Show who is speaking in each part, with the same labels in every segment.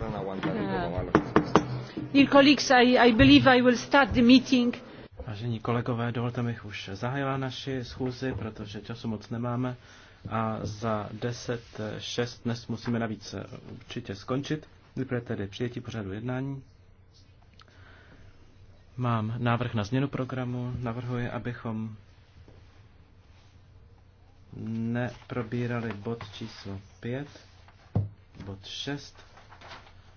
Speaker 1: No Vážení kolegové, dovolte mi už zahájila naši schůzi, protože času moc nemáme a za 10.6 dnes musíme navíc eh, určitě skončit. Vypadá tedy přijetí pořadu jednání. Mám návrh na změnu programu. Navrhuji, abychom neprobírali bod číslo 5, bod 6,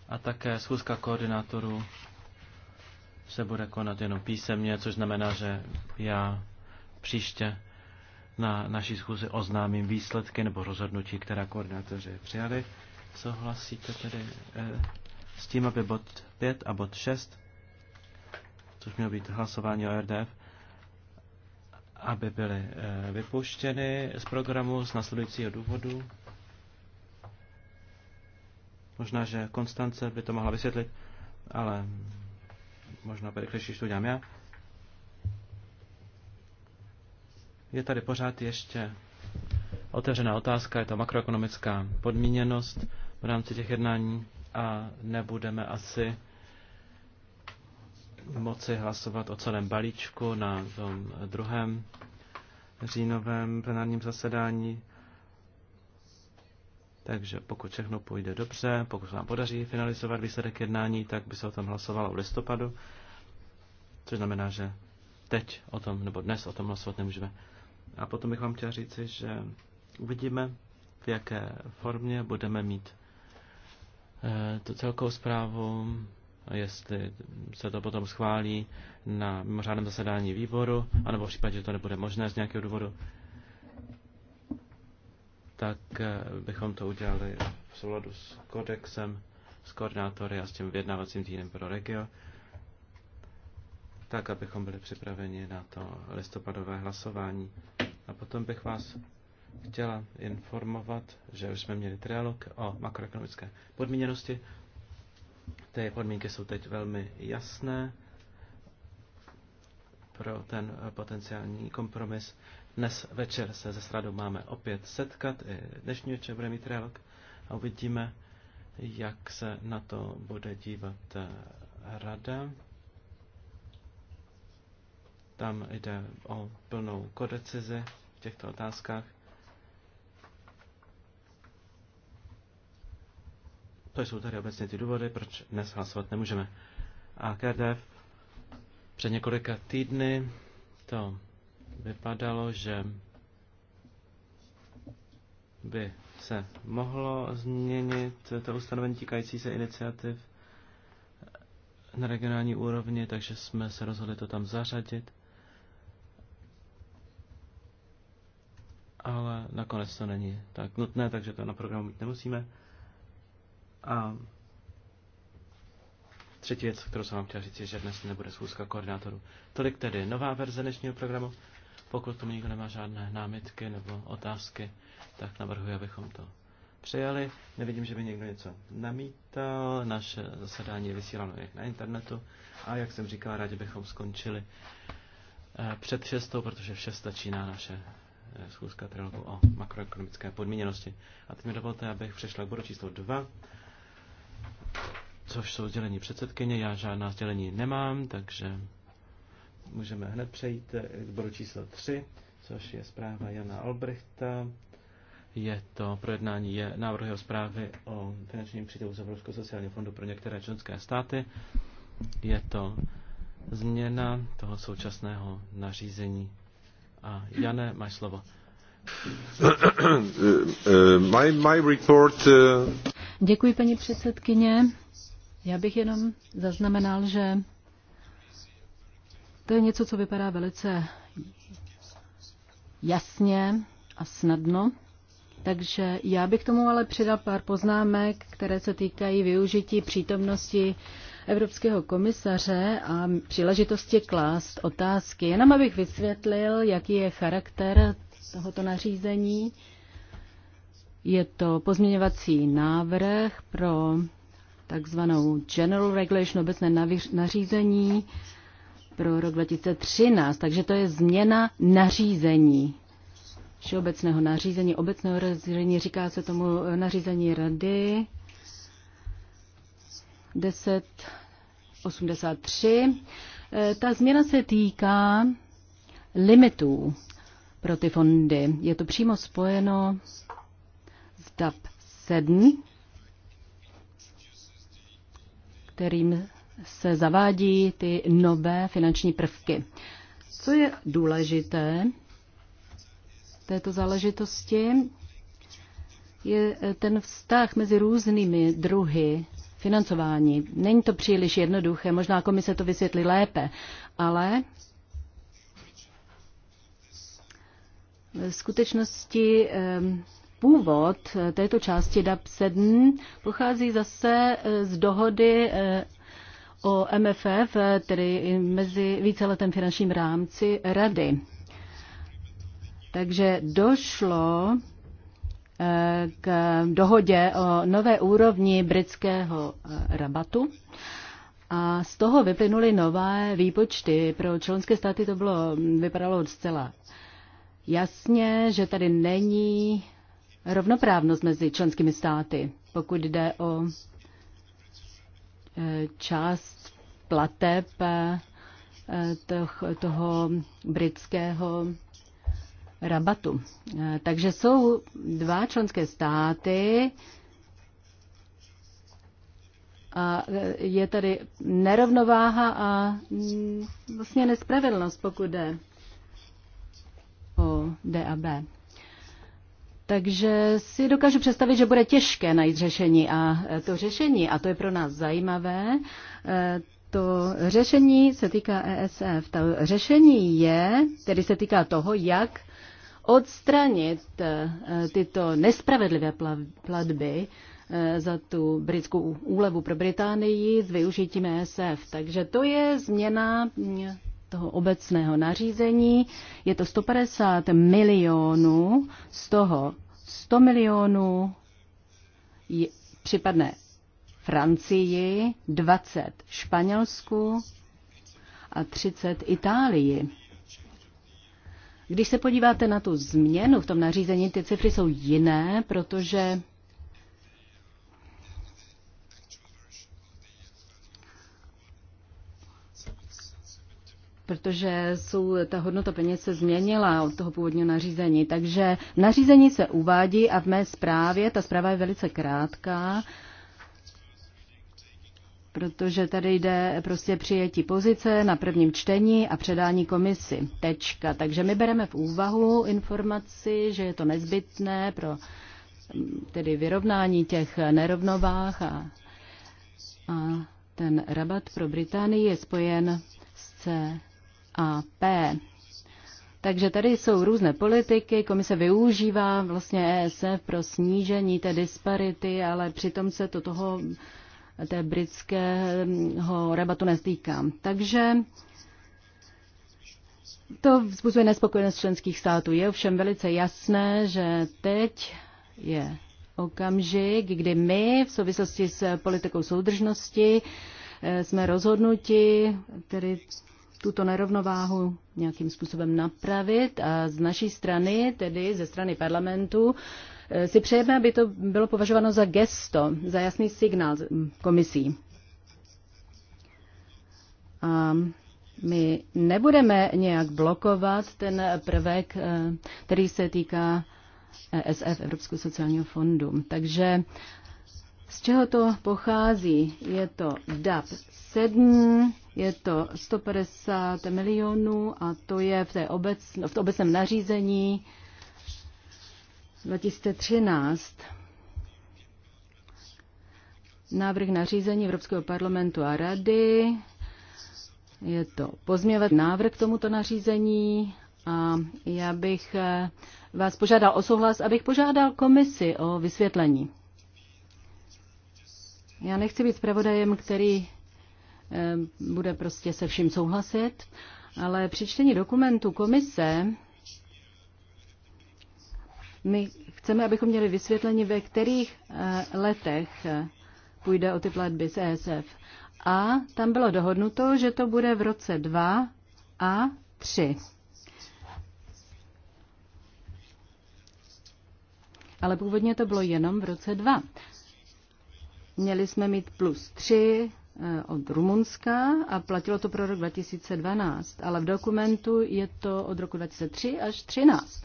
Speaker 1: a také schůzka koordinátorů se bude konat jenom písemně, což znamená, že já příště na naší schůzi oznámím výsledky nebo rozhodnutí, která koordinátoři přijali. Souhlasíte tedy eh, s tím, aby bod 5 a bod 6, což mělo být hlasování o RDF, aby byly eh, vypuštěny z programu z nasledujícího důvodu. Možná, že Konstance by to mohla vysvětlit, ale možná bude rychlejší, když to udělám já. Je tady pořád ještě otevřená otázka, je to makroekonomická podmíněnost v rámci těch jednání a nebudeme asi moci hlasovat o celém balíčku na tom druhém říjnovém plenárním zasedání. Takže pokud všechno půjde dobře, pokud nám podaří finalizovat výsledek jednání, tak by se o tom hlasovalo v listopadu. Což znamená, že teď o tom, nebo dnes o tom hlasovat nemůžeme. A potom bych vám chtěl říci, že uvidíme, v jaké formě budeme mít eh, tu celkovou zprávu, jestli se to potom schválí na mimořádném zasedání výboru, anebo v případě, že to nebude možné z nějakého důvodu, tak eh, bychom to udělali v souladu s kodexem, s koordinátory a s tím vyjednávacím týdnem pro regio, tak, abychom byli připraveni na to listopadové hlasování. A potom bych vás chtěla informovat, že už jsme měli trialog o makroekonomické podmíněnosti. Ty podmínky jsou teď velmi jasné pro ten potenciální kompromis. Dnes večer se ze Sradou máme opět setkat, dnešní večer bude mít relok a uvidíme, jak se na to bude dívat eh, rada. Tam jde o plnou kodecizi v těchto otázkách. To jsou tady obecně ty důvody, proč dnes hlasovat nemůžeme. A KDF před několika týdny to vypadalo, že by se mohlo změnit to ustanovení týkající se iniciativ na regionální úrovni, takže jsme se rozhodli to tam zařadit. Ale nakonec to není tak nutné, takže to na programu mít nemusíme. A třetí věc, kterou jsem vám chtěl říct, je, že dnes nebude schůzka koordinátorů. Tolik tedy nová verze dnešního programu. Pokud tomu nikdo nemá žádné námitky nebo otázky, tak navrhuji, abychom to přijali. Nevidím, že by někdo něco namítal. Naše zasedání je vysíláno jak na internetu. A jak jsem říkal, rádi bychom skončili eh, před šestou, protože v šest začíná naše eh, schůzka trilogu o makroekonomické podmíněnosti. A teď mi dovolte, abych přešla k bodu číslo dva, což jsou sdělení předsedkyně. Já žádná sdělení nemám, takže můžeme hned přejít eh, k bodu číslo 3, což je zpráva Jana Albrechta. Je to projednání je návrhy o zprávy o finančním přítavu z Evropského sociálního fondu pro některé členské státy. Je to změna toho současného nařízení. A Jane, máš slovo.
Speaker 2: my, my report, eh,
Speaker 3: Děkuji, paní předsedkyně. Já bych jenom zaznamenal, že to je něco, co vypadá velice jasně a snadno. Takže já bych tomu ale přidal pár poznámek, které se týkají využití přítomnosti evropského komisaře a příležitosti klást otázky. Jenom abych vysvětlil, jaký je charakter tohoto nařízení. Je to pozměňovací návrh pro takzvanou General Regulation, obecné nařízení, pro rok 2013, takže to je změna nařízení. Všeobecného nařízení, obecného nařízení, říká se tomu eh, nařízení rady 1083. Eh, ta změna se týká limitů pro ty fondy. Je to přímo spojeno s DAP 7, kterým se zavádí ty nové finanční prvky. Co je důležité této záležitosti, je eh, ten vztah mezi různými druhy financování. Není to příliš jednoduché, možná komise to vysvětlí lépe, ale v skutečnosti eh, původ eh, této části DAP 7 pochází zase z dohody o MFF, tedy mezi víceletém finančním rámci rady. Takže došlo eh, k dohodě o nové úrovni britského eh, rabatu. A z toho vyplynuly nové výpočty. Pro členské státy to bylo, vypadalo zcela jasně, že tady není rovnoprávnost mezi členskými státy, pokud jde o část plateb eh, toho britského rabatu. Eh, takže jsou dva členské státy, a eh, je tady nerovnováha a mm, vlastně nespravedlnost, pokud jde o B. Takže si dokážu představit, že bude těžké najít řešení a e, to řešení, a to je pro nás zajímavé, e, to řešení se týká ESF. To řešení je, tedy se týká toho, jak odstranit e, tyto nespravedlivé platby za tu britskou úlevu pro Británii s využitím ESF. Takže to je změna toho obecného nařízení. Je to 150 milionů, z toho 100 milionů je, připadne Francii, 20 Španělsku a 30 Itálii. Když se podíváte na tu změnu v tom nařízení, ty cifry jsou jiné, protože protože jsou, ta hodnota peněz se změnila od toho původního nařízení. Takže nařízení se uvádí a v mé zprávě, ta zpráva je velice krátká, protože tady jde prostě přijetí pozice na prvním čtení a předání komisi. Tečka. Takže my bereme v úvahu informaci, že je to nezbytné pro mm, tedy vyrovnání těch nerovnovách a, a ten rabat pro Británii je spojen s P. Takže tady jsou různé politiky, komise využívá vlastně ESF pro snížení té disparity, ale přitom se to toho té britského rabatu nestýká. Takže to vzbuzuje nespokojenost členských států. Je ovšem velice jasné, že teď je okamžik, kdy my v souvislosti s politikou soudržnosti eh, jsme rozhodnuti, tedy tuto nerovnováhu nějakým způsobem napravit a z naší strany, tedy ze strany parlamentu, eh, si přejeme, aby to bylo považováno za gesto, za jasný signál komisí. A my nebudeme nějak blokovat ten prvek, eh, který se týká ESF, eh, Evropského sociálního fondu. Takže z čeho to pochází? Je to DAP 7, je to 150 milionů a to je v, té obec, v obecném nařízení 2013. Návrh nařízení Evropského parlamentu a rady. Je to pozměvat návrh k tomuto nařízení a já bych eh, vás požádal o souhlas, abych požádal komisi o vysvětlení. Já nechci být zpravodajem, který eh, bude prostě se vším souhlasit, ale při čtení dokumentu komise my chceme, abychom měli vysvětlení, ve kterých eh, letech eh, půjde o ty platby z ESF. A tam bylo dohodnuto, že to bude v roce 2 a 3. Ale původně to bylo jenom v roce 2. Měli jsme mít plus 3 eh, od Rumunska a platilo to pro rok 2012, ale v dokumentu je to od roku 2003 až 2013.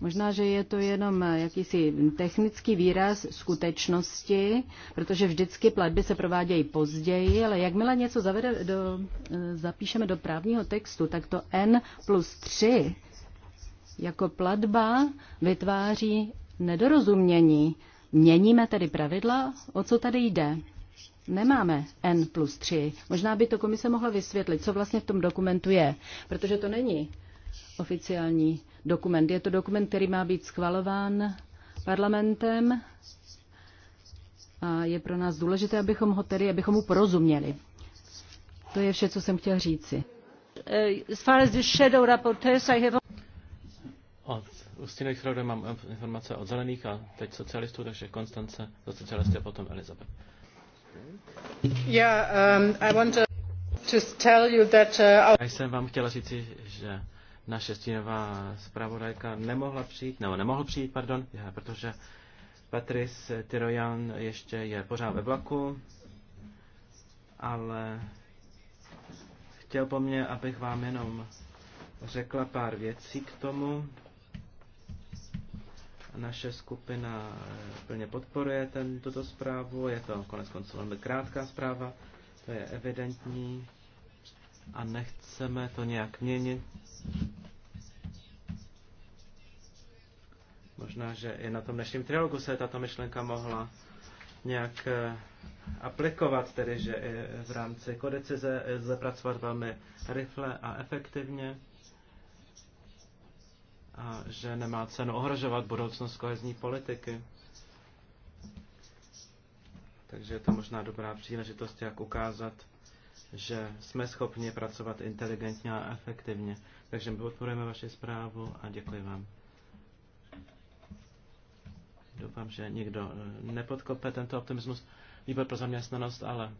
Speaker 3: Možná, že je to jenom eh, jakýsi technický výraz skutečnosti, protože vždycky platby se provádějí později, ale jakmile něco zavede do, eh, zapíšeme do právního textu, tak to N plus 3 jako platba vytváří nedorozumění Měníme tedy pravidla, o co tady jde. Nemáme N plus 3. Možná by to komise mohla vysvětlit, co vlastně v tom dokumentu je, protože to není oficiální dokument. Je to dokument, který má být schvalován parlamentem a je pro nás důležité, abychom ho tedy, abychom mu porozuměli. To je vše, co jsem chtěl říci. Eh, as far as the shadow rapporteurs, I have...
Speaker 1: U stínových zpravodaj mám informace od zelených a teď socialistů, takže Konstance za socialisty a potom Elizabeth.
Speaker 3: Já
Speaker 4: um,
Speaker 1: uh, jsem vám chtěla říci, že naše stínová zpravodajka nemohla přijít, nebo nemohl přijít, pardon, protože Patrice Tyrojan ještě je pořád ve vlaku, ale chtěl po mně, abych vám jenom řekla pár věcí k tomu. Naše skupina eh, plně podporuje ten, tuto zprávu, je to konec konců velmi krátká zpráva, to je evidentní a nechceme to nějak měnit. Možná, že i na tom dnešním trialogu se tato myšlenka mohla nějak eh, aplikovat, tedy že i v rámci kodecize zapracovat velmi rychle a efektivně a že nemá cenu ohrožovat budoucnost kohezní politiky. Takže je to možná dobrá příležitost, jak ukázat, že jsme schopni pracovat inteligentně a efektivně. Takže my podporujeme vaši zprávu a děkuji vám. Doufám, že nikdo eh, nepodkope tento optimismus. Výbor pro zaměstnanost, ale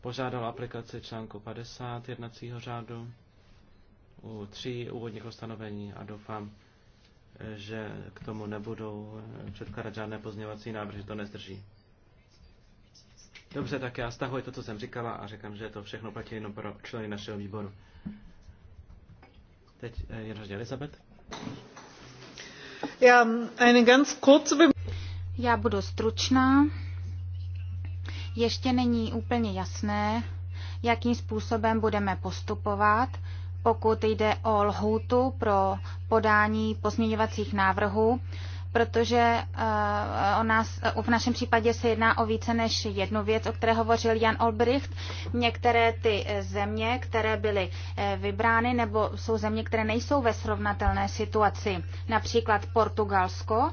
Speaker 1: požádal aplikaci článku 50 jednacího řádu u tří úvodních ustanovení a doufám, že k tomu nebudou eh, předkládat žádné pozměňovací návrhy, to nezdrží. Dobře, tak já stahuji to, co jsem říkala a říkám, že to všechno platí jenom pro členy našeho výboru. Teď eh, je řadě Elizabeth.
Speaker 5: Já, eine ganz kurze... já budu stručná. Ještě není úplně jasné, jakým způsobem budeme postupovat pokud jde o lhůtu pro podání pozměňovacích návrhů, protože eh, o nás, eh, v našem případě se jedná o více než jednu věc, o které hovořil Jan Olbricht. Některé ty eh, země, které byly vybrány, nebo jsou země, které nejsou ve srovnatelné situaci, například Portugalsko,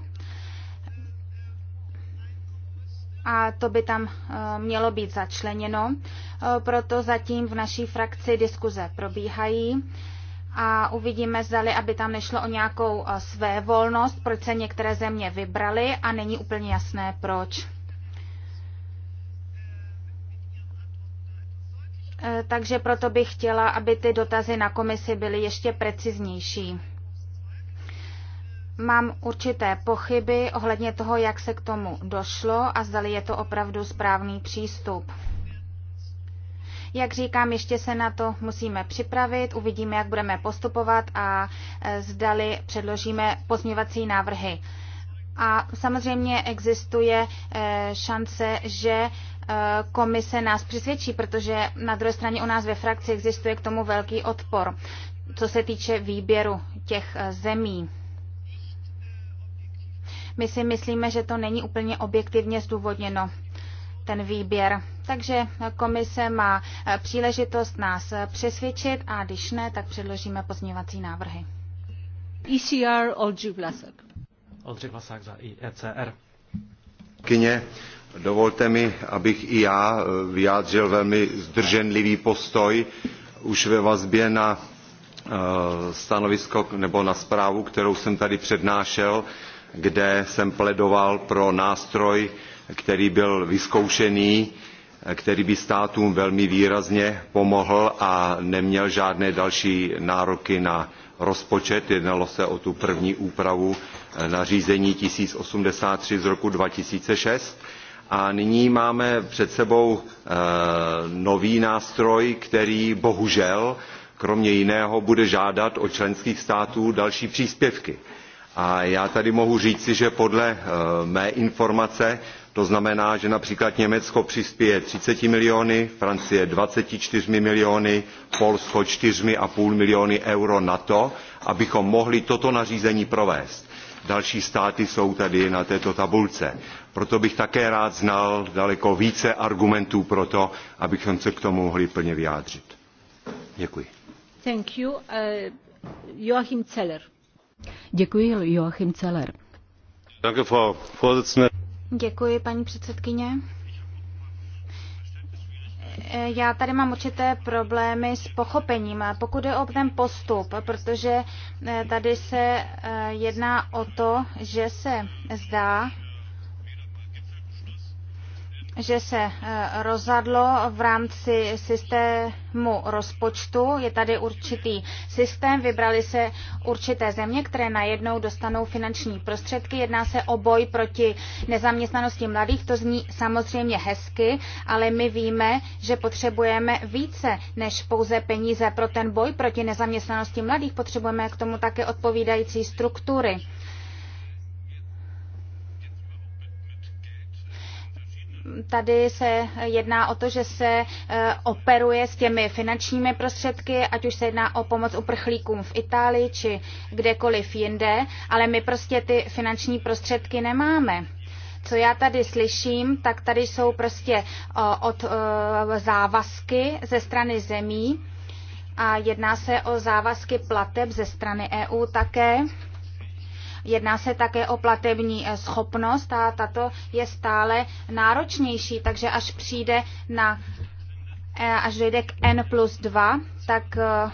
Speaker 5: a to by tam eh, mělo být začleněno. Eh, proto zatím v naší frakci diskuze probíhají a uvidíme, zdali, aby tam nešlo o nějakou eh, své volnost, proč se některé země vybraly a není úplně jasné, proč. Takže proto bych chtěla, aby ty dotazy na komisi byly ještě preciznější mám určité pochyby ohledně toho, jak se k tomu došlo a zdali je to opravdu správný přístup. Jak říkám, ještě se na to musíme připravit, uvidíme, jak budeme postupovat a e, zdali předložíme pozměvací návrhy. A samozřejmě existuje e, šance, že e, komise nás přesvědčí, protože na druhé straně u nás ve frakci existuje k tomu velký odpor, co se týče výběru těch zemí my si myslíme, že to není úplně objektivně zdůvodněno ten výběr. Takže komise má eh, příležitost nás eh, přesvědčit a když ne, tak předložíme pozměňovací návrhy. ECR Oldřich Vlasák.
Speaker 1: Oldřich Vlasák za ECR.
Speaker 2: Kyně, dovolte mi, abych i já eh, vyjádřil velmi zdrženlivý postoj už ve vazbě na stanovisko nebo na zprávu, kterou jsem tady přednášel kde jsem pledoval pro nástroj, který byl vyzkoušený, který by státům velmi výrazně pomohl a neměl žádné další nároky na rozpočet. Jednalo se o tu první úpravu eh, nařízení 1083 z roku 2006. A nyní máme před sebou eh, nový nástroj, který bohužel kromě jiného bude žádat od členských států další příspěvky a já tady mohu říci, že podle eh, mé informace to znamená, že například Německo přispěje 30 miliony, Francie 24 miliony, Polsko 4,5 miliony euro na to, abychom mohli toto nařízení provést. Další státy jsou tady na této tabulce. Proto bych také rád znal daleko více argumentů pro to, abychom se k tomu mohli plně vyjádřit. Děkuji.
Speaker 4: Thank you. Eh, Joachim
Speaker 3: Děkuji, Joachim Celer.
Speaker 5: Děkuji, paní předsedkyně. Já tady mám určité problémy s pochopením, pokud je o ten postup, protože tady se eh, jedná o to, že se zdá, že se e, rozhodlo v rámci systému rozpočtu. Je tady určitý systém, vybrali se určité země, které najednou dostanou finanční prostředky. Jedná se o boj proti nezaměstnanosti mladých. To zní samozřejmě hezky, ale my víme, že potřebujeme více než pouze peníze pro ten boj proti nezaměstnanosti mladých. Potřebujeme k tomu také odpovídající struktury tady se jedná o to, že se eh, operuje s těmi finančními prostředky, ať už se jedná o pomoc uprchlíkům v Itálii či kdekoliv jinde, ale my prostě ty finanční prostředky nemáme co já tady slyším, tak tady jsou prostě od eh, závazky ze strany zemí a jedná se o závazky plateb ze strany EU také. Jedná se také o platební eh, schopnost a tato je stále náročnější, takže až přijde na eh, až dojde k N plus 2, tak eh,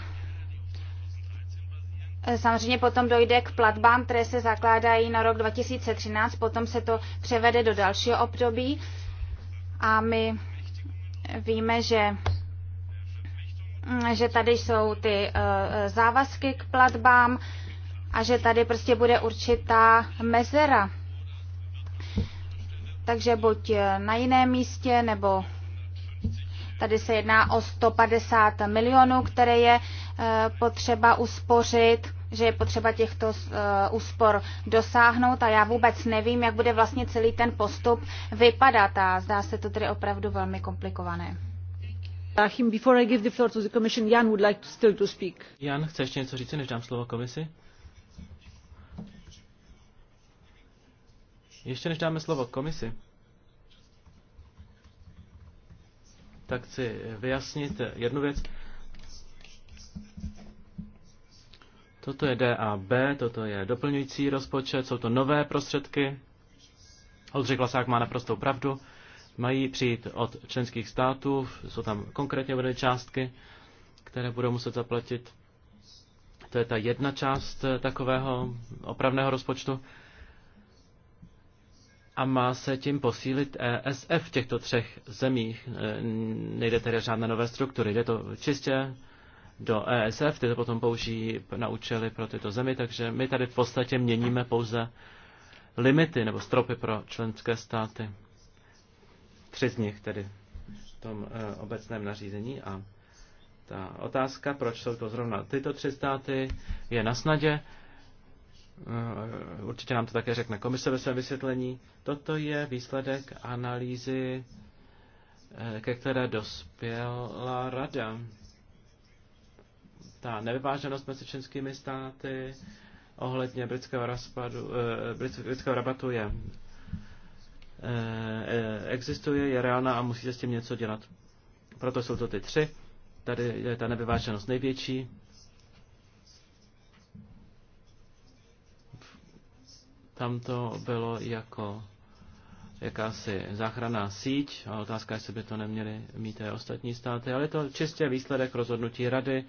Speaker 5: Samozřejmě potom dojde k platbám, které se zakládají na rok 2013, potom se to převede do dalšího období a my víme, že, že tady jsou ty závazky k platbám a že tady prostě bude určitá mezera. Takže buď eh, na jiném místě, nebo tady se jedná o 150 milionů, které je eh, potřeba uspořit, že je potřeba těchto eh, úspor dosáhnout a já vůbec nevím, jak bude vlastně celý ten postup vypadat a zdá se to tedy opravdu velmi komplikované.
Speaker 1: Jan Jan, chceš něco říct, než dám slovo komisi? Ještě než dáme slovo komisi, tak chci vyjasnit jednu věc. Toto je DAB, toto je doplňující rozpočet, jsou to nové prostředky. Oldřich Lasák má naprostou pravdu. Mají přijít od členských států, jsou tam konkrétně uvedeny částky, které budou muset zaplatit. To je ta jedna část takového opravného rozpočtu a má se tím posílit ESF v těchto třech zemích. E, nejde tedy žádné nové struktury, jde to čistě do ESF, ty to potom použijí na účely pro tyto zemi, takže my tady v podstatě měníme pouze limity nebo stropy pro členské státy. Tři z nich tedy v tom e, obecném nařízení a ta otázka, proč jsou to zrovna tyto tři státy, je na snadě. Eh, určitě nám to také řekne komise ve svém vysvětlení, toto je výsledek analýzy, eh, ke které dospěla rada. Ta nevyváženost mezi členskými státy ohledně britského, rozpadu, eh, britského rabatu je existuje, je reálná a se s tím něco dělat. Proto jsou to ty tři. Tady je ta nevyváženost největší, Tam to bylo jako jakási záchranná síť a otázka, jestli by to neměly mít i ostatní státy, ale je to čistě výsledek rozhodnutí rady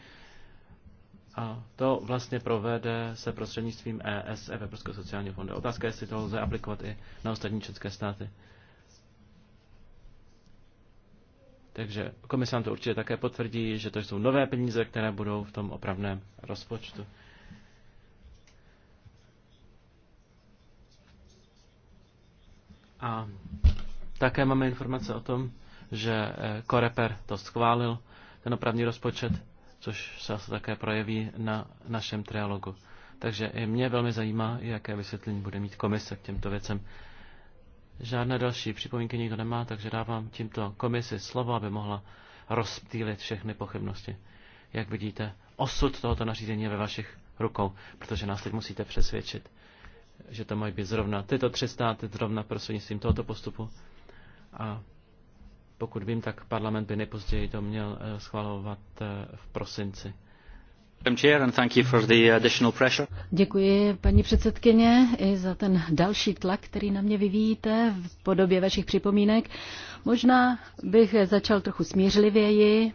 Speaker 1: a to vlastně provede se prostřednictvím ESF, e Evropského sociálního fondu. Otázka, jestli to lze aplikovat i na ostatní české státy. Takže komisám to určitě také potvrdí, že to jsou nové peníze, které budou v tom opravném rozpočtu. A také máme informace o tom, že eh, Koreper to schválil, ten opravní rozpočet, což se asi také projeví na našem trialogu. Takže i mě velmi zajímá, jaké vysvětlení bude mít komise k těmto věcem. Žádné další připomínky nikdo nemá, takže dávám tímto komisi slovo, aby mohla rozptýlit všechny pochybnosti. Jak vidíte, osud tohoto nařízení je ve vašich rukou, protože nás teď musíte přesvědčit že to mají být zrovna tyto tři státy zrovna prostřednictvím tohoto postupu. A pokud vím, tak parlament by nejpozději to měl eh, schvalovat eh, v prosinci.
Speaker 3: Děkuji, paní předsedkyně, i za ten další tlak, který na mě vyvíjíte v podobě vašich připomínek. Možná bych začal trochu smířlivěji.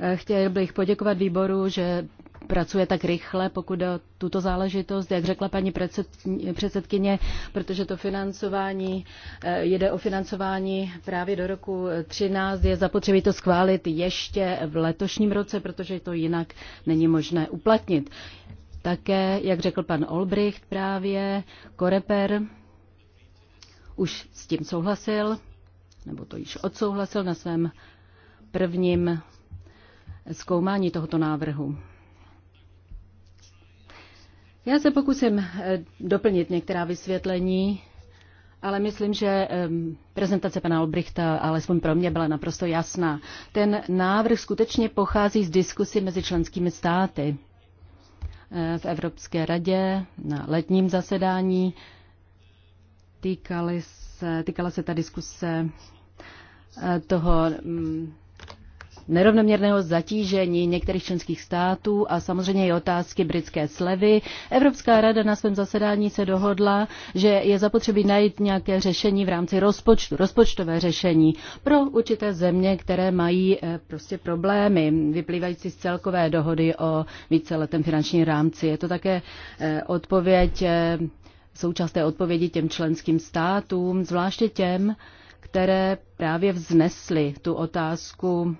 Speaker 3: Eh, chtěl bych poděkovat výboru, že pracuje tak rychle, pokud o tuto záležitost, jak řekla paní předsedkyně, protože to financování, eh, jede o financování právě do roku 13, je zapotřebí to schválit ještě v letošním roce, protože to jinak není možné uplatnit. Také, jak řekl pan Olbricht právě, Koreper už s tím souhlasil, nebo to již odsouhlasil na svém prvním zkoumání tohoto návrhu. Já se pokusím eh, doplnit některá vysvětlení, ale myslím, že prezentace pana Albrichta, alespoň pro mě, byla naprosto jasná. Ten návrh skutečně pochází z diskusy mezi členskými státy eh, v Evropské radě na letním zasedání. Týkala se, týkala se ta diskuse eh, toho mm, nerovnoměrného zatížení některých členských států a samozřejmě i otázky britské slevy. Evropská rada na svém zasedání se dohodla, že je zapotřebí najít nějaké řešení v rámci rozpočtu, rozpočtové řešení pro určité země, které mají eh, prostě problémy vyplývající z celkové dohody o víceletém finančním rámci. Je to také eh, odpověď eh, současné odpovědi těm členským státům, zvláště těm, které právě vznesly tu otázku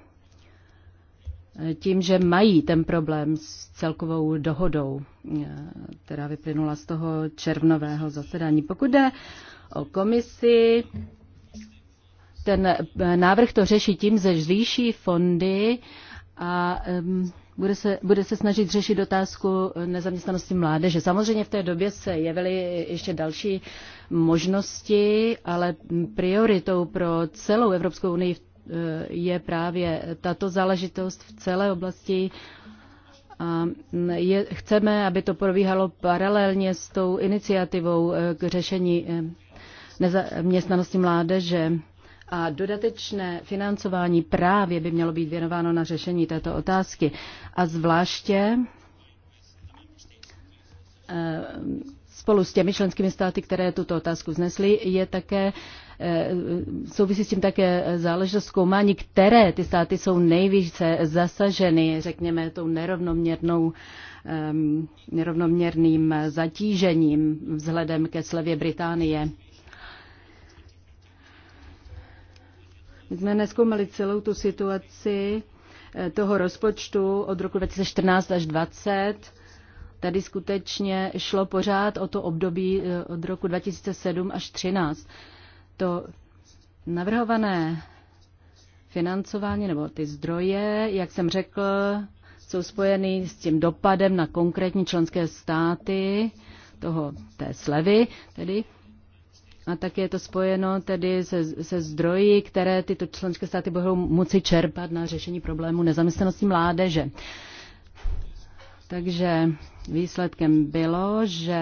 Speaker 3: tím, že mají ten problém s celkovou dohodou, eh, která vyplynula z toho červnového zasedání. Pokud jde o komisi, ten eh, návrh to řeší tím, že zvýší fondy a bude se, bude se snažit řešit otázku nezaměstnanosti mládeže. Samozřejmě v té době se jevily ještě další možnosti, ale prioritou pro celou Evropskou unii v je právě tato záležitost v celé oblasti. A je, chceme, aby to probíhalo paralelně s tou iniciativou eh, k řešení eh, nezaměstnanosti mládeže. A dodatečné financování právě by mělo být věnováno na řešení této otázky. A zvláště eh, spolu s těmi členskými státy, které tuto otázku znesly, je také Eh, souvisí s tím také záležitost zkoumání, které ty státy jsou nejvíce zasaženy, řekněme, tou nerovnoměrnou nerovnoměrným zatížením vzhledem ke slevě Británie. My jsme neskoumali celou tu situaci eh, toho rozpočtu od roku 2014 až 2020. Tady skutečně šlo pořád o to období eh, od roku 2007 až 2013 to navrhované financování nebo ty zdroje, jak jsem řekl, jsou spojeny s tím dopadem na konkrétní členské státy toho, té slevy, tedy a tak je to spojeno tedy se, se zdroji, které tyto členské státy budou moci čerpat na řešení problému nezaměstnanosti mládeže. Takže výsledkem bylo, že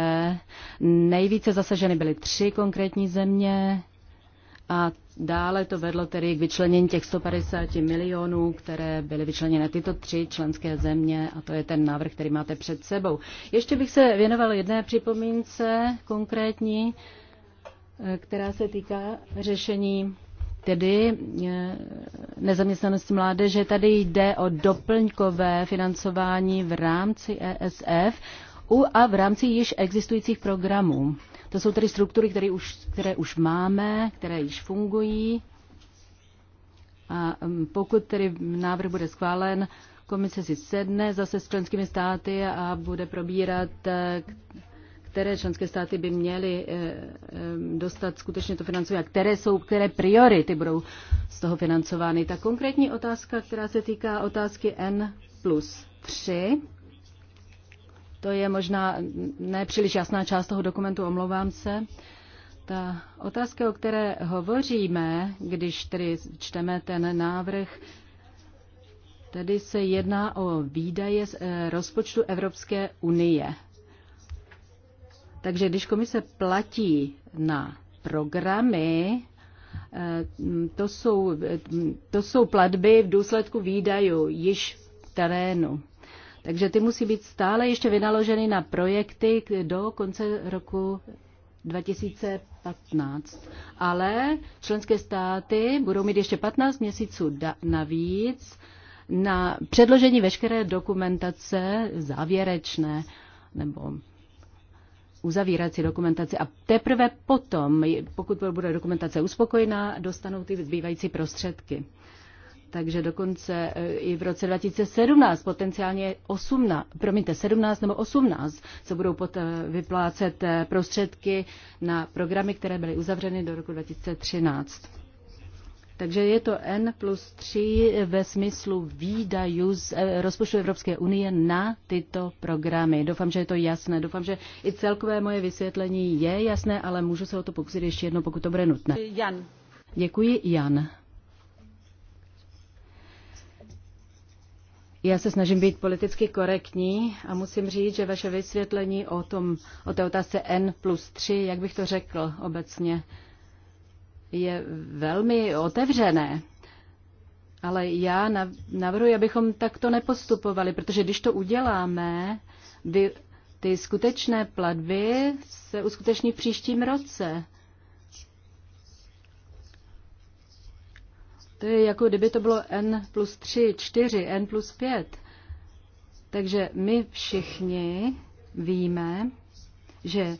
Speaker 3: nejvíce zasaženy byly tři konkrétní země, a dále to vedlo tedy k vyčlenění těch 150 milionů, které byly vyčleněny tyto tři členské země a to je ten návrh, který máte před sebou. Ještě bych se věnoval jedné připomínce konkrétní, eh, která se týká řešení tedy eh, nezaměstnanost mládeže. Tady jde o doplňkové financování v rámci ESF u a v rámci již existujících programů. To jsou tedy struktury, které už, které už máme, které již fungují. A um, pokud tedy návrh bude schválen, komise si sedne zase s členskými státy a bude probírat, eh, které členské státy by měly eh, eh, dostat skutečně to financování a které, jsou, které priority budou z toho financovány. Ta konkrétní otázka, která se týká otázky N plus 3, to je možná nepříliš jasná část toho dokumentu, omlouvám se. Ta otázka, o které hovoříme, když tedy čteme ten návrh, tedy se jedná o výdaje z eh, rozpočtu Evropské unie. Takže když komise platí na programy, eh, to jsou, eh, to jsou platby v důsledku výdajů již v terénu. Takže ty musí být stále ještě vynaloženy na projekty do konce roku 2015. Ale členské státy budou mít ještě 15 měsíců navíc na předložení veškeré dokumentace závěrečné nebo uzavírací dokumentace a teprve potom, pokud bude dokumentace uspokojená, dostanou ty zbývající prostředky takže dokonce eh, i v roce 2017, potenciálně 18, promiňte, 17 nebo 18 se budou pot, eh, vyplácet eh, prostředky na programy, které byly uzavřeny do roku 2013. Takže je to N plus 3 ve smyslu výdajů z rozpočtu Evropské unie na tyto programy. Doufám, že je to jasné. Doufám, že i celkové moje vysvětlení je jasné, ale můžu se o to pokusit ještě jedno, pokud to bude nutné. Jan. Děkuji, Jan. Já se snažím být politicky korektní a musím říct, že vaše vysvětlení o, tom, o té otázce N plus 3, jak bych to řekl obecně, je velmi otevřené. Ale já navrhuji, abychom takto nepostupovali, protože když to uděláme, ty skutečné platby se uskuteční v příštím roce. To je jako kdyby to bylo N plus 3, 4, N plus 5. Takže my všichni víme, že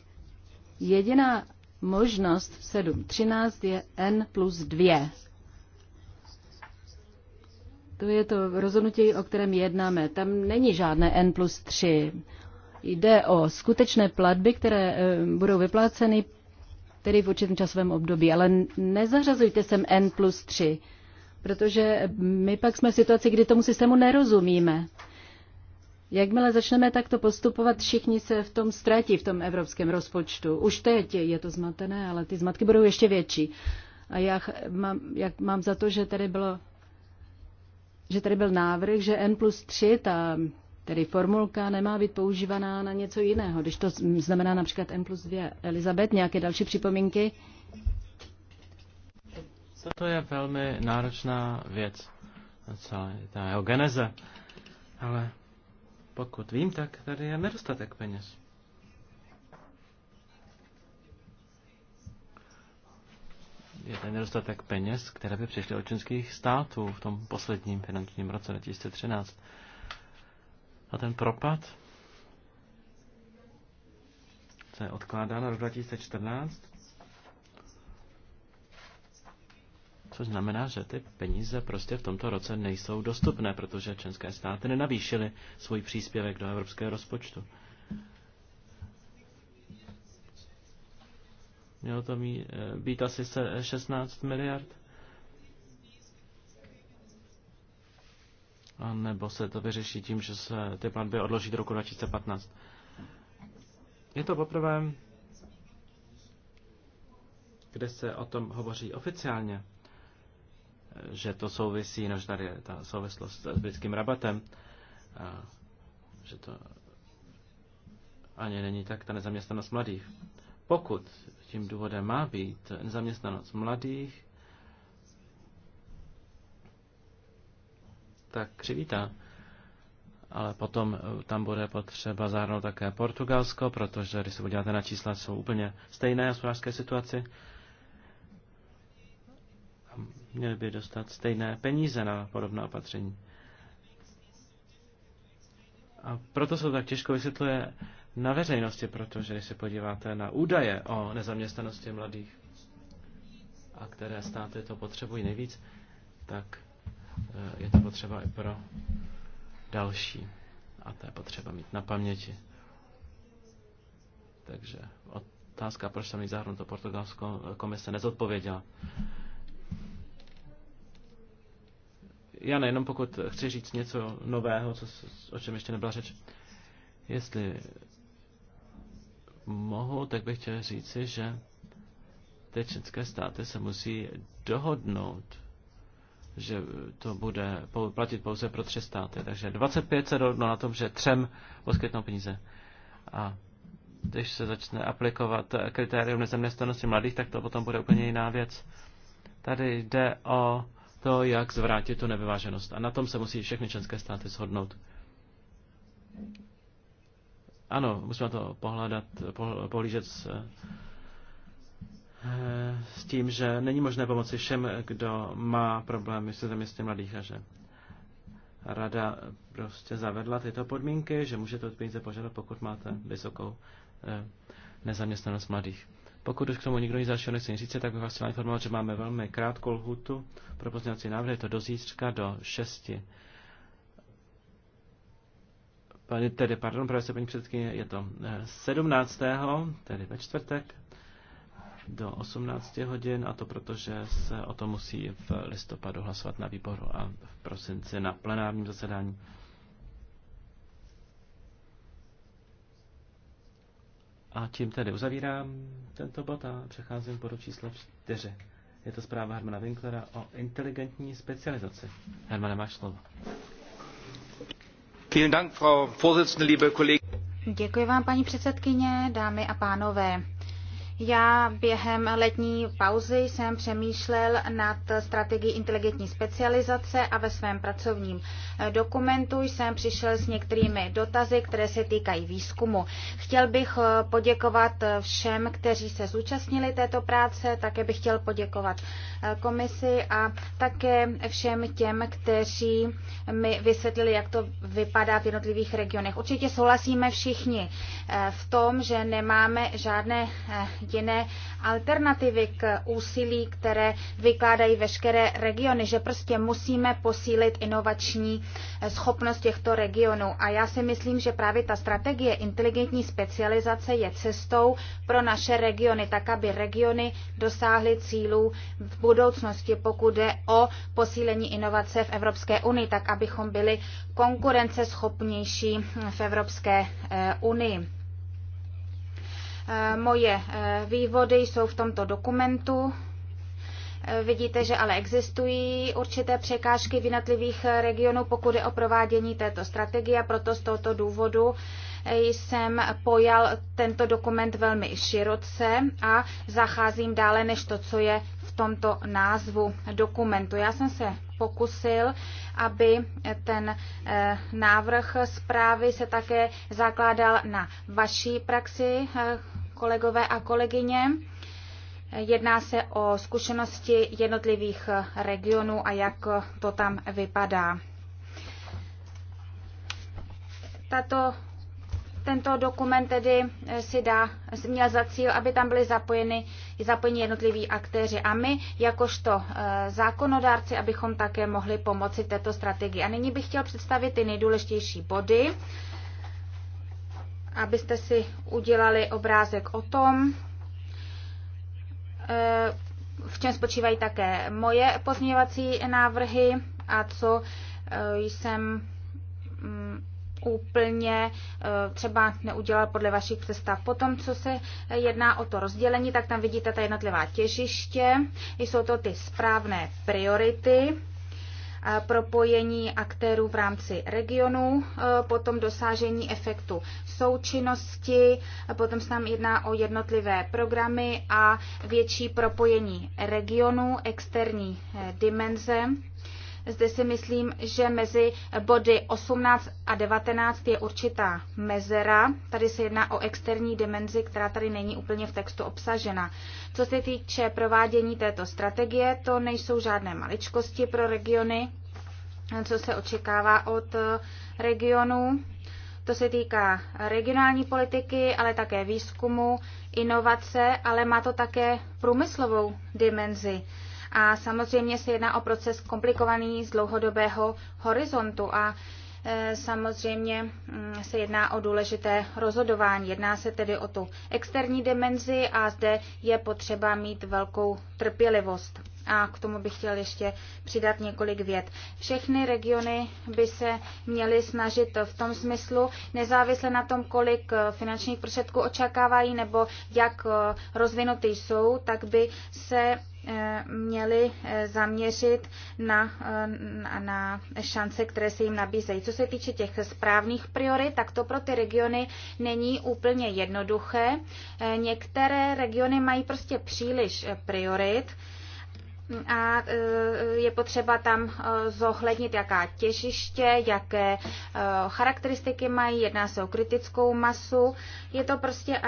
Speaker 3: jediná možnost 7, 13 je N plus 2. To je to rozhodnutí, o kterém jednáme. Tam není žádné N plus 3. Jde o skutečné platby, které e, budou vypláceny tedy v určitém časovém období, ale nezařazujte sem N plus 3 protože my pak jsme v situaci, kdy tomu systému nerozumíme. Jakmile začneme takto postupovat, všichni se v tom ztratí, v tom evropském rozpočtu. Už teď je to zmatené, ale ty zmatky budou ještě větší. A já mám, já mám za to, že tady, bylo, že tady byl návrh, že N plus 3, ta tedy formulka, nemá být používaná na něco jiného. Když to znamená například N plus 2. Elizabet, nějaké další připomínky?
Speaker 1: To je velmi náročná věc, celé ta jeho geneze. Ale pokud vím, tak tady je nedostatek peněz. Je tady nedostatek peněz, které by přišly od čínských států v tom posledním finančním roce 2013. A ten propad se odkládá na rok 2014 což znamená, že ty peníze prostě v tomto roce nejsou dostupné, protože členské státy nenavýšily svůj příspěvek do evropského rozpočtu. Mělo to mít, eh, být asi 16 eh, miliard? A nebo se to vyřeší tím, že se ty platby odloží do roku 2015? Je to poprvé, kde se o tom hovoří oficiálně že to souvisí, no, že tady je ta souvislost s britským rabatem, a, že to ani není tak ta nezaměstnanost mladých. Pokud tím důvodem má být nezaměstnanost mladých, tak křivíta. Ale potom tam bude potřeba zahrnout také Portugalsko, protože když se podíváte na čísla, jsou úplně stejné hospodářské situaci měli by dostat stejné peníze na podobná opatření. A proto se to tak těžko vysvětluje na veřejnosti, protože když se podíváte na údaje o nezaměstnanosti mladých, a které státy to potřebují nejvíc, tak eh, je to potřeba i pro další. A to je potřeba mít na paměti. Takže otázka, proč jsem jí to portugalskou komise nezodpověděla. Já nejenom pokud chci říct něco nového, co, o čem ještě nebyla řeč. Jestli mohu, tak bych chtěl říci, že ty české státy se musí dohodnout, že to bude platit pouze pro tři státy. Takže 25 se dohodlo na tom, že třem poskytnou peníze. A když se začne aplikovat kritérium nezaměstnanosti mladých, tak to potom bude úplně jiná věc. Tady jde o to, jak zvrátit tu nevyváženost. A na tom se musí všechny členské státy shodnout. Ano, musíme to pohledat, pohlížet s, eh, s tím, že není možné pomoci všem, kdo má problémy se zaměstním mladých a že rada prostě zavedla tyto podmínky, že můžete od peníze požádat, pokud máte vysokou eh, nezaměstnanost mladých. Pokud už k tomu nikdo nic dalšího nechce říct, tak bych vás chtěl informovat, že máme velmi krátkou lhutu pro pozměňovací návrhy, je to do zítřka do 6. tedy, pardon, pro se paní předsedkyně, je to 17. Eh, tedy ve čtvrtek do 18 hodin a to protože se o tom musí v listopadu hlasovat na výboru a v prosinci na plenárním zasedání. A tím tedy uzavírám tento bod a přecházím k bodu číslo 4. Je to zpráva Hermana Winklera o inteligentní specializaci. Hermane, máš slovo.
Speaker 5: Děkuji vám, paní předsedkyně, dámy a pánové. Já během letní pauzy jsem přemýšlel nad strategií inteligentní specializace a ve svém pracovním eh, dokumentu jsem přišel s některými dotazy, které se týkají výzkumu. Chtěl bych eh, poděkovat eh, všem, kteří se zúčastnili této práce, také bych chtěl poděkovat komisi a také všem těm, kteří mi vysvětlili, jak to vypadá v jednotlivých regionech. Určitě souhlasíme všichni v tom, že nemáme žádné jiné alternativy k úsilí, které vykládají veškeré regiony, že prostě musíme posílit inovační eh, schopnost těchto regionů. A já si myslím, že právě ta strategie inteligentní specializace je cestou pro naše regiony, tak aby regiony dosáhly cílů v budoucnosti, pokud jde o posílení inovace v Evropské unii, tak abychom byli konkurenceschopnější v Evropské eh, unii. Eh, moje eh, vývody jsou v tomto dokumentu. Eh, vidíte, že ale existují určité překážky v jednotlivých regionů, pokud je o provádění této strategie a proto z tohoto důvodu jsem pojal tento dokument velmi široce a zacházím dále než to, co je v tomto názvu dokumentu. Já jsem se pokusil, aby ten eh, návrh zprávy se také zakládal na vaší praxi, eh, kolegové a kolegyně. Jedná se o zkušenosti jednotlivých regionů a jak to tam vypadá. Tato tento dokument tedy eh, si dá, si měl za cíl, aby tam byly zapojeny, zapojeni jednotliví aktéři a my, jakožto eh, zákonodárci, abychom také mohli pomoci této strategii. A nyní bych chtěl představit ty nejdůležitější body, abyste si udělali obrázek o tom, eh, v čem spočívají také moje pozměňovací návrhy a co jsem mm, úplně eh, třeba neudělal podle vašich představ. Potom, co se jedná o to rozdělení, tak tam vidíte ta jednotlivá těžiště, jsou to ty správné priority, eh, propojení aktérů v rámci regionu, eh, potom dosážení efektu součinnosti, potom se tam jedná o jednotlivé programy a větší propojení regionu, externí dimenze zde si myslím, že mezi body 18 a 19 je určitá mezera. Tady se jedná o externí dimenzi, která tady není úplně v textu obsažena. Co se týče provádění této strategie, to nejsou žádné maličkosti pro regiony, co se očekává od regionů. To se týká regionální politiky, ale také výzkumu, inovace, ale má to také průmyslovou dimenzi. A samozřejmě se jedná o proces komplikovaný z dlouhodobého horizontu a e, Samozřejmě mm, se jedná o důležité rozhodování. Jedná se tedy o tu externí dimenzi a zde je potřeba mít velkou trpělivost. A k tomu bych chtěl ještě přidat několik vět. Všechny regiony by se měly snažit v tom smyslu, nezávisle na tom, kolik e, finančních prostředků očekávají nebo jak e, rozvinuty jsou, tak by se měli eh, zaměřit na, eh, na šance, které se jim nabízejí. Co se týče těch správných priorit, tak to pro ty regiony není úplně jednoduché. Eh, některé regiony mají prostě příliš priorit a je potřeba tam zohlednit, jaká těžiště, jaké charakteristiky mají, jedná se o kritickou masu. Je to prostě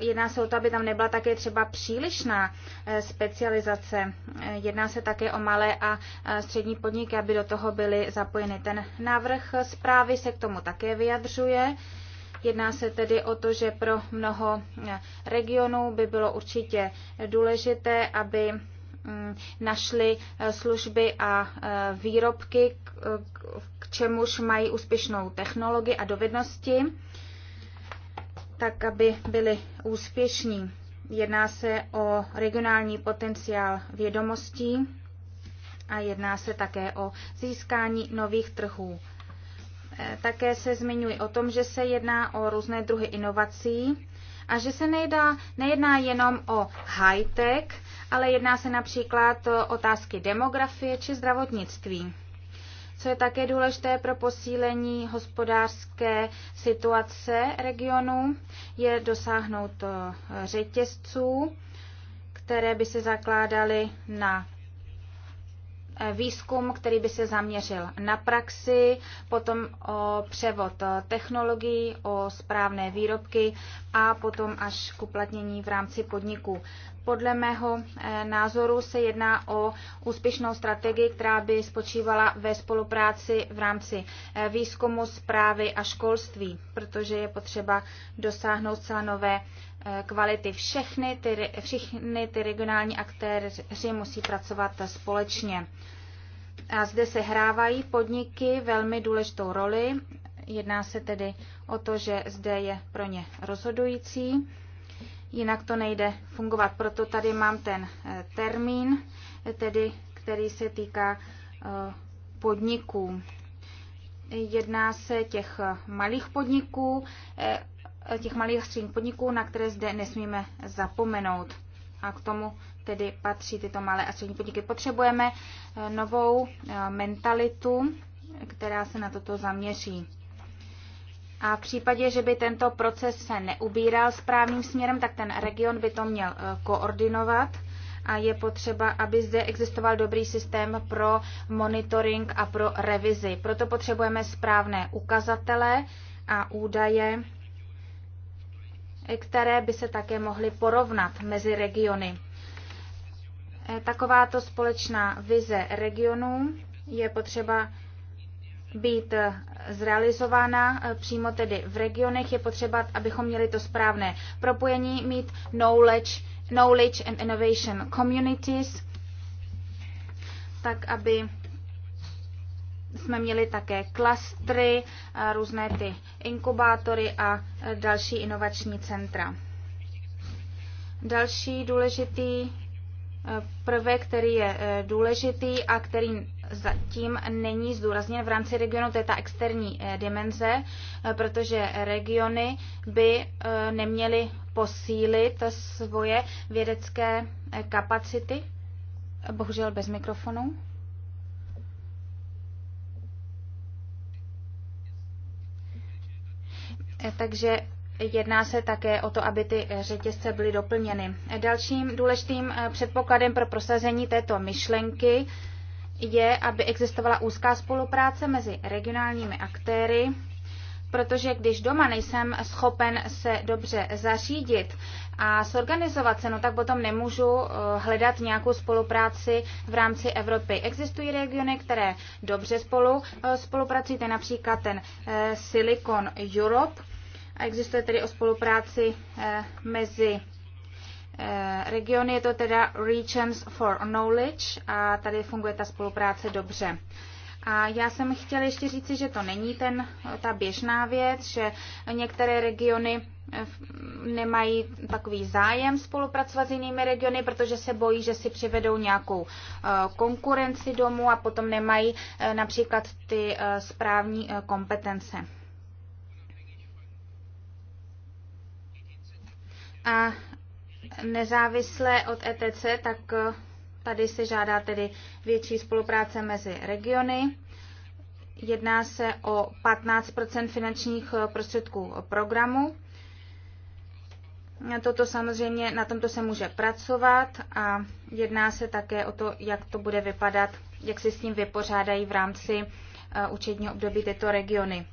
Speaker 5: Jedná se o to, aby tam nebyla také třeba přílišná eh, specializace. Eh, jedná se také o malé a eh, střední podniky, aby do toho byly zapojeny. Ten návrh zprávy se k tomu také vyjadřuje. Jedná se tedy o to, že pro mnoho regionů by bylo určitě důležité, aby mm, našli služby a výrobky, k čemuž mají úspěšnou technologii a dovednosti tak aby byli úspěšní. Jedná se o regionální potenciál vědomostí a jedná se také o získání nových trhů. E, také se zmiňuji o tom, že se jedná o různé druhy inovací a že se nejedná, nejedná jenom o high-tech, ale jedná se například o otázky demografie či zdravotnictví co je také důležité pro posílení hospodářské situace regionu, je dosáhnout eh, řetězců, které by se zakládaly na eh, výzkum, který by se zaměřil na praxi, potom o převod eh, technologií, o správné výrobky a potom až k uplatnění v rámci podniku. Podle mého eh, názoru se jedná o úspěšnou strategii, která by spočívala ve spolupráci v rámci eh, výzkumu, zprávy a školství, protože je potřeba dosáhnout celé nové eh, kvality. Všechny ty, všichni ty regionální aktéři musí pracovat společně. A zde se hrávají podniky velmi důležitou roli. Jedná se tedy o to, že zde je pro ně rozhodující jinak to nejde fungovat. Proto tady mám ten eh, termín, eh, tedy, který se týká eh, podniků. Jedná se těch malých podniků, těch malých středních podniků, na které zde nesmíme zapomenout. A k tomu tedy patří tyto malé a střední podniky. Potřebujeme novou mentalitu, která se na toto zaměří. A v případě, že by tento proces se neubíral správným směrem, tak ten region by to měl eh, koordinovat a je potřeba, aby zde existoval dobrý systém pro monitoring a pro revizi. Proto potřebujeme správné ukazatele a údaje, eh, které by se také mohly porovnat mezi regiony. Eh, takováto společná vize regionů je potřeba být eh, zrealizována eh, přímo tedy v regionech, je potřeba, abychom měli to správné propojení, mít knowledge, knowledge and innovation communities, tak aby jsme měli také klastry, eh, různé ty inkubátory a další inovační centra. Další důležitý prvek, který je důležitý a který zatím není zdůrazněn v rámci regionu, to je ta externí eh, dimenze, eh, protože regiony by eh, neměly posílit svoje vědecké kapacity. Bohužel bez mikrofonu. Takže Jedná se také o to, aby ty řetězce byly doplněny. Dalším důležitým předpokladem pro prosazení této myšlenky je, aby existovala úzká spolupráce mezi regionálními aktéry, protože když doma nejsem schopen se dobře zařídit a zorganizovat se, no tak potom nemůžu eh, hledat nějakou spolupráci v rámci Evropy. Existují regiony, které dobře spolu eh, spolupracují, to je například ten eh, Silicon Europe, a existuje tedy o spolupráci mezi Eh, region je to teda Regions for Knowledge a tady funguje ta spolupráce dobře. A já jsem chtěla ještě říci, že to není ten, ta běžná věc, že některé regiony eh, nemají takový zájem spolupracovat s jinými regiony, protože se bojí, že si přivedou nějakou eh, konkurenci domů a potom nemají například ty správní kompetence. A nezávisle od ETC, tak eh, tady se žádá tedy větší spolupráce mezi regiony. Jedná se o 15 finančních eh, prostředků programu. Toto samozřejmě, na tomto se může pracovat a jedná se také o to, jak to bude vypadat, jak se s tím vypořádají v rámci eh, účetního období tyto regiony.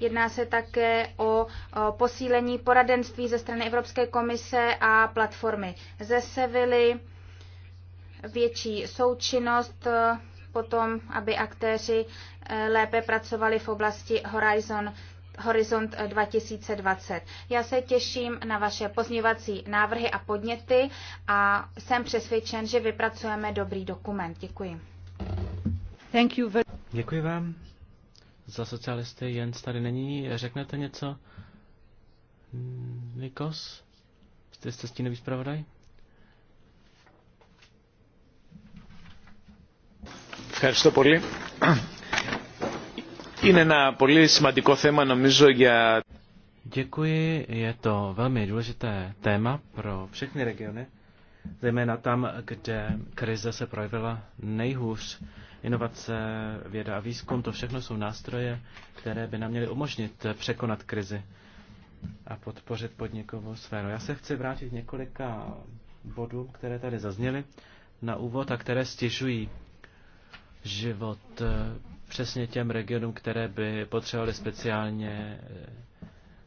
Speaker 5: Jedná se také o posílení poradenství ze strany Evropské komise a platformy ze Sevily, větší součinnost e, potom, aby aktéři e, lépe pracovali v oblasti Horizon Horizont 2020. Já se těším na vaše pozměvací návrhy a podněty a jsem přesvědčen, že vypracujeme dobrý dokument. Děkuji.
Speaker 1: Děkuji vám za socialisty. Jens tady není. Řeknete něco? Nikos? Jste, s stínový zpravodaj? Ευχαριστώ πολύ. Είναι ένα πολύ σημαντικό θέμα νομίζω για... Děkuji, je to velmi důležité téma pro všechny regiony, zejména tam, kde krize se projevila nejhůř. Inovace, věda a výzkum, to všechno jsou nástroje, které by nám měly umožnit překonat krizi a podpořit podnikovou sféru. Já se chci vrátit několika bodům, které tady zazněly na úvod a které stěžují život eh, přesně těm regionům, které by potřebovaly speciálně eh,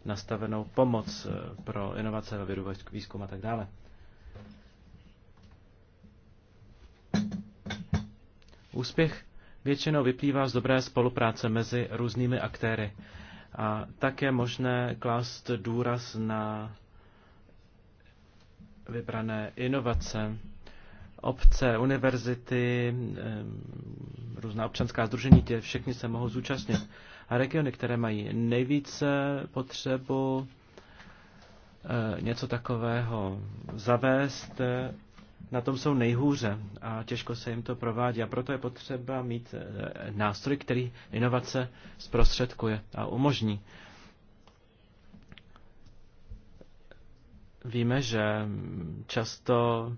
Speaker 1: nastavenou pomoc eh, pro inovace ve vědu, výzkum a tak dále. Úspěch většinou vyplývá z dobré spolupráce mezi různými aktéry. A tak je možné klást důraz na vybrané inovace, obce, univerzity, různá občanská združení, tě všechny se mohou zúčastnit. A regiony, které mají nejvíce potřebu e, něco takového zavést, na tom jsou nejhůře a těžko se jim to provádí. A proto je potřeba mít eh, nástroj, který inovace zprostředkuje a umožní. Víme, že často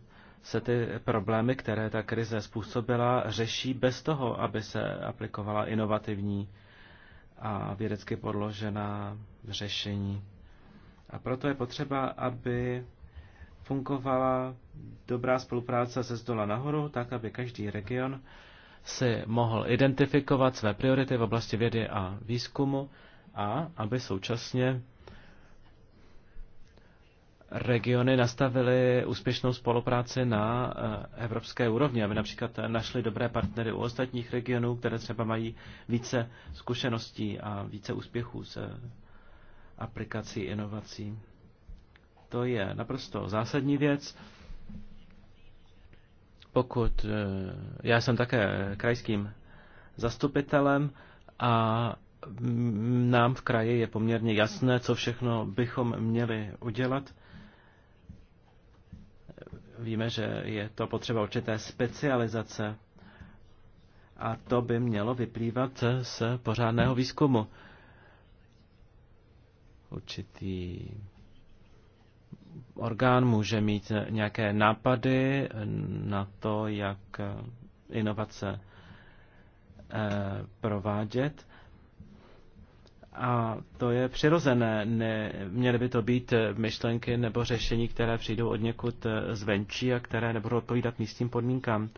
Speaker 1: se ty problémy, které ta krize způsobila, řeší bez toho, aby se aplikovala inovativní a vědecky podložená řešení. A proto je potřeba, aby fungovala dobrá spolupráce se zdola nahoru, tak aby každý region si mohl identifikovat své priority v oblasti vědy a výzkumu a aby současně regiony nastavily úspěšnou spolupráci na eh, evropské úrovni, aby například našli dobré partnery u ostatních regionů, které třeba mají více zkušeností a více úspěchů se aplikací inovací. To je naprosto zásadní věc. Pokud eh, já jsem také krajským zastupitelem a nám v kraji je poměrně jasné, co všechno bychom měli udělat. Víme, že je to potřeba určité specializace a to by mělo vyplývat z pořádného výzkumu. Určitý orgán může mít nějaké nápady na to, jak inovace eh, provádět. A to je přirozené. Ne, měly by to být myšlenky nebo řešení, které přijdou od někud eh, zvenčí a které nebudou odpovídat místním podmínkám.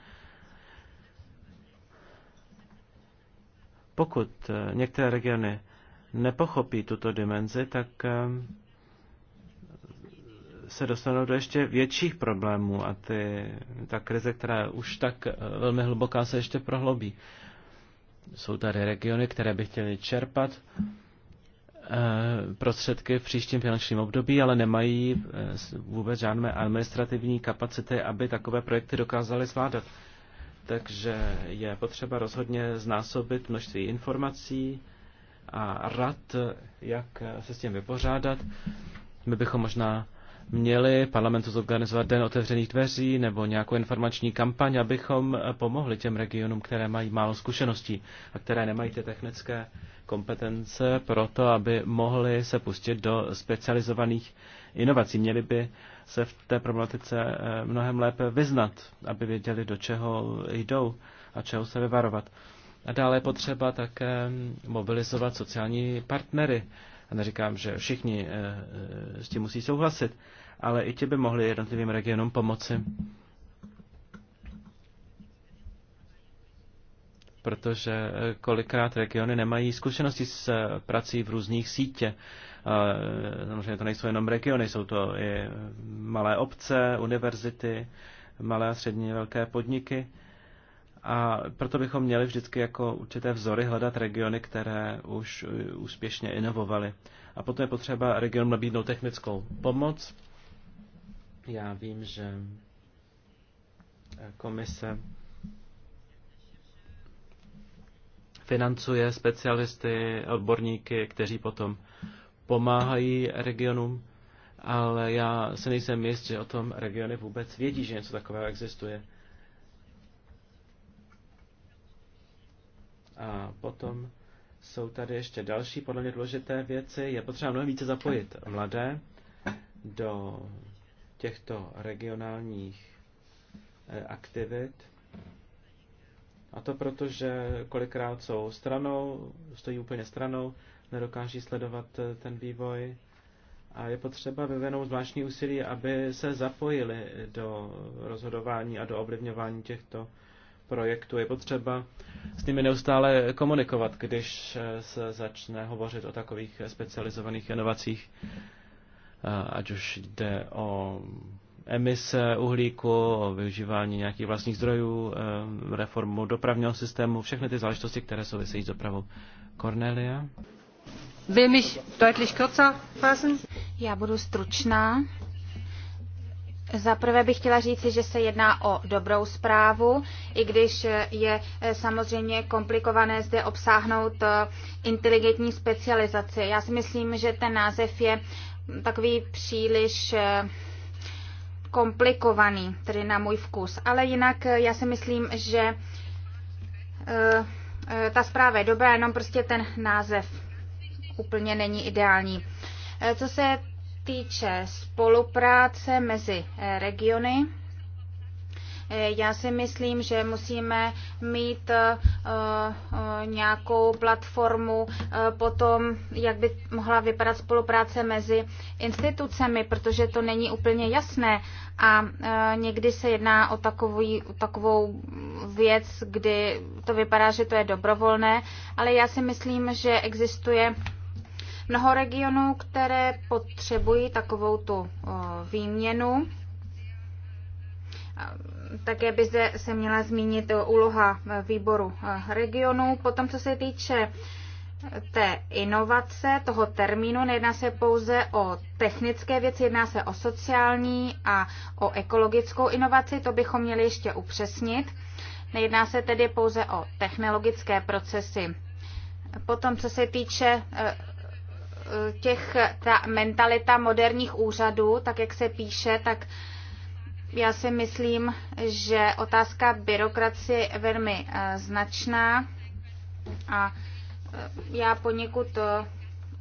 Speaker 1: Pokud eh, některé regiony nepochopí tuto dimenzi, tak se dostanou do ještě větších problémů a ty, ta krize, která je už tak eh, velmi hluboká, se ještě prohlobí. Jsou tady regiony, které by chtěly čerpat eh, prostředky v příštím finančním období, ale nemají eh, vůbec žádné administrativní kapacity, aby takové projekty dokázaly zvládat. Takže je potřeba rozhodně znásobit množství informací a rad, jak se s tím vypořádat. My bychom možná měli parlamentu zorganizovat den otevřených dveří nebo nějakou informační kampaň, abychom pomohli těm regionům, které mají málo zkušeností a které nemají ty technické kompetence pro to, aby mohli se pustit do specializovaných inovací. Měli by se v té problematice eh, mnohem lépe vyznat, aby věděli, do čeho jdou a čeho se vyvarovat. A dále je potřeba také mobilizovat sociální partnery a neříkám, že všichni eh, eh, s tím musí souhlasit, ale i ti by mohli jednotlivým regionům pomoci. protože eh, kolikrát regiony nemají zkušenosti s prací v různých sítě. Samozřejmě to nejsou jenom regiony, jsou to i malé obce, univerzity, malé a střední velké podniky. A proto bychom měli vždycky jako určité vzory hledat regiony, které už eh, úspěšně inovovaly. A potom je potřeba regionům nabídnout technickou pomoc. Já vím, že eh, komise financuje specialisty, odborníky, kteří potom pomáhají regionům, ale já se nejsem jist, že o tom regiony vůbec vědí, že něco takového existuje. A potom jsou tady ještě další podle mě důležité věci. Je potřeba mnohem více zapojit mladé do těchto regionálních eh, aktivit. A to proto, že kolikrát jsou stranou, stojí úplně stranou, nedokáží sledovat eh, ten vývoj. A je potřeba vyvinout zvláštní úsilí, aby se zapojili do rozhodování a do ovlivňování těchto projektu, je potřeba s nimi neustále komunikovat, když eh, se začne hovořit o takových specializovaných inovacích, eh, ať už jde o emise uhlíku, o využívání nějakých vlastních zdrojů, eh, reformu dopravního systému, všechny ty záležitosti, které souvisejí s dopravou. Cornelia?
Speaker 5: Will mich deutlich kürzer fassen. Já budu stručná. Zaprvé bych chtěla říci, že se jedná o dobrou zprávu, i když je eh, samozřejmě komplikované zde obsáhnout eh, inteligentní specializaci. Já si myslím, že ten název je takový příliš eh, komplikovaný, tedy na můj vkus. Ale jinak já si myslím, že ta zpráva je dobrá, jenom prostě ten název úplně není ideální. Co se týče spolupráce mezi eh, regiony, eh, já si myslím, že musíme mít eh, nějakou platformu potom, jak by mohla vypadat spolupráce mezi institucemi, protože to není úplně jasné a někdy se jedná o takový, takovou věc, kdy to vypadá, že to je dobrovolné, ale já si myslím, že existuje mnoho regionů, které potřebují takovou tu eh, výměnu. Také by zde se měla zmínit úloha eh, výboru eh, regionů. Potom, co se týče té inovace, toho termínu, nejedná se pouze o technické věci, jedná se o sociální a o ekologickou inovaci, to bychom měli ještě upřesnit. Nejedná se tedy pouze o technologické procesy. Potom, co se týče těch, ta mentalita moderních úřadů, tak jak se píše, tak já si myslím, že otázka byrokracie je velmi eh, značná a eh, já poněkud eh,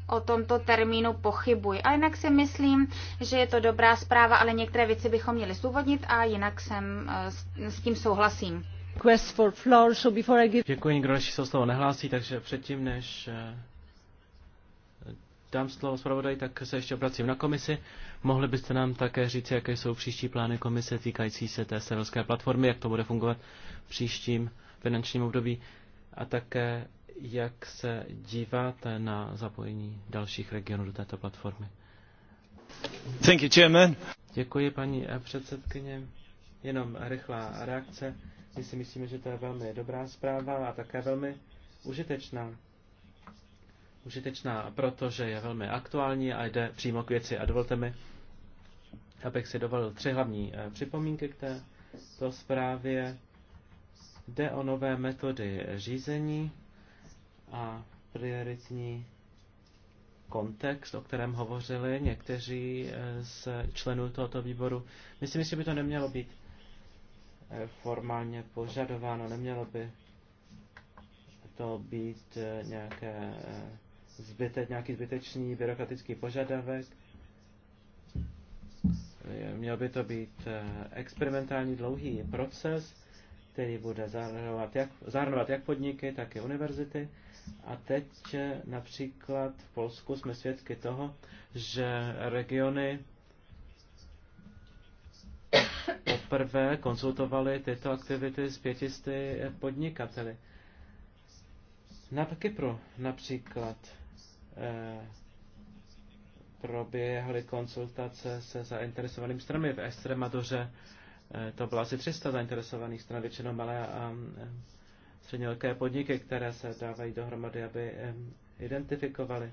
Speaker 5: o tomto termínu pochybuji. A jinak si myslím, že je to dobrá zpráva, ale některé věci bychom měli zúvodnit a jinak jsem s tím souhlasím.
Speaker 1: Děkuji, nikdo další se slovo nehlásí, takže předtím, než dám slovo zpravodaj, tak se ještě obracím na komisi. Mohli byste nám také říct, jaké jsou příští plány komise týkající se té severské platformy, jak to bude fungovat v příštím finančním období a také jak se díváte na zapojení dalších regionů do této platformy. Thank you, chairman. Děkuji, paní předsedkyně. Jenom rychlá reakce. My si myslíme, že to je velmi dobrá zpráva a také velmi užitečná užitečná, protože je velmi aktuální a jde přímo k věci. A dovolte mi, abych si dovolil tři hlavní eh, připomínky k této zprávě. Jde o nové metody řízení a prioritní kontext, o kterém hovořili někteří eh, z členů tohoto výboru. Myslím, že by to nemělo být eh, formálně požadováno, nemělo by to být nějaké zbyte, nějaký zbytečný byrokratický požadavek. Měl by to být eh, experimentální dlouhý proces, který bude zahrnovat jak, zahrnovat jak podniky, tak i univerzity. A teď eh, například v Polsku jsme svědky toho, že regiony poprvé konzultovaly tyto aktivity s pětisty podnikateli. Na Kypru například Eh, proběhly konsultace se zainteresovanými stranami v Estremadoře eh, To bylo asi 300 zainteresovaných stran, většinou malé a eh, středně velké podniky, které se dávají dohromady, aby identifikovaly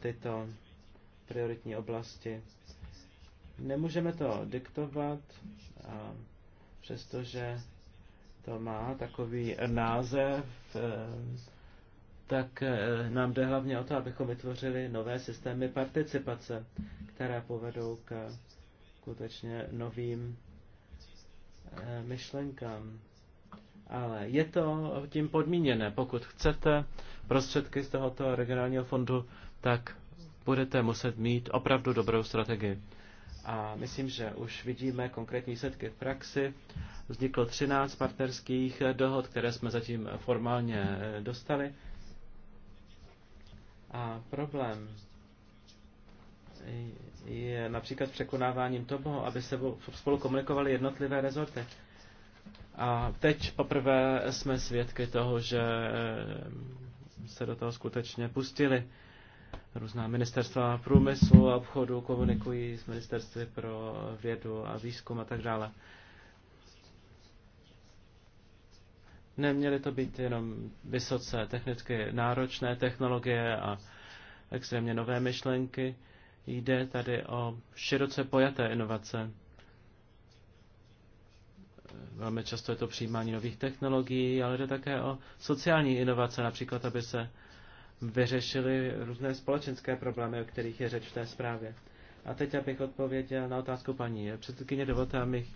Speaker 1: tyto prioritní oblasti. Nemůžeme to diktovat, a přestože to má takový název tak eh, nám jde hlavně o to, abychom vytvořili nové systémy participace, které povedou k skutečně novým eh, myšlenkám. Ale je to tím podmíněné. Pokud chcete prostředky z tohoto regionálního fondu, tak budete muset mít opravdu dobrou strategii. A myslím, že už vidíme konkrétní setky v praxi. Vzniklo 13 partnerských eh, dohod, které jsme zatím formálně dostali. A problém je například překonáváním toho, aby se spolu komunikovaly jednotlivé rezorty. A teď poprvé jsme svědky toho, že eh, se do toho skutečně pustili. Různá ministerstva průmyslu a obchodu komunikují s ministerstvy pro vědu a výzkum a tak dále. Neměly to být jenom vysoce technicky náročné technologie a extrémně nové myšlenky. Jde tady o široce pojaté inovace. Velmi často je to přijímání nových technologií, ale jde také o sociální inovace, například, aby se vyřešily různé společenské problémy, o kterých je řeč v té zprávě. A teď, abych odpověděl na otázku paní předsedkyně, dovolte, abych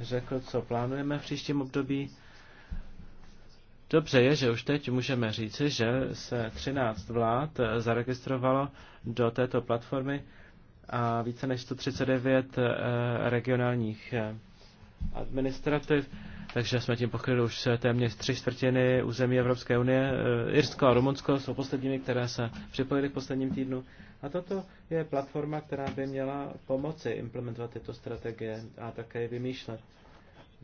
Speaker 1: řekl, co plánujeme v příštím období. Dobře je, že už teď můžeme říci, že se 13 vlád zaregistrovalo do této platformy a více než 139 eh, regionálních eh, administrativ, takže jsme tím pokryli už téměř tři čtvrtiny území Evropské unie. Eh, Irsko a Rumunsko jsou posledními, které se připojily v posledním týdnu. A toto je platforma, která by měla pomoci implementovat tyto strategie a také vymýšlet.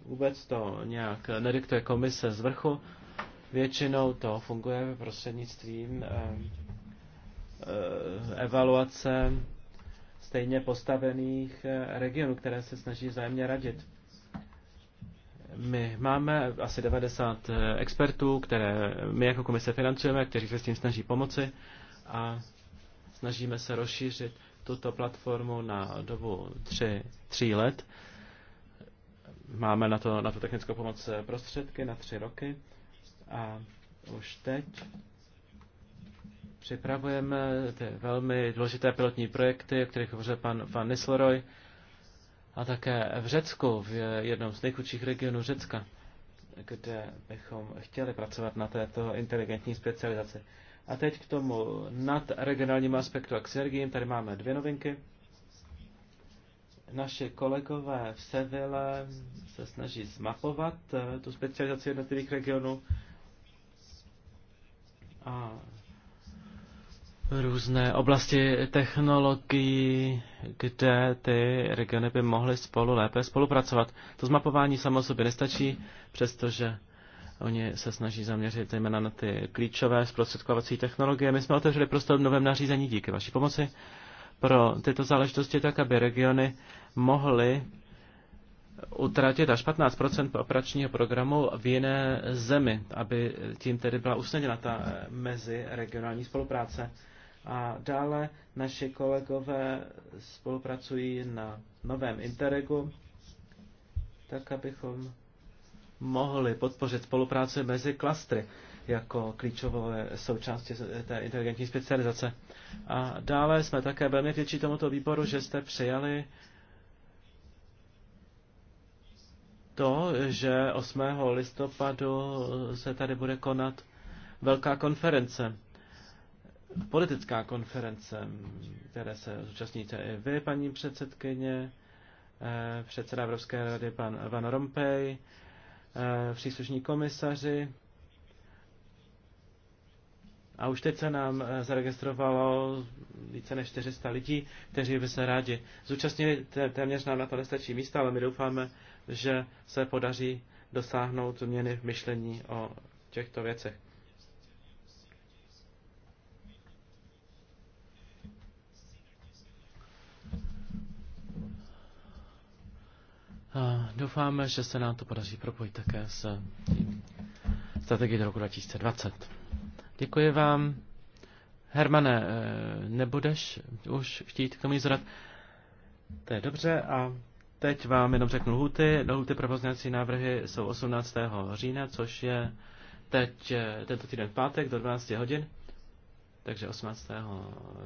Speaker 1: Vůbec to nějak nediktuje komise z vrchu, Většinou to funguje prostřednictvím eh, eh, evaluace stejně postavených eh, regionů, které se snaží vzájemně radit. My máme asi 90 expertů, které my jako komise financujeme, kteří se s tím snaží pomoci a snažíme se rozšířit tuto platformu na dobu tři, tři let. Máme na to, na to technickou pomoc prostředky na tři roky a už teď připravujeme ty velmi důležité pilotní projekty, o kterých hovořil pan Van Nisleroy, a také v Řecku, v jednom z nejchudších regionů Řecka, kde bychom chtěli pracovat na této inteligentní specializaci. A teď k tomu nadregionálnímu aspektu a k synergiím. Tady máme dvě novinky. Naši kolegové v Seville se snaží zmapovat eh, tu specializaci jednotlivých regionů a různé oblasti technologií, kde ty regiony by mohly spolu lépe spolupracovat. To zmapování samo sobě nestačí, přestože oni se snaží zaměřit zejména na ty klíčové zprostředkovací technologie. My jsme otevřeli prostor v novém nařízení díky vaší pomoci pro tyto záležitosti tak, aby regiony mohly utratit až 15 operačního programu v jiné zemi, aby tím tedy byla usnadněna ta eh, mezi-regionální spolupráce. A dále naši kolegové spolupracují na novém Interregu, tak abychom mohli podpořit spolupráci mezi klastry jako klíčové součásti té inteligentní specializace. A dále jsme také velmi vděční tomuto výboru, že jste přijali to, že 8. listopadu se tady bude konat velká konference, politická konference, které se zúčastníte i vy, paní předsedkyně, eh, předseda Evropské rady pan Van Rompuy, eh, příslušní komisaři. A už teď se nám eh, zaregistrovalo více než 400 lidí, kteří by se rádi zúčastnili. Téměř nám na to nestačí místa, ale my doufáme, že se podaří dosáhnout změny v myšlení o těchto věcech. doufáme, že se nám to podaří propojit také s strategií do roku 2020. Děkuji vám. Hermane, eh, nebudeš už chtít k tomu nic To je dobře a Teď vám jenom řeknu lhuty. Lhuty pro pozměňovací návrhy jsou 18. října, což je teď eh, tento týden v pátek do 12 hodin. Takže 18.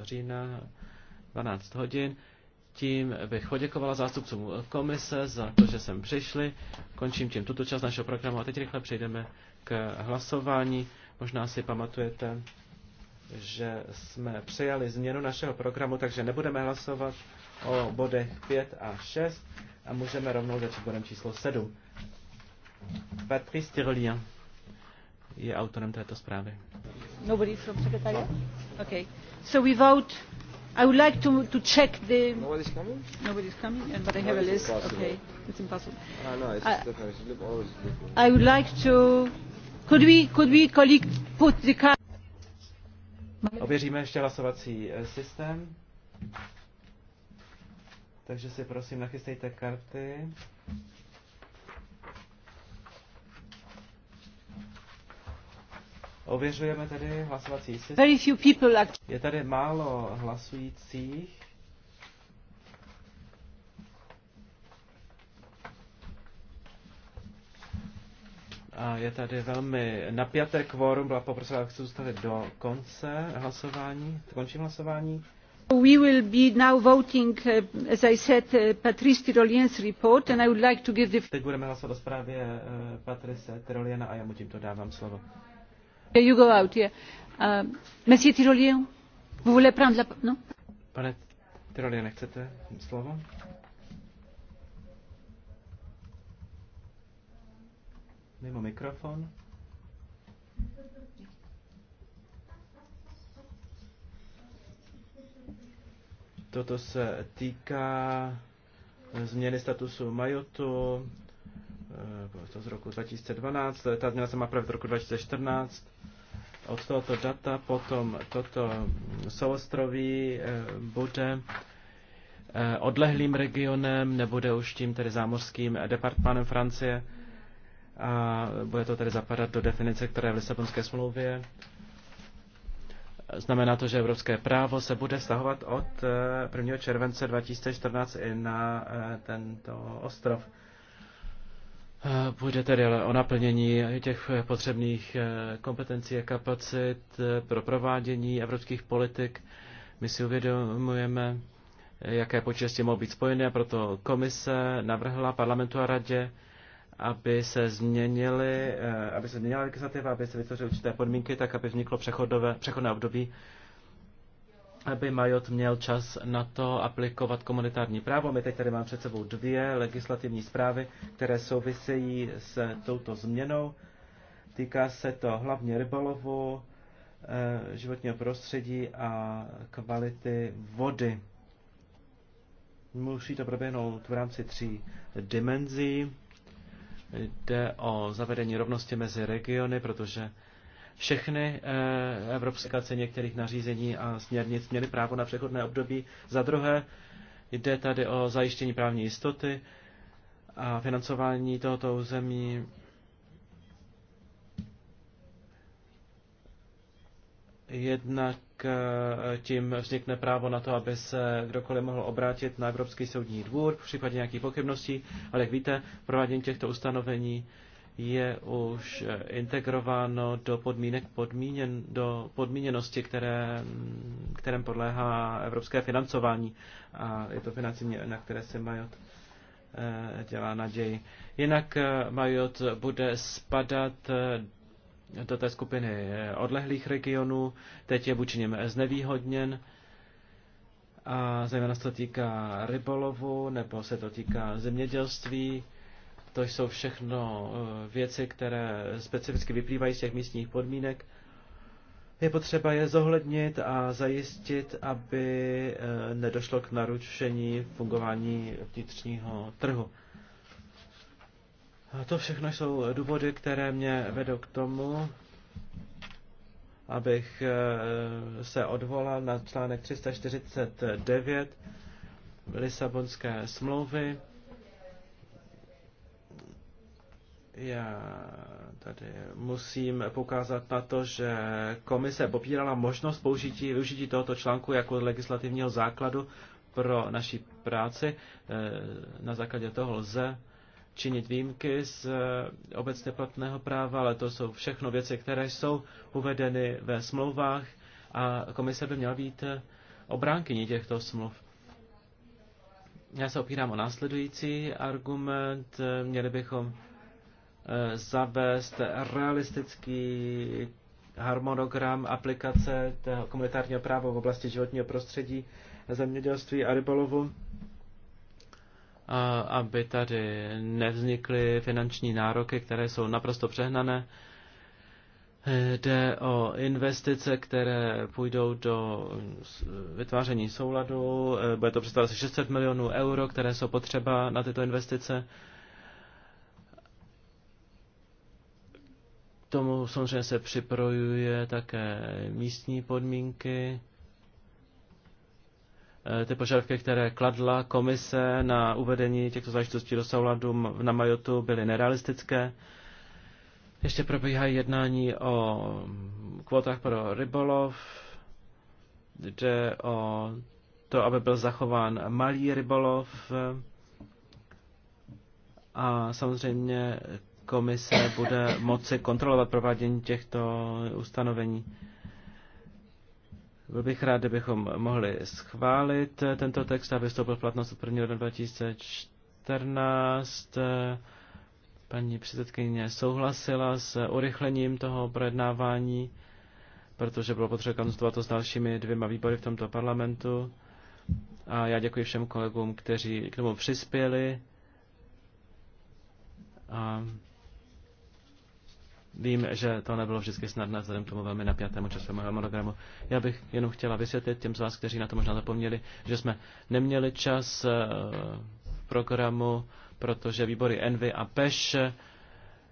Speaker 1: října 12 hodin. Tím bych poděkovala zástupcům komise za to, že sem přišli. Končím tím tuto část našeho programu a teď rychle přejdeme k hlasování. Možná si pamatujete, že jsme přijali změnu našeho programu, takže nebudeme hlasovat o bodech 5 a 6 a můžeme rovnou začít bodem číslo 7. Patrice Tyrolien je autorem této zprávy.
Speaker 4: Nobody from secretary. Okay. So we vote. I would like to, to check the... Nobody's coming? Nobody's coming, and, but I have no, a list. Impossible. Okay, it's impossible. Uh, no, it's
Speaker 1: I, I would
Speaker 4: like to... Could we, could we, colleague, put the card... Ověříme
Speaker 1: ještě hlasovací eh, systém. Takže si prosím nachystejte karty. Ověřujeme tedy hlasovací systém. Je tady málo hlasujících. A je tady velmi napjaté kvorum, byla poprosila, se zůstali do konce hlasování, končím hlasování.
Speaker 4: We will be now voting, eh, as I said, eh, Patrice Tyrolien's report and I would like to give the... Teď
Speaker 1: budeme hlasovat o zprávě eh, Patrice Tyroliena a já mu tímto dávám slovo.
Speaker 4: you go out, yeah. Uh, Monsieur Tyrolien, vous voulez prendre la... No?
Speaker 1: Pane Tyrolien, chcete slovo? mimo mikrofon. Toto se týká eh, změny statusu Majotu, eh, to z roku 2012, ta změna se má právě v roku 2014. Od tohoto data potom toto souostroví eh, bude odlehlým regionem, nebude už tím tedy zámořským departmánem Francie a bude to tedy zapadat do definice, která je v Lisabonské smlouvě. Znamená to, že evropské právo se bude stahovat od 1. Eh, července 2014 i na eh, tento ostrov. Eh, půjde tedy ale o naplnění těch potřebných kompetencí a kapacit pro provádění evropských politik. My si uvědomujeme, jaké počesti mohou být spojené, proto komise navrhla parlamentu a radě aby se změnily, eh, aby se změnila legislativa, aby se vytvořily určité podmínky, tak aby vzniklo přechodové, přechodné období, aby Majot měl čas na to aplikovat komunitární právo. My teď tady máme před sebou dvě legislativní zprávy, které souvisejí s touto změnou. Týká se to hlavně rybolovu, eh, životního prostředí a kvality vody. Musí to proběhnout v rámci tří dimenzí Jde o zavedení rovnosti mezi regiony, protože všechny eh, evropské se některých nařízení a směrnic měly právo na přechodné období. Za druhé jde tady o zajištění právní jistoty a financování tohoto území Jednak eh, tím vznikne právo na to, aby se kdokoliv mohl obrátit na Evropský soudní dvůr v případě nějakých pochybností, ale jak víte, provádění těchto ustanovení je už eh, integrováno do podmínek podmíněn, do podmíněnosti, které, mm, kterém podléhá evropské financování. A je to financování, na které se Majot eh, dělá naději. Jinak Majot bude spadat do té skupiny odlehlých regionů, teď je vůči něm znevýhodněn, a zejména se to týká rybolovu, nebo se to týká zemědělství. To jsou všechno eh, věci, které specificky vyplývají z těch místních podmínek. Je potřeba je zohlednit a zajistit, aby eh, nedošlo k narušení fungování vnitřního trhu. A to všechno jsou důvody, které mě vedou k tomu, abych eh, se odvolal na článek 349 Lisabonské smlouvy. Já tady musím poukázat na to, že komise popírala možnost použití, využití tohoto článku jako legislativního základu pro naší práci. Eh, na základě toho lze činit výjimky z eh, obecně platného práva, ale to jsou všechno věci, které jsou uvedeny ve smlouvách a komise by měla být eh, obránkyní těchto smluv. Já se opírám o následující argument. Měli bychom eh, zavést realistický harmonogram aplikace komunitárního práva v oblasti životního prostředí, zemědělství a rybolovu aby tady nevznikly finanční nároky, které jsou naprosto přehnané. Jde o investice, které půjdou do vytváření souladu. Bude to představovat asi 600 milionů euro, které jsou potřeba na tyto investice. K tomu samozřejmě se připrojuje také místní podmínky. Eh, ty požadavky, které kladla komise na uvedení těchto záležitostí do souladu na Majotu, byly nerealistické. Ještě probíhají jednání o kvotách pro rybolov, jde o to, aby byl zachován malý rybolov a samozřejmě komise bude moci kontrolovat provádění těchto ustanovení. Byl bych rád, kdybychom mohli schválit eh, tento text, aby vstoupil v platnost od 1. 2014. Eh, Paní předsedkyně souhlasila s urychlením toho projednávání, protože bylo potřeba konzultovat to s dalšími dvěma výbory v tomto parlamentu. A já děkuji všem kolegům, kteří k tomu přispěli. A Vím, že to nebylo vždycky snadné vzhledem k tomu velmi napjatému časovému harmonogramu. Já bych jenom chtěla vysvětlit těm z vás, kteří na to možná zapomněli, že jsme neměli čas eh, v programu, protože výbory Envy a Peš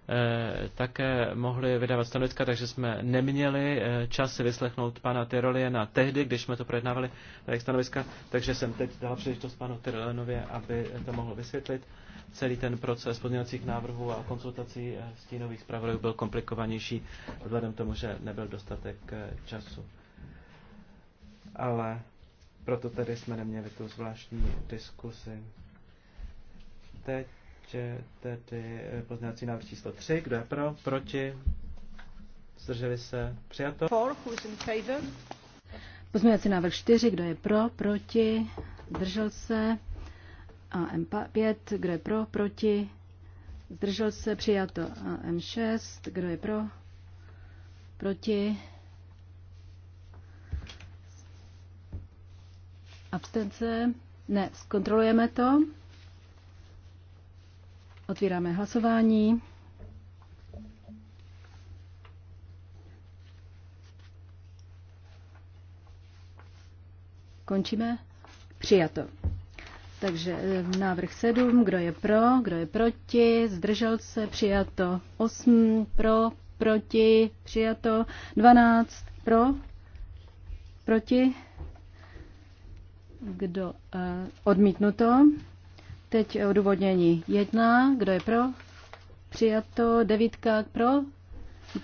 Speaker 1: Eh, také mohli vydávat stanoviska, takže jsme neměli eh, čas si vyslechnout pana Tyroliena tehdy, když jsme to projednávali, tak eh, stanoviska, takže jsem teď dala příležitost panu Tyrolienovi, aby to mohl vysvětlit. Celý ten proces pozměňovacích návrhů a konzultací stínových zpravodajů byl komplikovanější, vzhledem tomu, že nebyl dostatek času. Ale proto tedy jsme neměli tu zvláštní diskusi. Teď ještě tedy eh, pozměňovací návrh číslo 3. Kdo je pro? Proti? Zdrželi se? Přijato?
Speaker 3: Four, who's in favor? Pozměňovací návrh 4. Kdo je pro? Proti? Zdržel se? A M5. Kdo je pro? Proti? Zdržel se? Přijato. A M6. Kdo je pro? Proti? Abstence? Ne, zkontrolujeme to. Otvíráme hlasování. Končíme? Přijato. Takže eh, návrh 7, kdo je pro, kdo je proti, zdržel se, přijato 8, pro, proti, přijato 12, pro, proti, kdo eh, odmítnuto, Teď odůvodnění jedna, kdo je pro? Přijato. Devítka pro?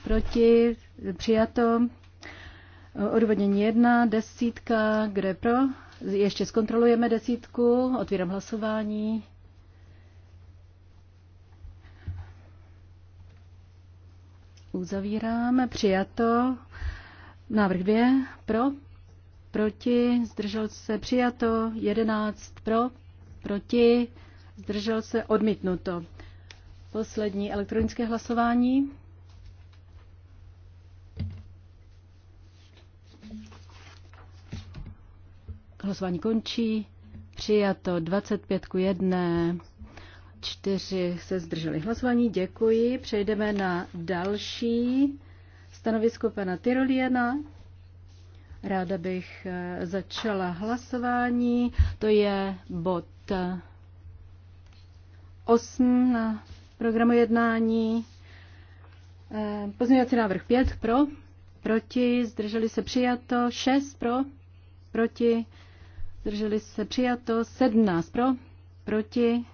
Speaker 3: Proti? Přijato. Odůvodnění jedna, desítka, kdo je pro? Ještě zkontrolujeme desítku, otvírám hlasování. Uzavírám, přijato. Návrh dvě, pro, proti, zdržel se, přijato, jedenáct, pro, proti, zdržel se, odmítnuto. Poslední elektronické hlasování. Hlasování končí. Přijato 25 k 1. Čtyři se zdrželi hlasování. Děkuji. Přejdeme na další stanovisko pana Tyroliena. Ráda bych eh, začala hlasování. To je bod 8 na programu jednání. Eh, pozměňovací návrh 5 pro, proti, zdrželi se přijato, 6 pro, proti, zdrželi se přijato, 17 pro, proti,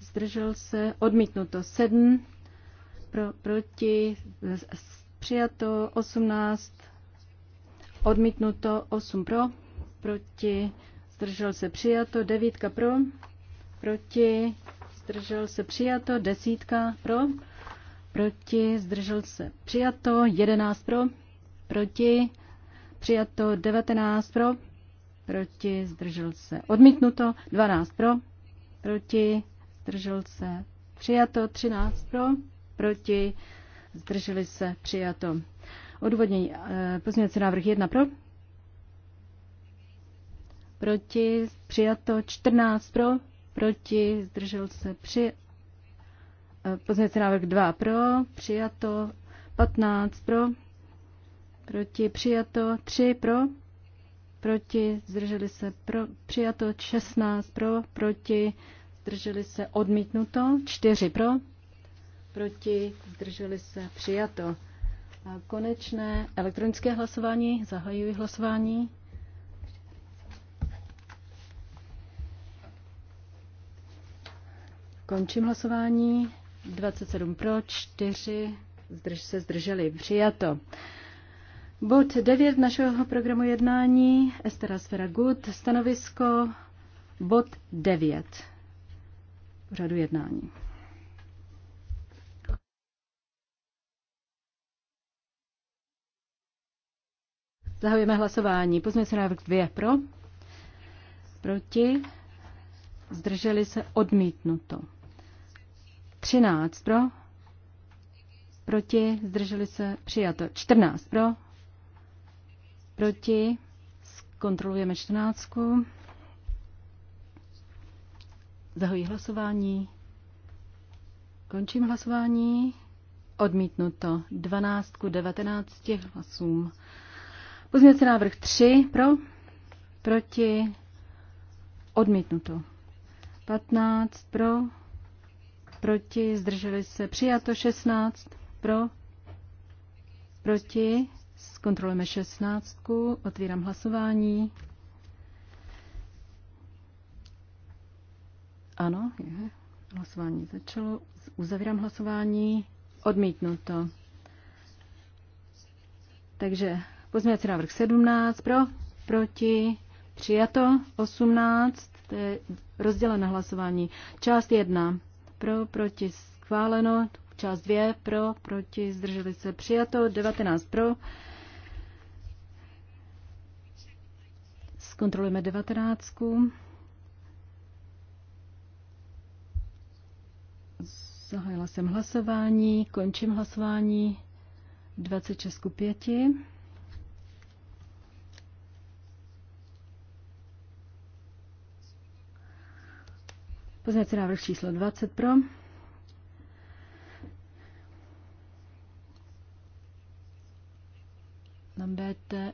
Speaker 3: zdržel se odmítnuto, 7 pro, proti, přijato, 18, odmítnuto, 8 pro, proti, zdržel se přijato, devítka pro, proti, zdržel se přijato, desítka pro, proti, zdržel se přijato, jedenáct pro, proti, přijato, devatenáct pro, proti, zdržel se odmítnuto, dvanáct pro, proti, zdržel se přijato, třináct pro, proti, zdrželi se přijato. Odvodnění eh, pozměňovací návrh jedna pro, proti, přijato 14 pro, proti, zdržel se při, eh, pozměňovací návrh 2 pro, přijato 15 pro, proti, přijato 3 pro, proti, zdrželi se pro, přijato 16 pro, proti, zdrželi se odmítnuto 4 pro, proti, zdrželi se přijato. A konečné elektronické hlasování, zahajuji hlasování. Končím hlasování. 27 pro, 4 zdrž, se zdrželi. Přijato. Bod 9 našeho programu jednání, Estera Sferagut, stanovisko, bod 9 řadu jednání. Zahajujeme hlasování. Pozměňovací návrh 2 pro, proti, zdrželi se odmítnuto. 13 pro, proti, zdrželi se, přijato. 14 pro, proti, zkontrolujeme 14. Zahojí hlasování. Končím hlasování. Odmítnuto 12 ku 19 hlasům. Pozměňovací návrh 3 pro, proti, odmítnuto. 15 pro, proti, zdrželi se přijato 16, pro, proti, zkontrolujeme 16, otvírám hlasování. Ano, je. hlasování začalo, uzavírám hlasování, odmítnuto. Takže pozměňovací návrh 17, pro, proti, přijato 18, to je rozdělené hlasování. Část 1, pro, proti schváleno, část 2 pro, proti zdrželi se přijato, 19 pro. Zkontrolujeme 19. Zahájila jsem hlasování, končím hlasování 26 ku 5. Pozměňovací návrh číslo 20 pro. Lamberte.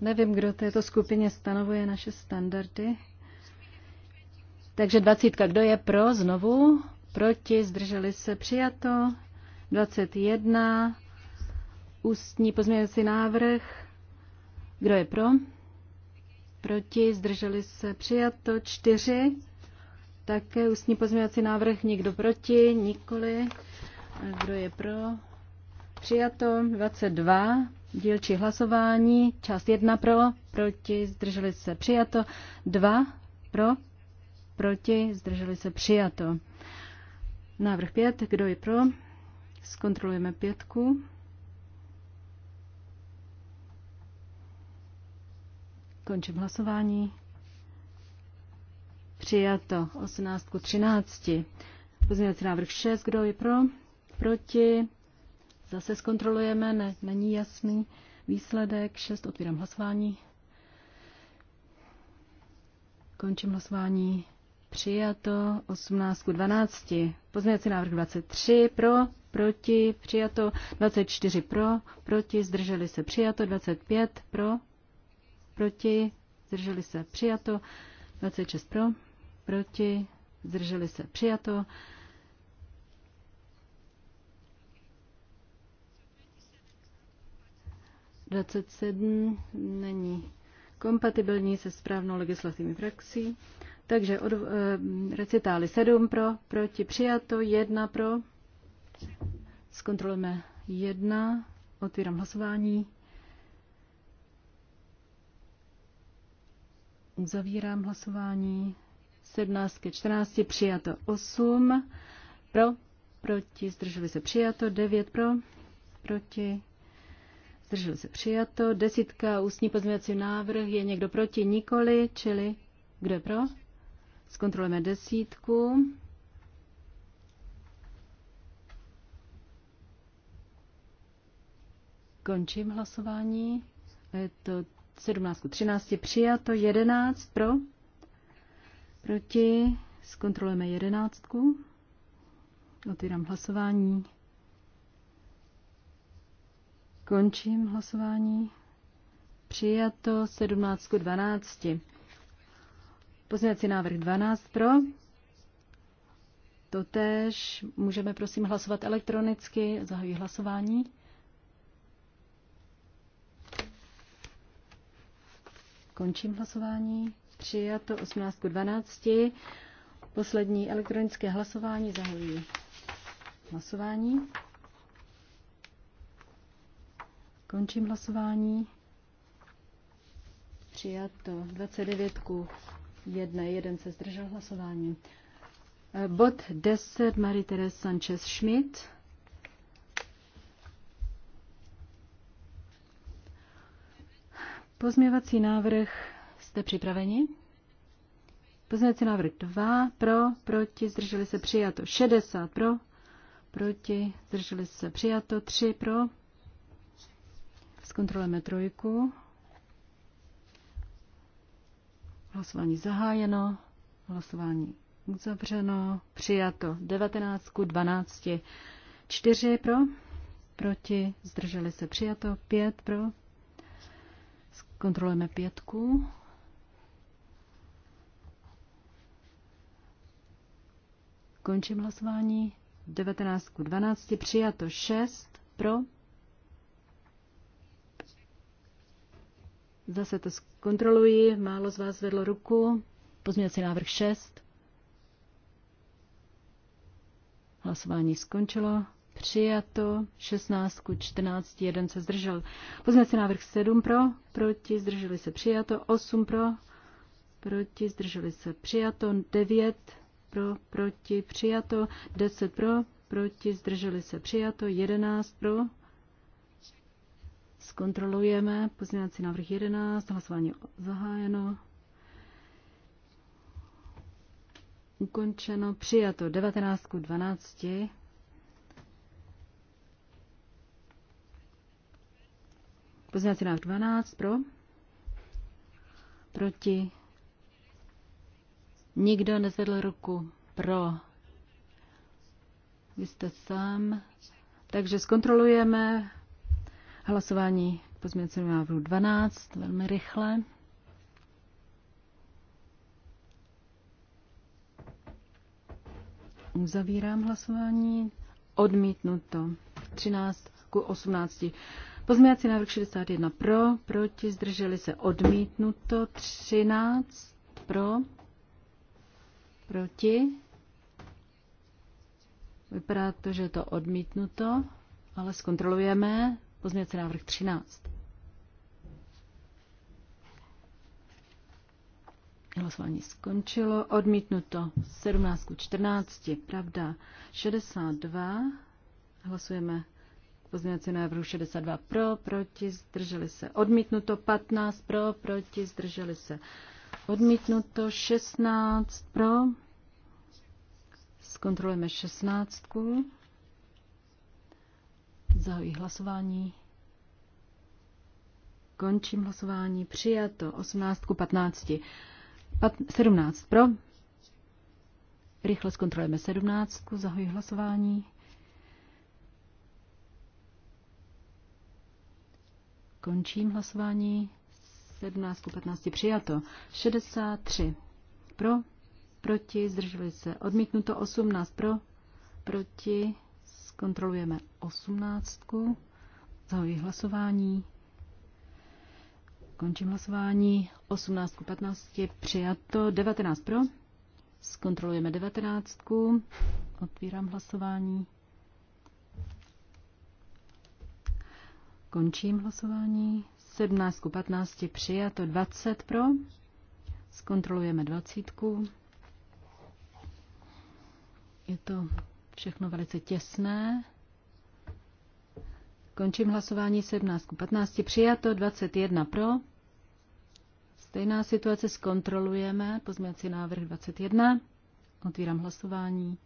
Speaker 3: Nevím, kdo této skupině stanovuje naše standardy. Takže 20, kdo je pro, znovu, proti, zdrželi se, přijato. 21, ústní pozměňovací návrh, kdo je pro? proti, zdrželi se přijato, čtyři, také ústní pozměňovací návrh, nikdo proti, nikoli, kdo je pro, přijato, 22, dílčí hlasování, část jedna pro, proti, zdrželi se přijato, dva pro, proti, zdrželi se přijato. Návrh pět, kdo je pro, zkontrolujeme pětku. Končím hlasování. Přijato 18 ku 13. Pozměňovací návrh 6. Kdo je pro? Proti? Zase zkontrolujeme, ne, není jasný výsledek. 6. Otvírám hlasování. Končím hlasování. Přijato 18 ku 12. Pozměňovací návrh 23 pro, proti, přijato 24 pro, proti, zdrželi se přijato 25 pro, proti, zdrželi se přijato, 26 pro, proti, zdrželi se přijato. Dvacet sedm není kompatibilní se správnou legislativní praxí. Takže od, e, recitály sedm pro, proti přijato, jedna pro. Zkontrolujeme jedna, otvírám hlasování. Uzavírám hlasování. 17 ke 14 přijato 8 pro, proti, zdrželi se přijato 9 pro, proti, zdrželi se přijato. Desítka ústní pozměňovací návrh je někdo proti, nikoli, čili kdo je pro? Zkontrolujeme desítku. Končím hlasování. Je to 17 k 13 přijato, 11 pro, proti, zkontrolujeme 11. Otvírám hlasování. Končím hlasování. Přijato 17 k 12. Pozměňovací návrh 12 pro. Totež můžeme prosím hlasovat elektronicky. Zahajuji hlasování. Končím hlasování. Přijato 18 12. Poslední elektronické hlasování zahajuji. Hlasování. Končím hlasování. Přijato 29 ku 1. Jeden se zdržel hlasování. Bod 10 Marie-Therese Sanchez-Schmidt. Pozměvací návrh, jste připraveni? Pozměvací návrh 2, pro, proti, zdrželi se přijato 60, pro, proti, zdrželi se přijato 3, pro. Zkontrolujeme trojku. Hlasování zahájeno, hlasování uzavřeno, přijato 19 ku 12, 4 pro, proti, zdrželi se přijato 5 pro Kontrolujeme pětku. Končím hlasování. 19 k 12. Přijato 6 pro. Zase to zkontroluji. Málo z vás vedlo ruku. Pozměňovací návrh 6. Hlasování skončilo přijato, 16 ku 14, 1 se zdržel. Pozměňovací návrh 7 pro, proti, zdrželi se přijato, 8 pro, proti, zdrželi se přijato, 9 pro, proti, přijato, 10 pro, proti, zdrželi se přijato, 11 pro, zkontrolujeme, pozměňovací návrh 11, hlasování zahájeno, ukončeno, přijato 19 12. Pozměňovací návrh 12 pro. Proti. Nikdo nezvedl ruku pro. Vy jste sám. Takže zkontrolujeme hlasování pozměňovacímu návrhu 12 velmi rychle. Uzavírám hlasování. Odmítnuto. 13 ku 18. Pozměňovací návrh 61 pro, proti, zdrželi se odmítnuto, 13 pro, proti. Vypadá to, že je to odmítnuto, ale zkontrolujeme pozměňovací návrh 13. Hlasování skončilo. Odmítnuto 17 k 14, pravda 62. Hlasujeme Pozměňovací návrh 62 pro, proti, zdrželi se. Odmítnuto 15 pro, proti, zdrželi se. Odmítnuto 16 pro. Zkontrolujeme 16. Zahojí hlasování. Končím hlasování. Přijato 18 ku 15. Pat, 17 pro. Rychle zkontrolujeme 17. Zahojí hlasování. Končím hlasování. 17 15 přijato. 63 pro, proti, zdrželi se. Odmítnuto 18 pro, proti, zkontrolujeme 18. Zahoji hlasování. Končím hlasování. 18 15 přijato. 19 pro. Zkontrolujeme 19. Otvírám hlasování. Končím hlasování. 17 ku 15 přijato, 20 pro. Zkontrolujeme 20. Je to všechno velice těsné. Končím hlasování 17 ku 15. Přijato 21 pro. Stejná situace zkontrolujeme. Pozměňovací návrh 21. Otvírám hlasování.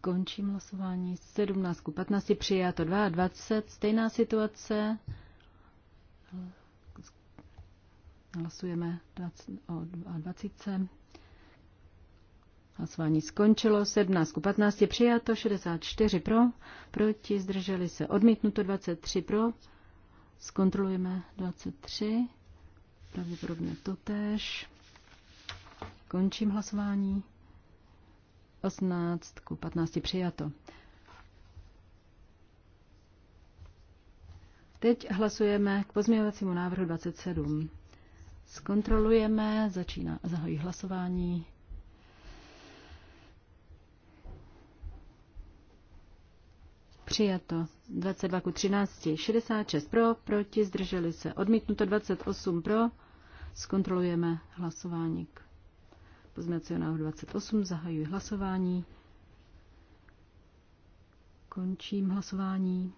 Speaker 3: Končím hlasování 17 ku 15, přijato 22, stejná situace. Hlasujeme 20, o 22. Hlasování skončilo, 17 ku 15 přijato, 64 pro, proti zdrželi se odmítnuto 23 pro, zkontrolujeme 23, pravděpodobně totéž. Končím hlasování. 18 ku 15 přijato. Teď hlasujeme k pozměňovacímu návrhu 27. Zkontrolujeme, začíná, zahojí hlasování. Přijato 22 ku 13, 66 pro, proti, zdrželi se. Odmítnuto 28 pro, zkontrolujeme hlasování k Pozměňovací návrh 28. Zahajuji hlasování. Končím hlasování.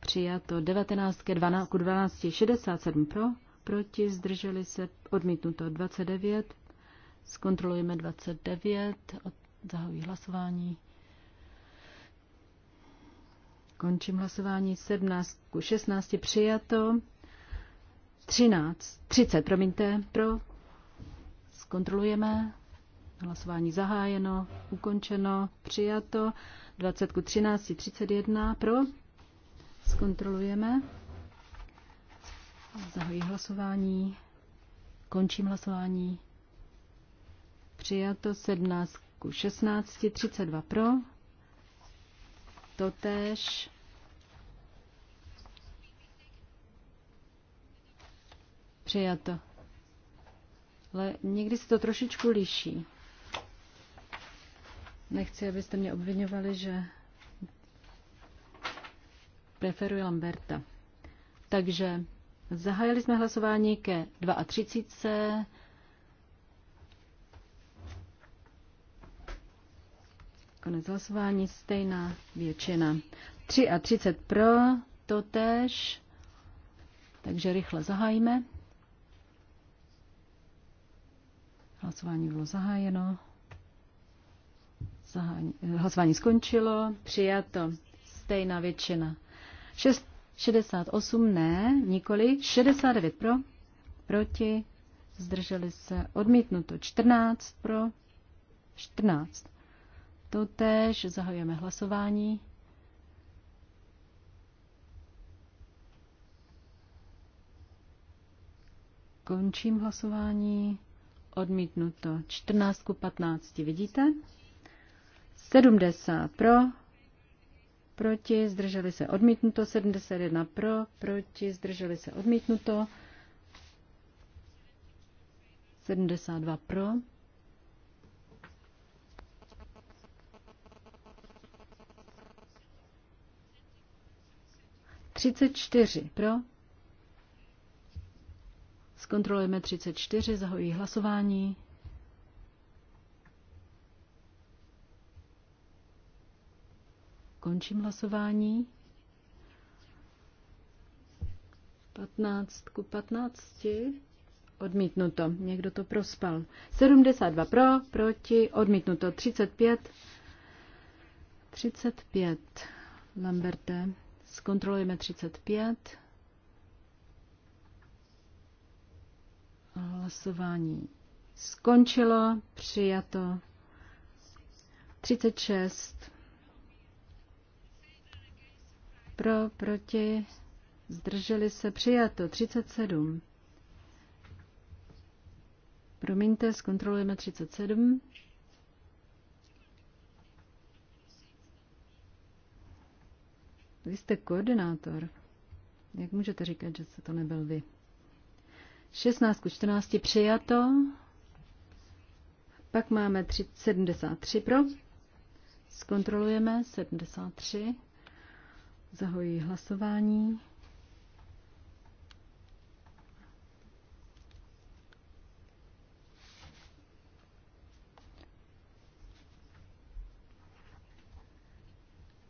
Speaker 3: Přijato 19 k 12, 12 67 pro, proti zdrželi se odmítnuto 29. Zkontrolujeme 29, zahajuji hlasování. Končím hlasování 17 ku 16 přijato. 13, 30, promiňte, pro, Zkontrolujeme. Hlasování zahájeno, ukončeno, přijato. 20 ku 13, 31 pro. Zkontrolujeme. Zahojí hlasování. Končím hlasování. Přijato 17 ku 16, 32 pro. Totež. Přijato ale někdy se to trošičku liší. Nechci, abyste mě obvinovali, že preferuji Lamberta. Takže zahájili jsme hlasování ke 32. Konec hlasování, stejná většina. 33 pro, tež. Takže rychle zahájíme. Hlasování bylo zahájeno. Zahání, eh, hlasování skončilo. Přijato. Stejná většina. 6, 68 ne, nikoli. 69 pro, proti. Zdrželi se odmítnuto. 14 pro, 14. Totež zahajujeme hlasování. Končím hlasování odmítnuto 14 ku 15, vidíte? 70 pro, proti, zdrželi se odmítnuto, 71 pro, proti, zdrželi se odmítnuto, 72 pro, Třicet čtyři pro, Zkontrolujeme 34, zahojí hlasování. Končím hlasování. 15 ku 15. Odmítnuto. Někdo to prospal. 72 pro, proti, odmítnuto. 35. 35. Lamberte. Zkontrolujeme 35. Hlasování skončilo, přijato 36 pro, proti, zdrželi se, přijato 37. Promiňte, zkontrolujeme 37. Vy jste koordinátor. Jak můžete říkat, že se to nebyl vy? 16 ku 14 přijato. Pak máme 3, 73 pro. Zkontrolujeme 73. Zahojí hlasování.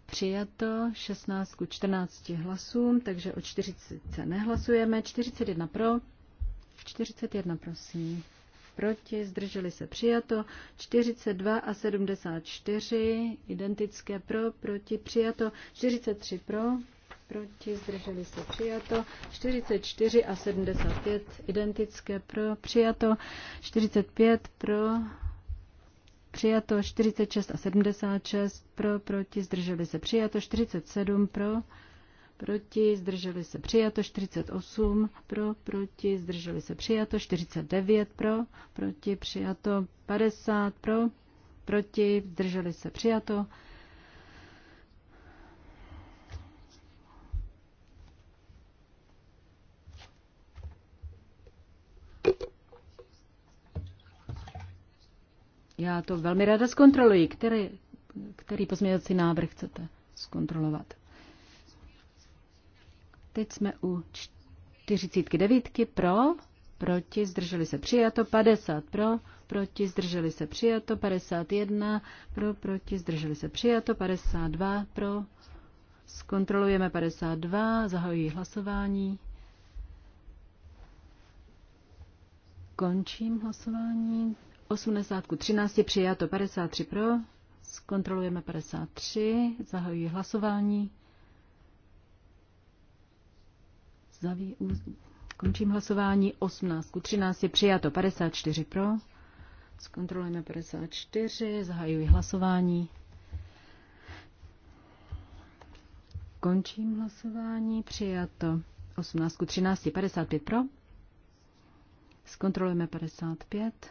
Speaker 3: přijato 16 ku 14 hlasům, takže o 40 se nehlasujeme, 41 pro, 41, prosím. Proti, zdrželi se přijato. 42 a 74, identické pro, proti, přijato. 43 pro, proti, zdrželi se přijato. 44 a 75, identické pro, přijato. 45 pro, přijato. 46 a 76 pro, proti, zdrželi se přijato. 47 pro, proti, zdrželi se přijato 48 pro, proti, zdrželi se přijato 49 pro, proti, přijato 50 pro, proti, zdrželi se přijato. Já to velmi ráda zkontroluji. Který, který pozměňovací návrh chcete zkontrolovat? Teď jsme u 49 pro, proti, zdrželi se přijato, 50 pro, proti, zdrželi se přijato, 51 pro, proti, zdrželi se přijato, 52 pro. Zkontrolujeme 52, zahajují hlasování. Končím hlasování. 80 ku 13 přijato, 53 pro. Zkontrolujeme 53, zahajují hlasování. Zaví, končím hlasování. 18 13 je přijato. 54 pro. Zkontrolujeme 54. Zahajuji hlasování. Končím hlasování. Přijato. 18 13 je 55 pro. Zkontrolujeme 55.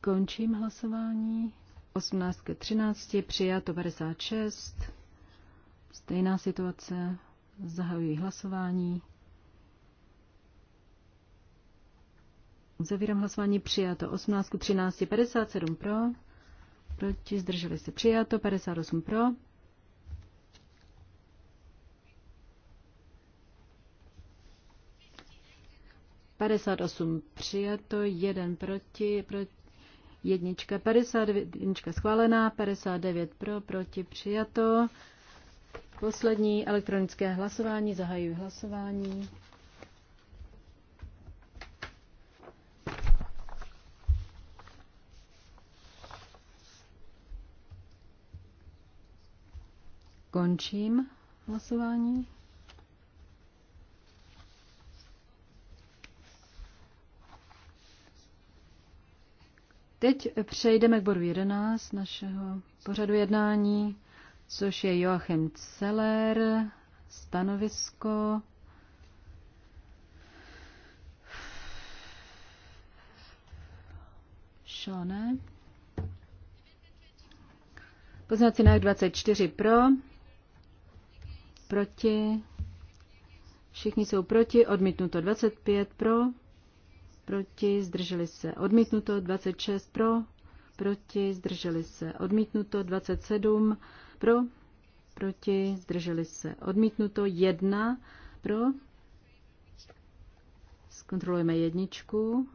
Speaker 3: Končím hlasování. 18 k 13, přijato 56. Stejná situace. Zahajuji hlasování. Zavírám hlasování přijato 18 k 13, 57 pro, proti zdrželi se přijato 58 pro. Padesát osm přijato, jeden proti, proti, jednička, padesát jednička schválená, padesát devět pro, proti přijato, Poslední elektronické hlasování. Zahajuji hlasování. Končím hlasování. Teď přejdeme k bodu 11 našeho pořadu jednání což je Joachim Celer, stanovisko. Šone. Poznací návrh 24 pro, proti, všichni jsou proti, odmítnuto 25 pro, proti, zdrželi se, odmítnuto 26 pro, proti, zdrželi se, odmítnuto 27 pro, proti, zdrželi se odmítnuto, jedna pro, zkontrolujeme jedničku,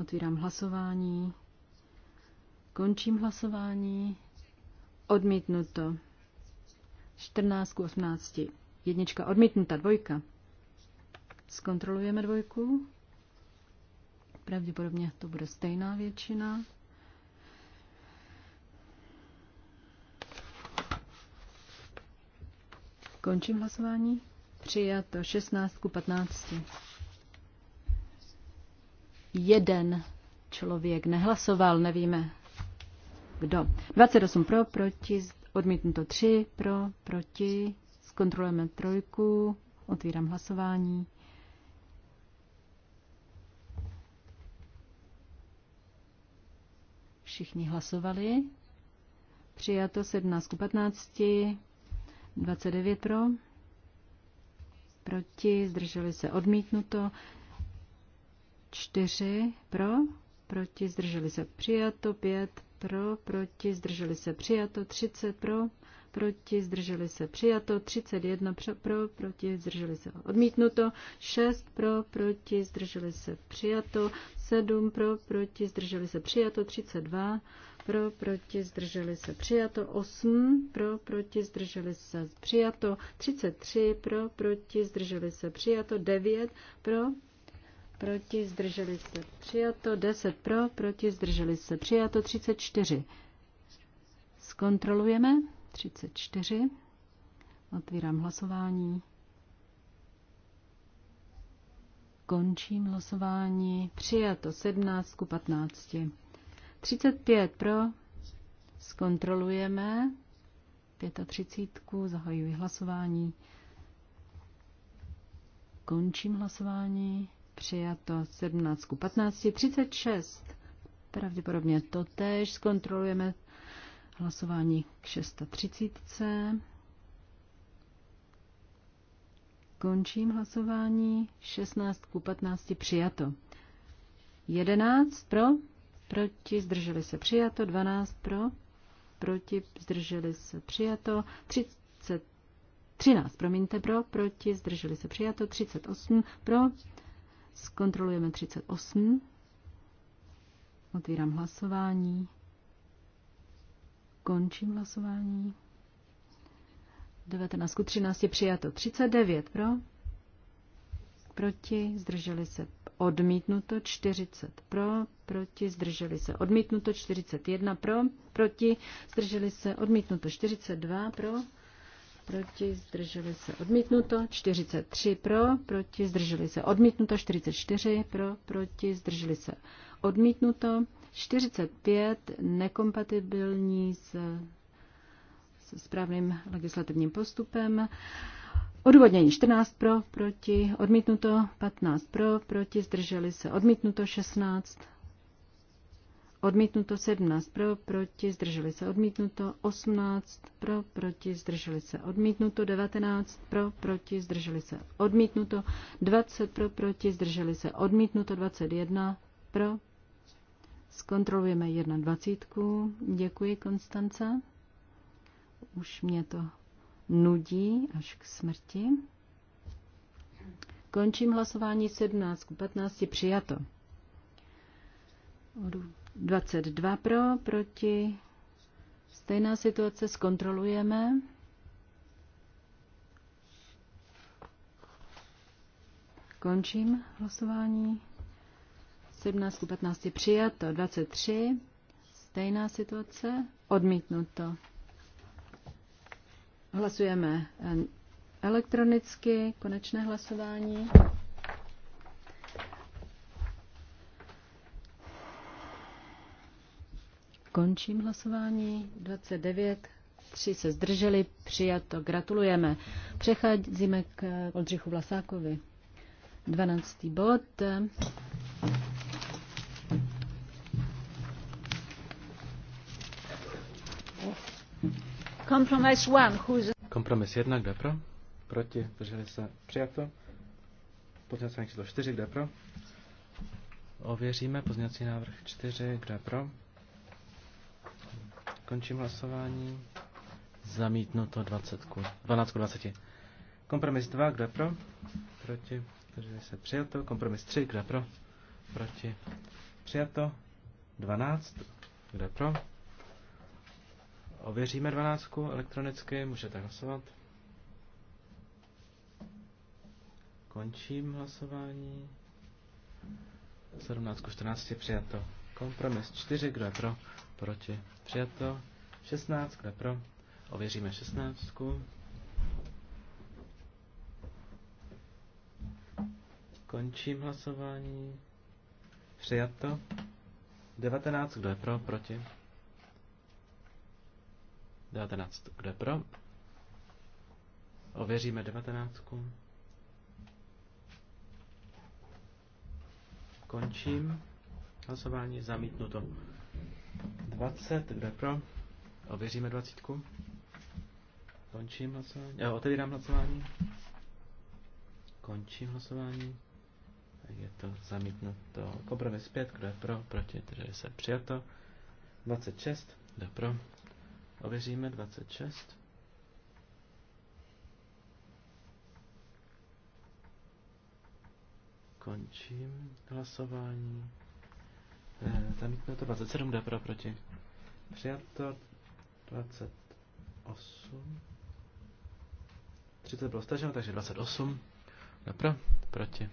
Speaker 3: otvírám hlasování, končím hlasování, odmítnuto, 14 k 18, jednička odmítnuta, dvojka, zkontrolujeme dvojku, pravděpodobně to bude stejná většina, Končím hlasování. Přijato 16 ku 15. Jeden člověk nehlasoval, nevíme kdo. 28 pro, proti, odmítnuto 3 pro, proti, zkontrolujeme trojku, otvírám hlasování. Všichni hlasovali. Přijato 17 ku 15. 29 pro, proti, zdrželi se odmítnuto, 4 pro, proti, zdrželi se přijato, 5 pro, proti, zdrželi se přijato, 30 pro, proti, zdrželi se přijato, 31 pro, proti, zdrželi se odmítnuto, 6 pro, proti, zdrželi se přijato, 7 pro, proti, zdrželi se přijato, 32 pro, proti, zdrželi se přijato, 8 pro, proti, zdrželi se přijato, 33 pro, proti, zdrželi se přijato, 9 pro, proti, zdrželi se přijato, 10 pro, proti, zdrželi se přijato, 34. Zkontrolujeme. 34. Otvírám hlasování. Končím hlasování. Přijato 17 ku 15. 35 pro. Zkontrolujeme. 35. Zahajuji hlasování. Končím hlasování. Přijato 17 ku 15. 36. Pravděpodobně to tež. Zkontrolujeme Hlasování k 630. Končím hlasování. 16 ku 15 přijato. 11 pro, proti, zdrželi se přijato. 12 pro, proti, zdrželi se přijato. 30, 13, promiňte, pro, proti, zdrželi se přijato. 38 pro, zkontrolujeme 38. Otvírám hlasování. Končím hlasování. 19 ku 13 je přijato. 39 pro. Proti. Zdrželi se odmítnuto 40 pro, proti, zdrželi se odmítnuto 41 pro, proti, zdrželi se odmítnuto 42 pro, proti, zdrželi se odmítnuto 43 pro, proti, zdrželi se odmítnuto 44 pro, proti, zdrželi se odmítnuto 45 nekompatibilní s, s správným legislativním postupem. Odůvodnění 14 pro, proti, odmítnuto 15 pro, proti, zdrželi se, odmítnuto 16, odmítnuto 17 pro, proti, zdrželi se, odmítnuto 18 pro, proti, zdrželi se, odmítnuto 19 pro, proti, zdrželi se, odmítnuto 20 pro, proti, zdrželi se, odmítnuto 21 pro, Zkontrolujeme 21. Děkuji, Konstance. Už mě to nudí až k smrti. Končím hlasování 17 k 15 přijato. 22 pro, proti. Stejná situace zkontrolujeme. Končím hlasování. 17 ku 15 přijato, 23, stejná situace, odmítnuto. Hlasujeme eh, elektronicky, konečné hlasování. Končím hlasování. 29, 3 se zdrželi, přijato. Gratulujeme. Přecházíme k Oldřichu Vlasákovi. 12. bod. Compromise one,
Speaker 1: who's... Kompromis 1, kde pro? Proti, drželi se, přijato. Pozměňovací návrh číslo 4, kde pro? Ověříme pozměňovací návrh 4, kde pro? Končím hlasování. Zamítnuto 20 ku, 12 ku 20. Kompromis 2, kde pro? Proti, drželi se, přijato. Kompromis 3, kde pro? Proti, přijato. 12, kde pro? Ověříme dvanáctku elektronicky, můžete hlasovat. Končím hlasování. 17 14 je přijato. Kompromis 4, kdo je pro, proti, přijato. 16, kdo je pro, ověříme 16. Končím hlasování. Přijato. 19, kdo je pro, proti. 19. je pro? Ověříme 19. Končím. Hlasování zamítnuto. 20. je pro? Ověříme 20. Končím hlasování. Já otevírám hlasování. Končím hlasování. Tak je to zamítnuto. Kompromis 5. Kdo je pro? Proti? Drželi se přijato. 26. Kdo pro? Ověříme 26. Končím hlasování. Tam eh, zamítnu to 27 jde pro proti. Přijato 28. 30 bylo staženo, takže 28. Dobro, proti.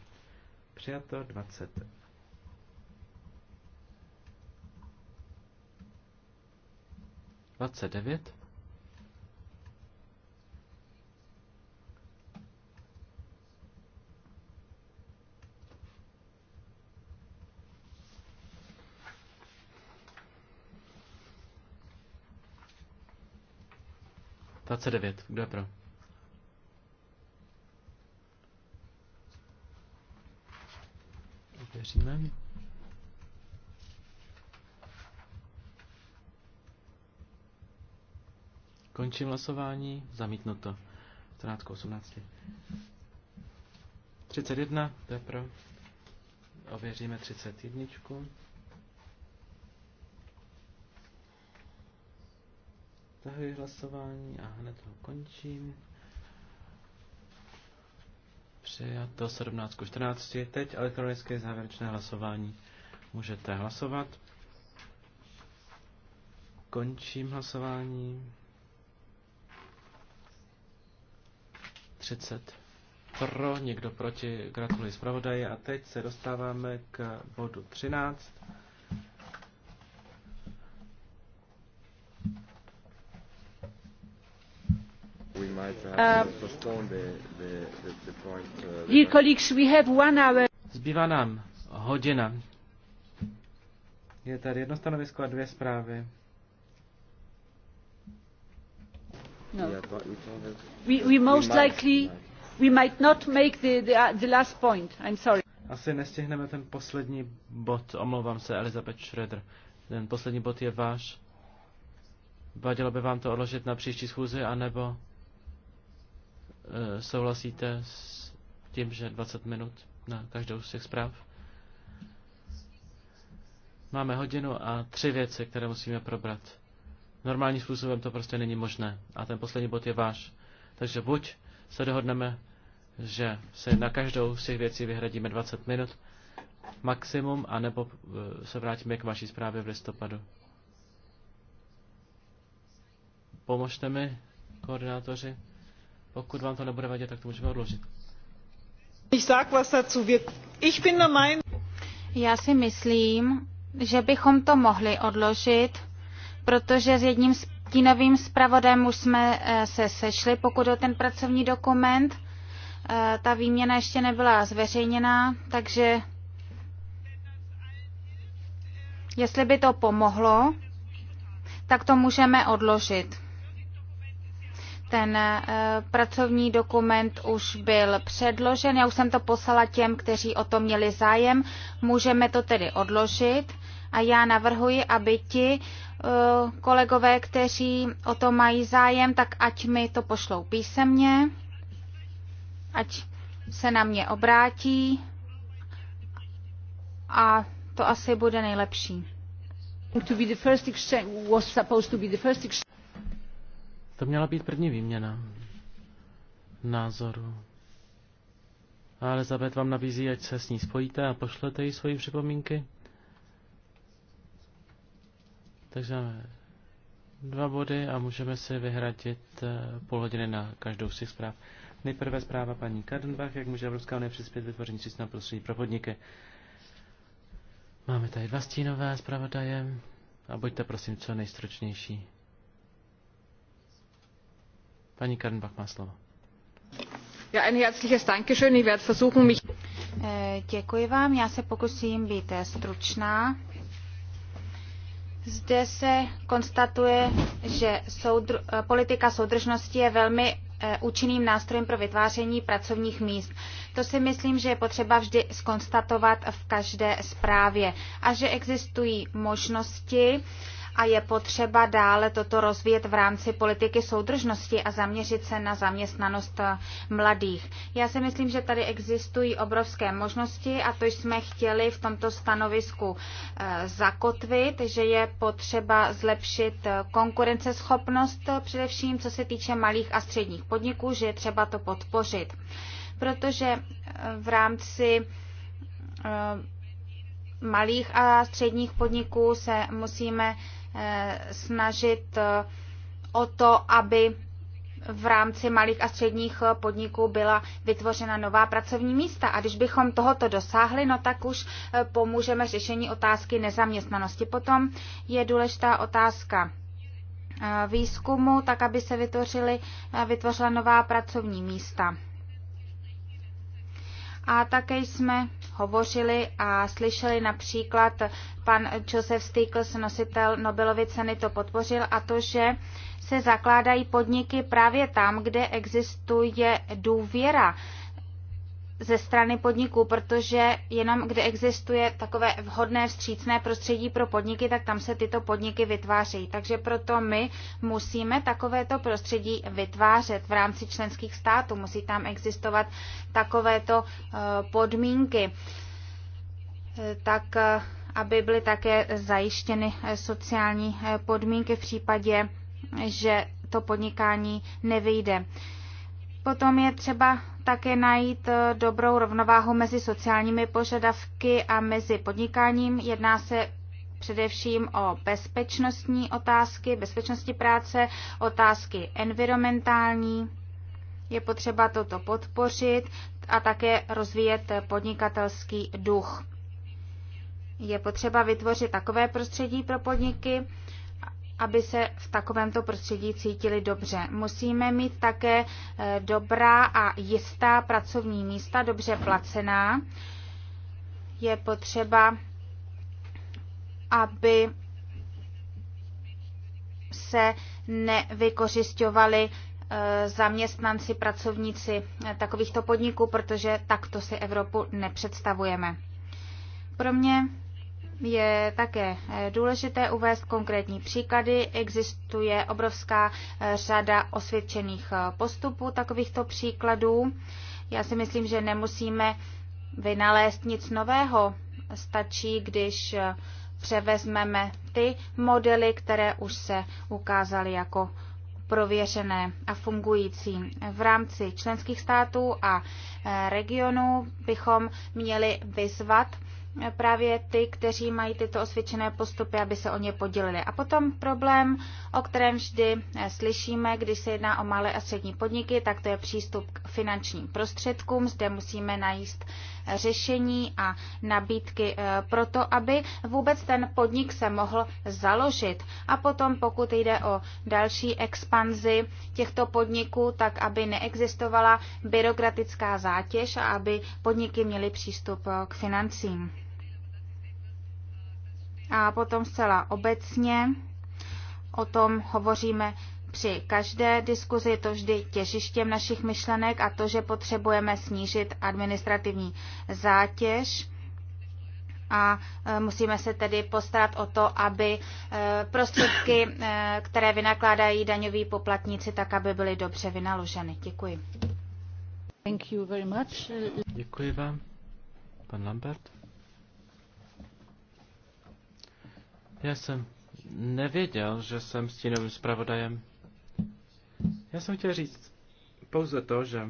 Speaker 1: Přijato 29. 29. Dvacet devět. Kdo je pro? Věříme. Končím hlasování. Zamítnuto. Trátko 18. 31, to je pro. Ověříme 31. Zahajuji hlasování a hned ho končím. Přijato 17 k 14. Teď elektronické závěrečné hlasování. Můžete hlasovat. Končím hlasování. 30 pro, někdo proti, gratuluji zpravodaji. A teď se dostáváme k bodu 13.
Speaker 2: Uh,
Speaker 4: uh,
Speaker 1: Zbývá nám hodina. Je tady jedno stanovisko a dvě zprávy. No. We, we most likely
Speaker 4: we might not make the, the, uh, the last point. I'm
Speaker 1: sorry. Asi nestihneme ten poslední bod. Omlouvám se, Elizabeth Schroeder. Ten poslední bod je váš. Vadilo by vám to odložit na příští schůzi, anebo e, souhlasíte s tím, že 20 minut na každou z těch zpráv? Máme hodinu a tři věci, které musíme probrat. Normálním způsobem to prostě není možné. A ten poslední bod je váš. Takže buď se dohodneme, že se na každou z těch věcí vyhradíme 20 minut maximum, anebo e, se vrátíme k vaší zprávě v listopadu. Pomožte mi, koordinátoři. Pokud vám to nebude vadit, tak to můžeme odložit.
Speaker 5: Já si myslím, že bychom to mohli odložit protože s jedním stínovým zpravodem už jsme eh, se sešli, pokud o ten pracovní dokument. Eh, ta výměna ještě nebyla zveřejněná, takže jestli by to pomohlo, tak to můžeme odložit. Ten eh, pracovní dokument už byl předložen, já už jsem to poslala těm, kteří o to měli zájem. Můžeme to tedy odložit a já navrhuji, aby ti eh, kolegové, kteří o to mají zájem, tak ať mi to pošlou písemně, ať se na mě obrátí a to asi bude nejlepší.
Speaker 1: To měla být první výměna názoru. ale Elizabeth vám nabízí, ať se s ní spojíte a pošlete jí svoji připomínky. Takže máme dva body a můžeme si vyhradit eh, půl hodiny na každou z těch zpráv. Nejprve zpráva paní Kardenbach, jak může Evropská unie přispět vytvoření čistého prostředí pro podniky. Máme tady dva stínové zpravodaje a buďte prosím co nejstročnější. Paní Kardenbach má slovo.
Speaker 5: Ja, ein herzliches Dankeschön. Ich werde versuchen, mich... Eh, děkuji vám, já se pokusím být eh, stručná. Zde se konstatuje, že soudr, politika soudržnosti je velmi eh, účinným nástrojem pro vytváření pracovních míst. To si myslím, že je potřeba vždy skonstatovat v každé zprávě a že existují možnosti, a je potřeba dále toto rozvíjet v rámci politiky soudržnosti a zaměřit se na zaměstnanost eh, mladých. Já si myslím, že tady existují obrovské možnosti a to jsme chtěli v tomto stanovisku eh, zakotvit, že je potřeba zlepšit eh, konkurenceschopnost, především co se týče malých a středních podniků, že je třeba to podpořit. Protože v rámci malých a středních podniků se musíme Eh, snažit eh, o to, aby v rámci malých a středních eh, podniků byla vytvořena nová pracovní místa. A když bychom tohoto dosáhli, no tak už pomůžeme řešení otázky nezaměstnanosti. Potom je důležitá otázka výzkumu, tak aby se vytvořily, vytvořila nová pracovní místa. A také jsme hovořili a slyšeli například pan Joseph Stiglitz, nositel Nobelovy ceny, to podpořil a to, že se zakládají podniky právě tam, kde existuje důvěra ze strany podniků, protože jenom kde existuje takové vhodné vstřícné prostředí pro podniky, tak tam se tyto podniky vytvářejí. Takže proto my musíme takovéto prostředí vytvářet v rámci členských států. Musí tam existovat takovéto eh, podmínky, eh, tak eh, aby byly také zajištěny sociální podmínky v případě, že to podnikání nevyjde. Potom je třeba také najít eh, dobrou rovnováhu mezi sociálními požadavky a mezi podnikáním. Jedná se především o bezpečnostní otázky, bezpečnosti práce, otázky environmentální. Je potřeba toto podpořit a také rozvíjet podnikatelský duch. Je potřeba vytvořit takové prostředí pro podniky, aby se v takovémto prostředí cítili dobře. Musíme mít také eh, dobrá a jistá pracovní místa, dobře placená. Je potřeba, aby se nevykořišťovali eh, zaměstnanci, pracovníci eh, takovýchto podniků, protože takto si Evropu nepředstavujeme. Pro mě je také eh, důležité uvést konkrétní příklady. Existuje obrovská eh, řada osvědčených eh, postupů takovýchto příkladů. Já si myslím, že nemusíme vynalézt nic nového. Stačí, když převezmeme ty modely, které už se ukázaly jako prověřené a fungující. V rámci členských států a regionů bychom měli vyzvat právě ty, kteří mají tyto osvědčené postupy, aby se o ně podělili. A potom problém, o kterém vždy eh, slyšíme, když se jedná o malé a střední podniky, tak to je přístup k finančním prostředkům. Zde musíme najíst řešení a nabídky eh, pro to, aby vůbec ten podnik se mohl založit. A potom, pokud jde o další expanzi těchto podniků, tak aby neexistovala byrokratická zátěž a aby podniky měly přístup eh, k financím. A potom zcela obecně o tom hovoříme při každé diskuzi je to vždy těžištěm našich myšlenek a to, že potřebujeme snížit administrativní zátěž a e, musíme se tedy postarat o to, aby e, prostředky, e, které vynakládají daňoví poplatníci, tak aby byly dobře vynaloženy. Děkuji. Thank you very much.
Speaker 1: Děkuji vám. Pan Lambert? Já jsem nevěděl, že jsem stínovým zpravodajem já jsem chtěl říct pouze to, že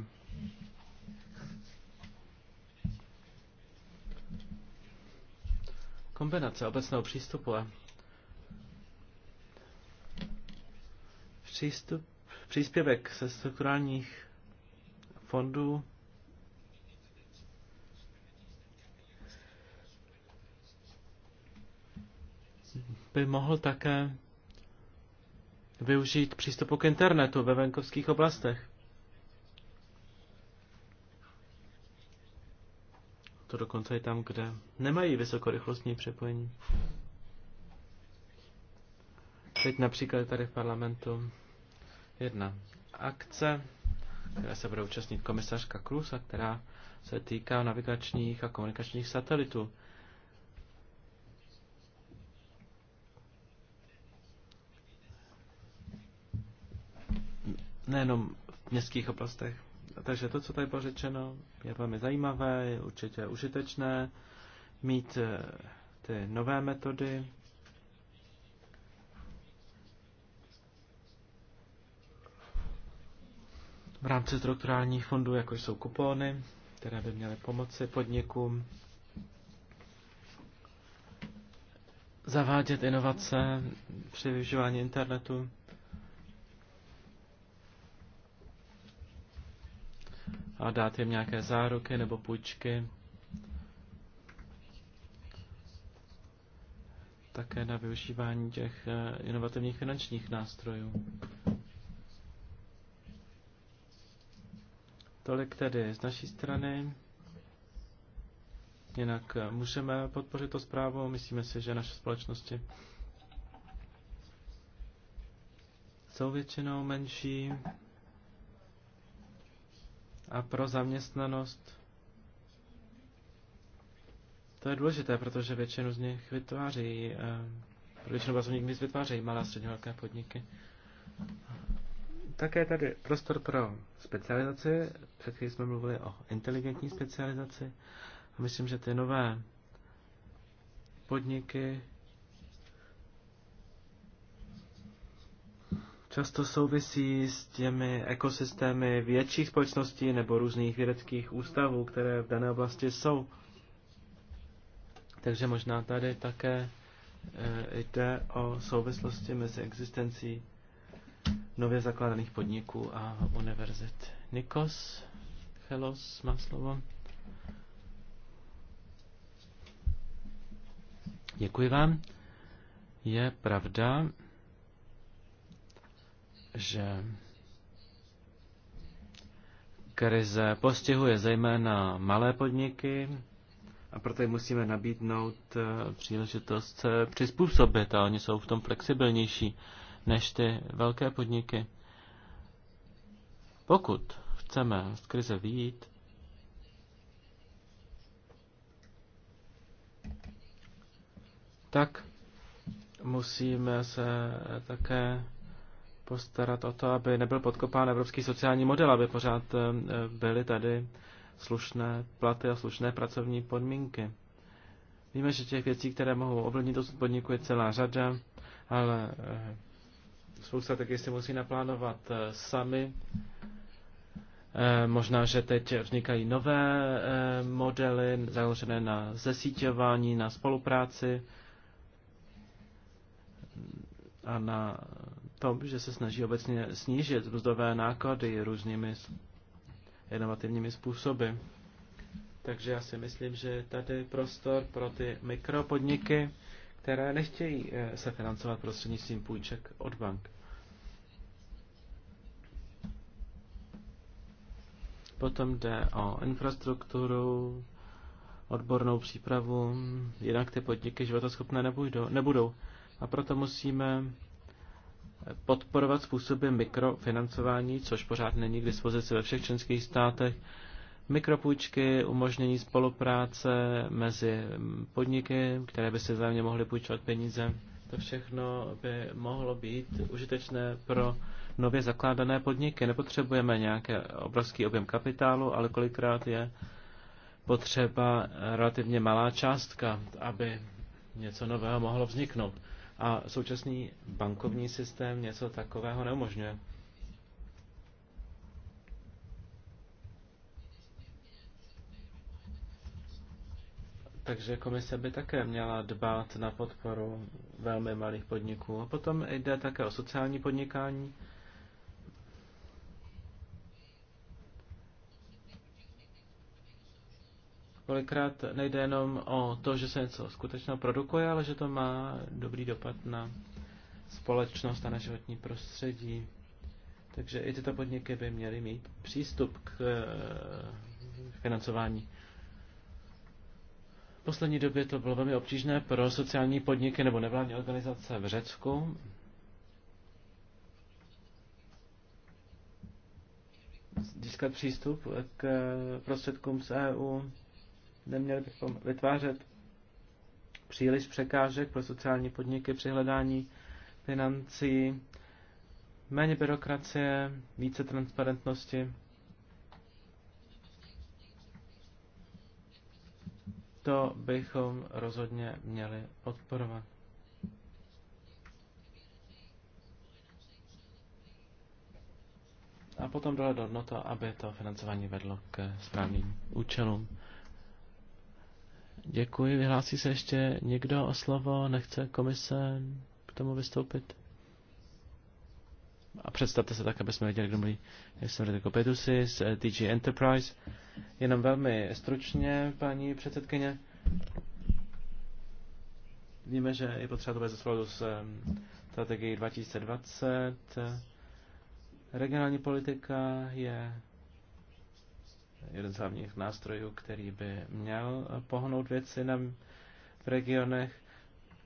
Speaker 1: kombinace obecného přístupu a přístup, příspěvek ze strukturálních fondů by mohl také využít přístupu k internetu ve venkovských oblastech. To dokonce i tam, kde nemají vysokorychlostní připojení. Teď například tady v parlamentu jedna akce, která se bude účastnit komisařka Krusa, která se týká navigačních a komunikačních satelitů. nejenom v městských oblastech. Takže to, co tady bylo řečeno, je velmi zajímavé, je určitě užitečné mít eh, ty nové metody. V rámci strukturálních fondů, jako jsou kupóny, které by měly pomoci podnikům zavádět inovace při využívání internetu. a dát jim nějaké záruky nebo půjčky. Také na využívání těch eh, inovativních finančních nástrojů. Tolik tedy z naší strany. Jinak eh, můžeme podpořit to zprávu, myslíme si, že naše společnosti jsou většinou menší, a pro zaměstnanost. To je důležité, protože většinu z nich vytváří, eh, pro většinu z nich vytvářejí malé a středně velké podniky. Také tady prostor pro specializaci. Před chvíli jsme mluvili o inteligentní specializaci. A myslím, že ty nové podniky často souvisí s těmi ekosystémy větších společností nebo různých vědeckých ústavů, které v dané oblasti jsou. Takže možná tady také eh, jde o souvislosti mezi existencí nově zakládaných podniků a univerzit. Nikos Chelos má slovo. Děkuji vám. Je pravda, že krize postihuje zejména malé podniky a proto jim musíme nabídnout eh, příležitost se přizpůsobit a oni jsou v tom flexibilnější než ty velké podniky. Pokud chceme z krize výjít, tak musíme se také postarat o to, aby nebyl podkopán evropský sociální model, aby pořád eh, byly tady slušné platy a slušné pracovní podmínky. Víme, že těch věcí, které mohou ovlivnit osud podniku, je celá řada, ale eh, spousta taky si musí naplánovat eh, sami. Možná, že teď vznikají nové modely založené na zesíťování, na spolupráci a na tom, že se snaží obecně snížit mzdové náklady různými inovativními způsoby. Takže já si myslím, že je tady prostor pro ty mikropodniky, které nechtějí eh, se financovat prostřednictvím půjček od bank. Potom jde o infrastrukturu, odbornou přípravu, jinak ty podniky životoschopné nebudou. A proto musíme podporovat způsoby mikrofinancování, což pořád není k dispozici ve všech členských státech, mikropůjčky, umožnění spolupráce mezi podniky, které by si vzájemně mohly půjčovat peníze. To všechno by mohlo být užitečné pro nově zakládané podniky. Nepotřebujeme nějaký obrovský objem kapitálu, ale kolikrát je potřeba relativně malá částka, aby něco nového mohlo vzniknout. A současný bankovní systém něco takového neumožňuje. Takže komise by také měla dbát na podporu velmi malých podniků. A potom jde také o sociální podnikání. Kolikrát nejde jenom o to, že se něco skutečně produkuje, ale že to má dobrý dopad na společnost a na životní prostředí. Takže i tyto podniky by měly mít přístup k eh, financování. V poslední době to bylo velmi obtížné pro sociální podniky nebo nevládní organizace v Řecku. získat přístup k eh, prostředkům z EU. Neměli bychom vytvářet příliš překážek pro sociální podniky při hledání financí, méně byrokracie, více transparentnosti. To bychom rozhodně měli podporovat. A potom dohlednout to, aby to financování vedlo k správným účelům. Děkuji. Vyhlásí se ještě někdo o slovo? Nechce komise k tomu vystoupit? A představte se tak, aby jsme věděli, kdo mluví. Jsem Redeko Petusi z DG Enterprise. Jenom velmi stručně, paní předsedkyně. Víme, že je potřeba to bez souladu s strategií 2020. Regionální politika je jeden z hlavních nástrojů, který by měl pohnout věci na, v regionech.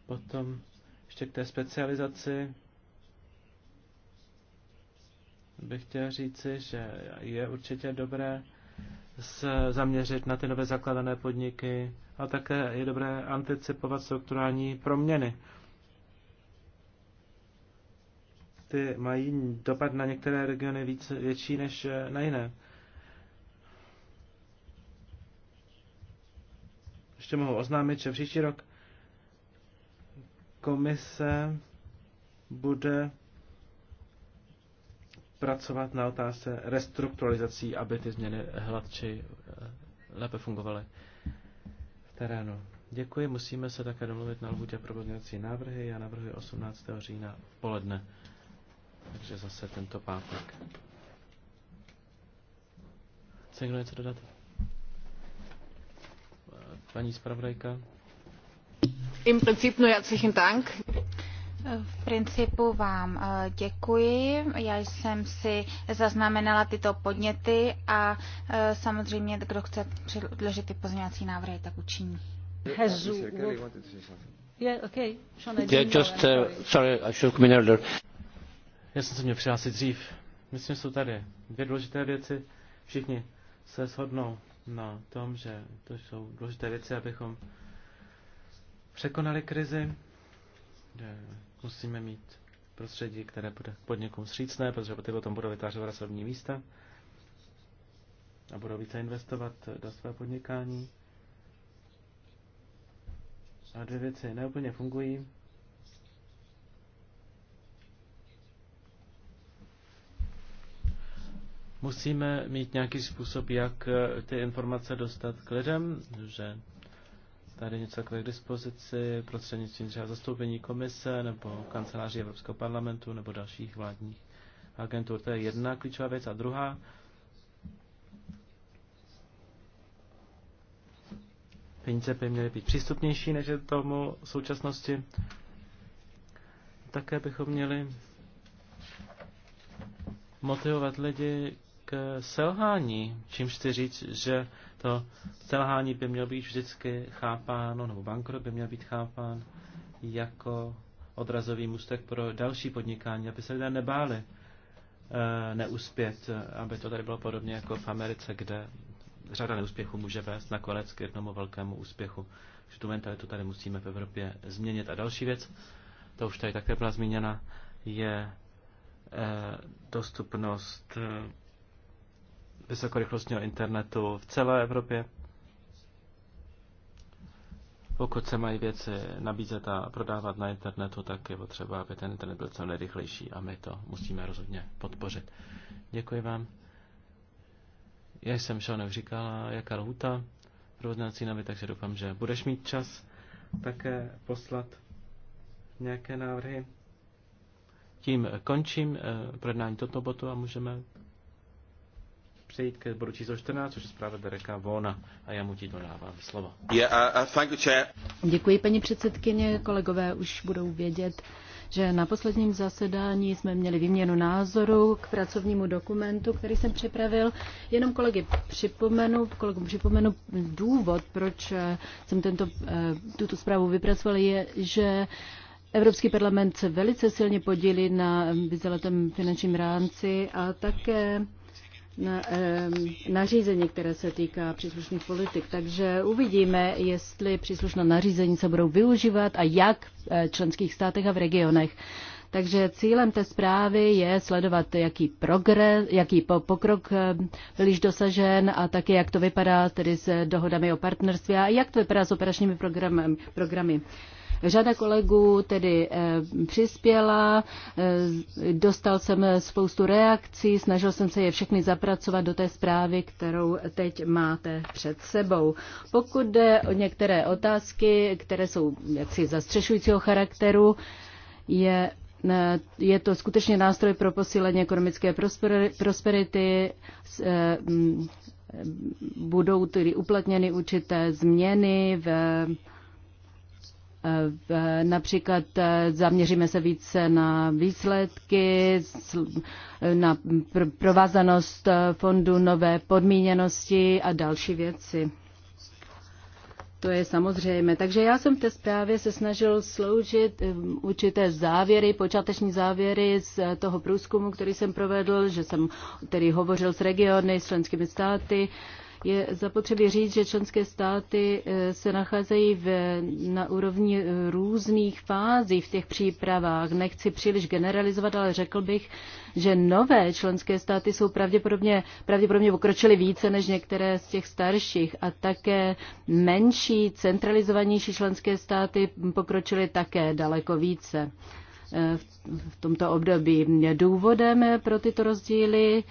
Speaker 1: Potom ještě k té specializaci bych chtěl říci, že je určitě dobré se zaměřit na ty nové zakladané podniky a také je dobré anticipovat strukturální proměny. Ty mají dopad na některé regiony víc, větší než na jiné. Ještě mohu oznámit, že příští rok komise bude pracovat na otázce restrukturalizací, aby ty změny hladči eh, lépe fungovaly v terénu. Děkuji, musíme se také domluvit na lhůtě pro pozměňovací návrhy. Já navrhuji 18. října v poledne, takže zase tento pátek. Chce někdo něco dodat? Paní zpravodajka.
Speaker 4: Im Prinzip nur herzlichen Dank.
Speaker 5: V principu vám eh, děkuji. Já jsem si zaznamenala tyto podněty a eh, samozřejmě, kdo chce předložit ty pozměňovací návrhy, tak učiní. Hezu.
Speaker 4: Yeah, okay. just, eh,
Speaker 1: sorry, I should come in earlier. Já jsem se měl přihlásit dřív. Myslím, že jsou tady dvě důležité věci. Všichni se shodnou na tom, že to jsou důležité věci, abychom překonali krizi, že musíme mít prostředí, které bude podnikům střícné, protože ty potom budou vytvářet pracovní místa a budou více investovat do své podnikání. A dvě věci neúplně fungují. Musíme mít nějaký způsob, jak eh, ty informace dostat k lidem, že tady něco takové k dispozici, prostřednictvím třeba zastoupení komise nebo kanceláří Evropského parlamentu nebo dalších vládních agentur. To je jedna klíčová věc. A druhá, peníze by měly být přístupnější než je tomu v současnosti. Také bychom měli motivovat lidi selhání, čímž chci říct, že to selhání by mělo být vždycky chápáno, nebo bankrot by měl být chápán jako odrazový mustek pro další podnikání, aby se lidé nebáli e, eh, neúspět, aby to tady bylo podobně jako v Americe, kde řada neúspěchů může vést nakonec k jednomu velkému úspěchu. Že tu mentalitu tady musíme v Evropě změnit. A další věc, to už tady také byla zmíněna, je eh, dostupnost eh, vysokorychlostního internetu v celé Evropě. Pokud se mají věci nabízet a prodávat na internetu, tak je potřeba, aby ten internet byl co nejrychlejší a my to musíme rozhodně podpořit. Děkuji vám. Já jsem Šonek říkala, jaká lhuta pro oznámení takže doufám, že budeš mít čas také poslat nějaké návrhy. Tím končím eh, projednání toto botu a můžeme přejít k bodu číslo 14, což je zpráva Dereka Vona a já mu tímto dávám slovo.
Speaker 2: Uh, uh,
Speaker 3: Děkuji, paní předsedkyně. Kolegové už budou vědět, že na posledním zasedání jsme měli výměnu názoru k pracovnímu dokumentu, který jsem připravil. Jenom kolegy připomenu, kolegům připomenu důvod, proč eh, jsem tento, eh, tuto zprávu vypracoval, je, že Evropský parlament se velice silně podílí na vyzeletém finančním rámci a také na nařízení, které se týká příslušných politik. Takže uvidíme, jestli příslušná nařízení se budou využívat a jak v eh, členských státech a v regionech. Takže cílem té zprávy je sledovat, jaký, progres, jaký pokrok eh, byl již dosažen a také, jak to vypadá tedy s dohodami o partnerství a jak to vypadá s operačními programy. Řada kolegů tedy eh, přispěla, eh, dostal jsem spoustu reakcí, snažil jsem se je všechny zapracovat do té zprávy, kterou teď máte před sebou. Pokud jde o některé otázky, které jsou jaksi zastřešujícího charakteru, je eh, je to skutečně nástroj pro posílení ekonomické prosperity, budou tedy uplatněny určité změny v Například eh, zaměříme se více na výsledky, na provázanost eh, fondu, nové podmíněnosti a další věci. To je samozřejmé. Takže já jsem v té zprávě se snažil sloužit eh, určité závěry, počáteční závěry z toho průzkumu, který jsem provedl, že jsem tedy hovořil s regiony, s členskými státy, je zapotřebí říct, že členské státy eh, se nacházejí v, na úrovni eh, různých fází v těch přípravách. Nechci příliš generalizovat, ale řekl bych, že nové členské státy jsou pravděpodobně, pravděpodobně pokročily více než některé z těch starších a také menší, centralizovanější členské státy pokročily také daleko více eh, v tomto období. Důvodem pro tyto rozdíly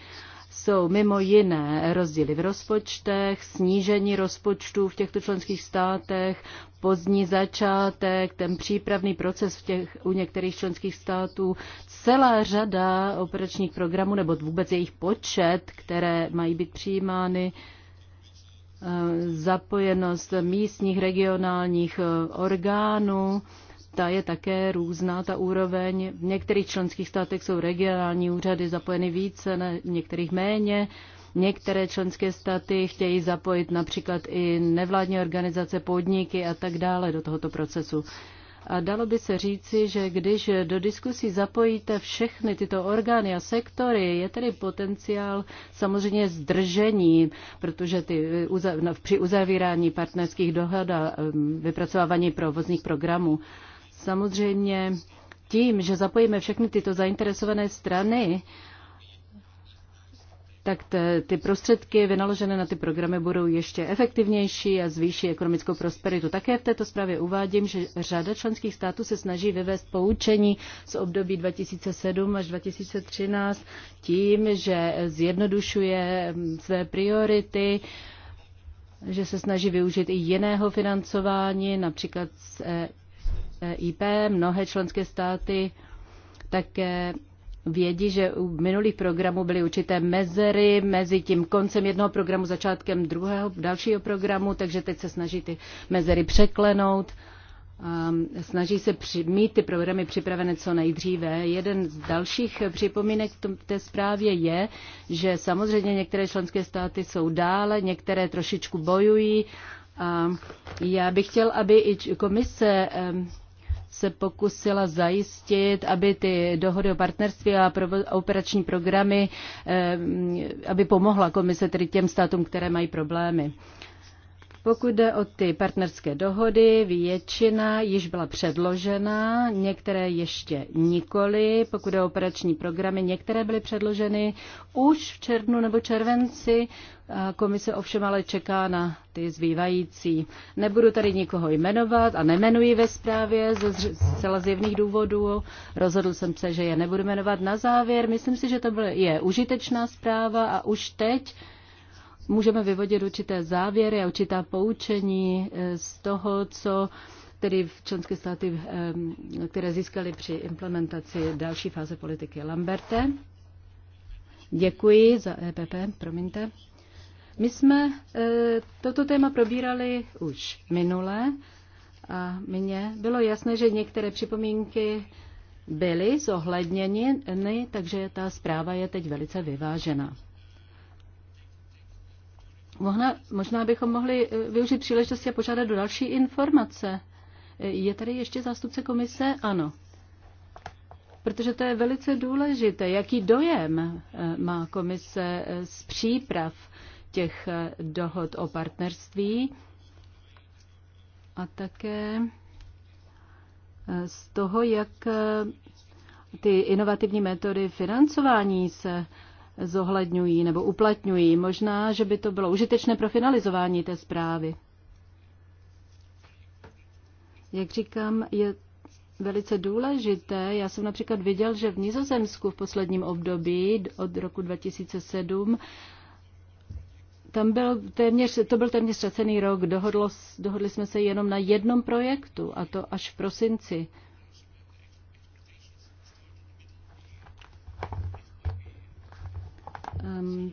Speaker 3: jsou mimo jiné rozdíly v rozpočtech, snížení rozpočtů v těchto členských státech, pozdní začátek, ten přípravný proces v těch, u některých členských států, celá řada operačních programů nebo vůbec jejich počet, které mají být přijímány, eh, zapojenost místních regionálních eh, orgánů, ta je také různá, ta úroveň. V některých členských státech jsou regionální úřady zapojeny více, ne, v některých méně. Některé členské státy chtějí zapojit například i nevládní organizace, podniky a tak dále do tohoto procesu. A dalo by se říci, že když do diskusí zapojíte všechny tyto orgány a sektory, je tedy potenciál samozřejmě zdržení, protože ty, eh, no, při uzavírání partnerských dohod a vypracovávání provozních programů Samozřejmě tím, že zapojíme všechny tyto zainteresované strany, tak ty prostředky vynaložené na ty programy budou ještě efektivnější a zvýší ekonomickou prosperitu. Také v této zprávě uvádím, že řada členských států se snaží vyvést poučení z období 2007 až 2013 tím, že zjednodušuje své priority, že se snaží využít i jiného financování, například z EIP. Mnohé členské státy také vědí, že u minulých programů byly určité mezery mezi tím koncem jednoho programu, začátkem druhého, dalšího programu, takže teď se snaží ty mezery překlenout. Snaží se při, mít ty programy připravené co nejdříve. Jeden z dalších připomínek v tom, té zprávě je, že samozřejmě některé členské státy jsou dále, některé trošičku bojují. A já bych chtěl, aby i komise se pokusila zajistit, aby ty dohody o partnerství a operační programy, eh, aby pomohla komise tedy těm státům, které mají problémy. Pokud jde o ty partnerské dohody, většina již byla předložena, některé ještě nikoli. Pokud jde o operační programy, některé byly předloženy už v červnu nebo červenci. Komise ovšem ale čeká na ty zbývající. Nebudu tady nikoho jmenovat a nemenuji ve zprávě ze zcela zjevných důvodů. Rozhodl jsem se, že je nebudu jmenovat na závěr. Myslím si, že to je užitečná zpráva a už teď můžeme vyvodit určité závěry a určitá poučení eh, z toho, co tedy v členské státy, eh, které získaly při implementaci další fáze politiky Lamberte. Děkuji za EPP, promiňte. My jsme eh, toto téma probírali už minule a mně bylo jasné, že některé připomínky byly zohledněny, takže ta zpráva je teď velice vyvážená. Možná, možná bychom mohli eh, využít příležitosti a požádat do další informace. Eh, je tady ještě zástupce komise? Ano. Protože to je velice důležité. Jaký dojem eh, má komise z příprav těch dohod o partnerství a také z toho, jak ty inovativní metody financování se zohledňují nebo uplatňují. Možná, že by to bylo užitečné pro finalizování té zprávy. Jak říkám, je velice důležité. Já jsem například viděl, že v Nizozemsku v posledním období od roku 2007 tam byl téměř, to byl téměř ztracený rok. Dohodlo, dohodli jsme se jenom na jednom projektu, a to až v prosinci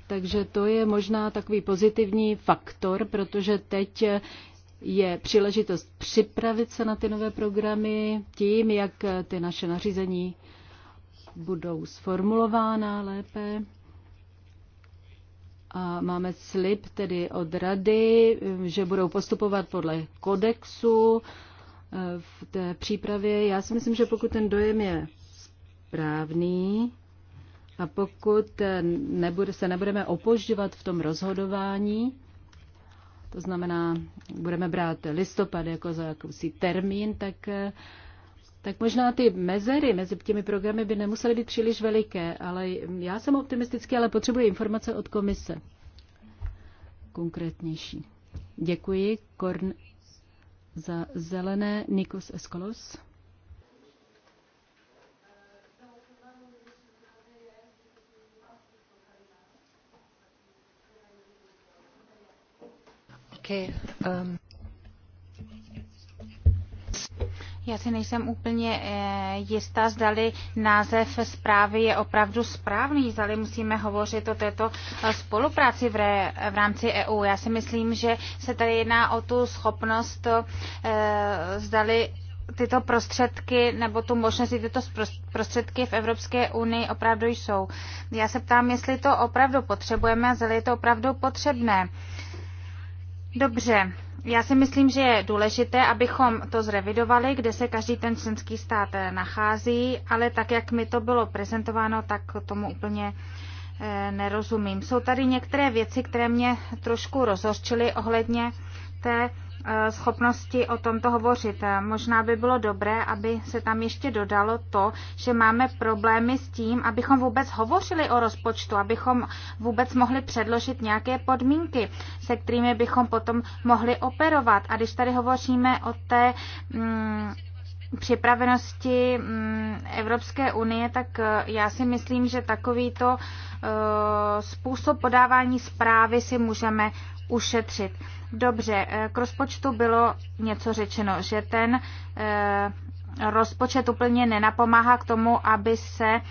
Speaker 3: takže to je možná takový pozitivní faktor, protože teď je příležitost připravit se na ty nové programy tím, jak ty naše nařízení budou sformulována lépe. A máme slib tedy od rady, že budou postupovat podle kodexu eh, v té přípravě. Já si myslím, že pokud ten dojem je správný, a pokud eh, nebude, se nebudeme opožďovat v tom rozhodování, to znamená, budeme brát listopad jako za jakousi termín, tak, eh, tak možná ty mezery mezi těmi programy by nemusely být příliš veliké, ale já jsem optimistický, ale potřebuji informace od komise. Konkrétnější. Děkuji, Korn za zelené, Nikos Eskolos.
Speaker 5: taky. Um... Já si nejsem úplně eh, jistá, zdali název zprávy je opravdu správný, zdali musíme hovořit o této eh, spolupráci v, re, v rámci EU. Já si myslím, že se tady jedná o tu schopnost, eh, zdali tyto prostředky nebo tu možnost, tyto prostředky v Evropské unii opravdu jsou. Já se ptám, jestli to opravdu potřebujeme, zdali je to opravdu potřebné. Dobře, já si myslím, že je důležité, abychom to zrevidovali, kde se každý ten členský stát eh, nachází, ale tak, jak mi to bylo prezentováno, tak tomu úplně eh, nerozumím. Jsou tady některé věci, které mě trošku rozhořčily ohledně té eh, schopnosti o tomto hovořit. Eh, možná by bylo dobré, aby se tam ještě dodalo to, že máme problémy s tím, abychom vůbec hovořili o rozpočtu, abychom vůbec mohli předložit nějaké podmínky, se kterými bychom potom mohli operovat. A když tady hovoříme o té mm, připravenosti mm, Evropské unie, tak eh, já si myslím, že takovýto eh, způsob podávání zprávy si můžeme ušetřit. Dobře, eh, k rozpočtu bylo něco řečeno, že ten rozpočet úplně nenapomáhá k tomu, aby se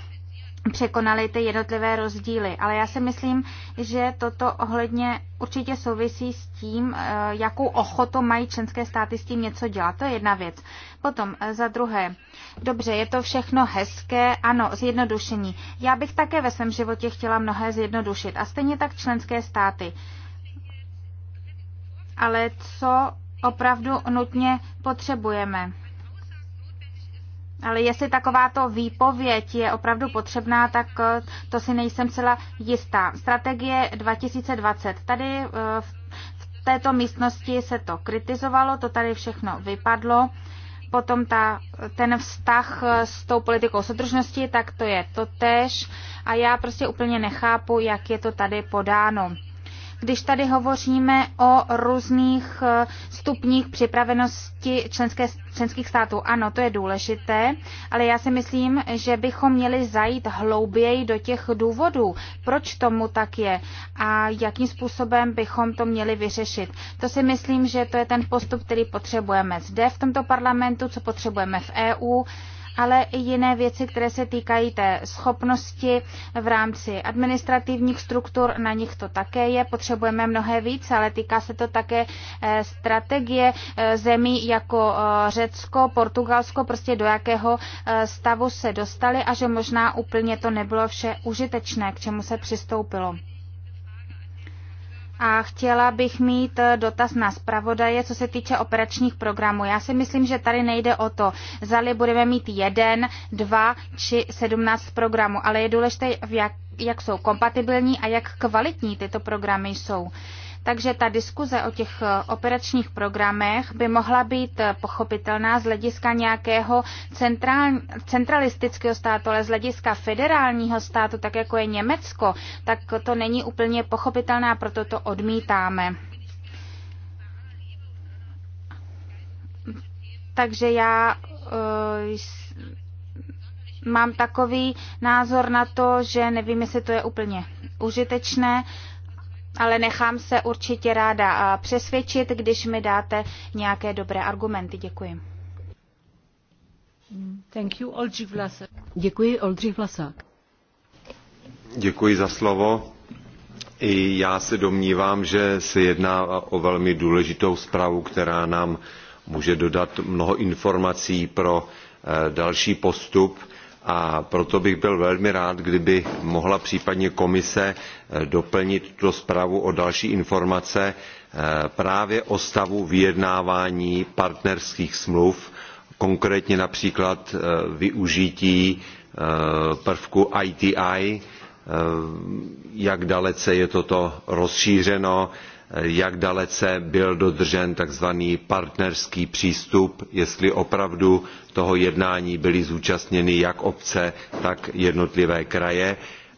Speaker 5: překonali ty jednotlivé rozdíly. Ale já si myslím, že toto ohledně určitě souvisí s tím, eh, jakou ochotu mají členské státy s tím něco dělat. To je jedna věc. Potom eh, za druhé, dobře, je to všechno hezké, ano, zjednodušení. Já bych také ve svém životě chtěla mnohé zjednodušit a stejně tak členské státy. Ale co opravdu nutně potřebujeme? Ale jestli takováto výpověď je opravdu potřebná, tak eh, to si nejsem celá jistá. Strategie 2020. Tady eh, v této místnosti se to kritizovalo, to tady všechno vypadlo. Potom ta, ten vztah eh, s tou politikou soudržnosti, tak to je to tež. A já prostě úplně nechápu, jak je to tady podáno když tady hovoříme o různých eh, stupních připravenosti členské, členských států. Ano, to je důležité, ale já si myslím, že bychom měli zajít hlouběji do těch důvodů, proč tomu tak je a jakým způsobem bychom to měli vyřešit. To si myslím, že to je ten postup, který potřebujeme zde v tomto parlamentu, co potřebujeme v EU, ale i jiné věci, které se týkají té schopnosti v rámci administrativních struktur, na nich to také je, potřebujeme mnohé víc, ale týká se to také eh, strategie eh, zemí jako eh, Řecko, Portugalsko, prostě do jakého stavu se dostali a že možná úplně to nebylo vše užitečné, k čemu se přistoupilo a chtěla bych mít eh, dotaz na zpravodaje, co se týče operačních programů. Já si myslím, že tady nejde o to, zali budeme mít jeden, dva či sedmnáct programů, ale je důležité, jak, jak jsou kompatibilní a jak kvalitní tyto programy jsou. Uh, takže ta diskuze o těch eh, operačních programech by mohla být eh, pochopitelná z hlediska nějakého centrál, centralistického státu, ale z hlediska federálního státu, tak jako je Německo, tak to není úplně pochopitelná, proto to odmítáme. Takže já eh, mám takový názor na to, že nevím, jestli to je úplně užitečné, ale nechám se určitě ráda přesvědčit, když mi dáte nějaké dobré argumenty. Děkuji. Thank you, Oldřich
Speaker 3: Děkuji, Oldřich Vlasák.
Speaker 2: Děkuji za slovo. I já se domnívám, že se jedná o velmi důležitou zprávu, která nám může dodat mnoho informací pro eh, další postup a proto bych byl velmi rád, kdyby mohla případně komise eh, doplnit tuto zprávu o další informace eh, právě o stavu vyjednávání partnerských smluv, konkrétně například eh, využití prvku ITI, jak dalece je toto rozšířeno, jak dalece byl dodržen tzv. partnerský přístup, jestli opravdu toho jednání byly zúčastněny jak obce, tak jednotlivé kraje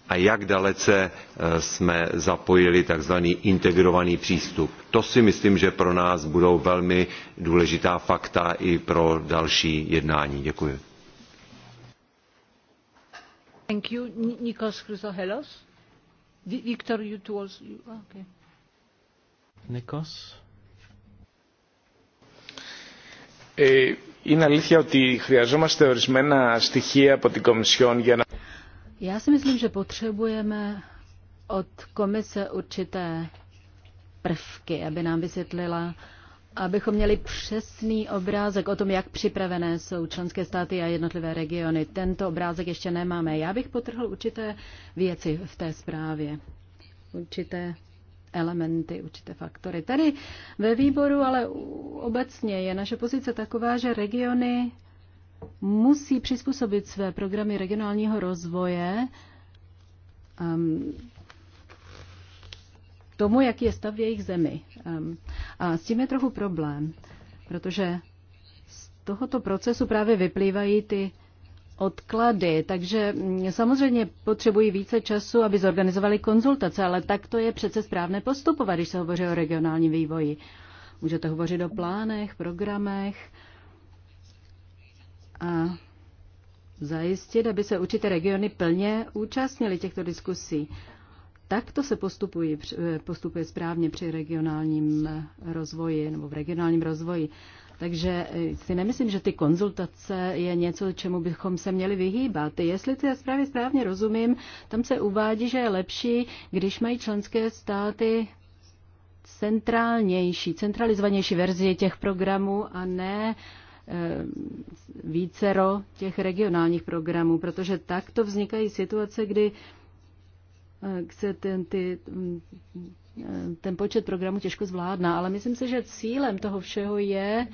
Speaker 2: a jak dalece eh, jsme zapojili tzv. integrovaný přístup. To si myslím, že pro nás budou velmi důležitá fakta i pro další jednání. Děkuji.
Speaker 4: Thank you. Nikos Chrysohelos. you too also.
Speaker 3: Okay.
Speaker 1: Ε, Είναι αλήθεια ότι χρειαζόμαστε ορισμένα στοιχεία από την Κομισιόν
Speaker 3: για να... Já si myslím, že potřebujeme od komise určité prvky, aby nám vysvětlila, abychom měli přesný obrázek o tom, jak připravené jsou členské státy a jednotlivé regiony. Tento obrázek ještě nemáme. Já bych potrhl určité věci v té zprávě, určité elementy, určité faktory. Tady ve výboru, ale obecně je naše pozice taková, že regiony musí přizpůsobit své programy regionálního rozvoje um, tomu, jaký je stav v jejich zemi. Um, a s tím je trochu problém, protože z tohoto procesu právě vyplývají ty odklady, takže mm, samozřejmě potřebují více času, aby zorganizovali konzultace, ale tak to je přece správné postupovat, když se hovoří o regionálním vývoji. Můžete hovořit o plánech, programech a zajistit, aby se určité regiony plně účastnili těchto diskusí. Tak to se postupuje, eh, postupuje správně při regionálním rozvoji nebo v regionálním rozvoji. Takže eh, si nemyslím, že ty konzultace je něco, čemu bychom se měli vyhýbat. Jestli ty já správně rozumím, tam se uvádí, že je lepší, když mají členské státy centrálnější, centralizovanější verzi těch programů a ne eh, vícero těch regionálních programů, protože takto vznikají situace, kdy se eh, ten, ty Eh, ten počet programů těžko zvládná, ale myslím si, že cílem toho všeho je,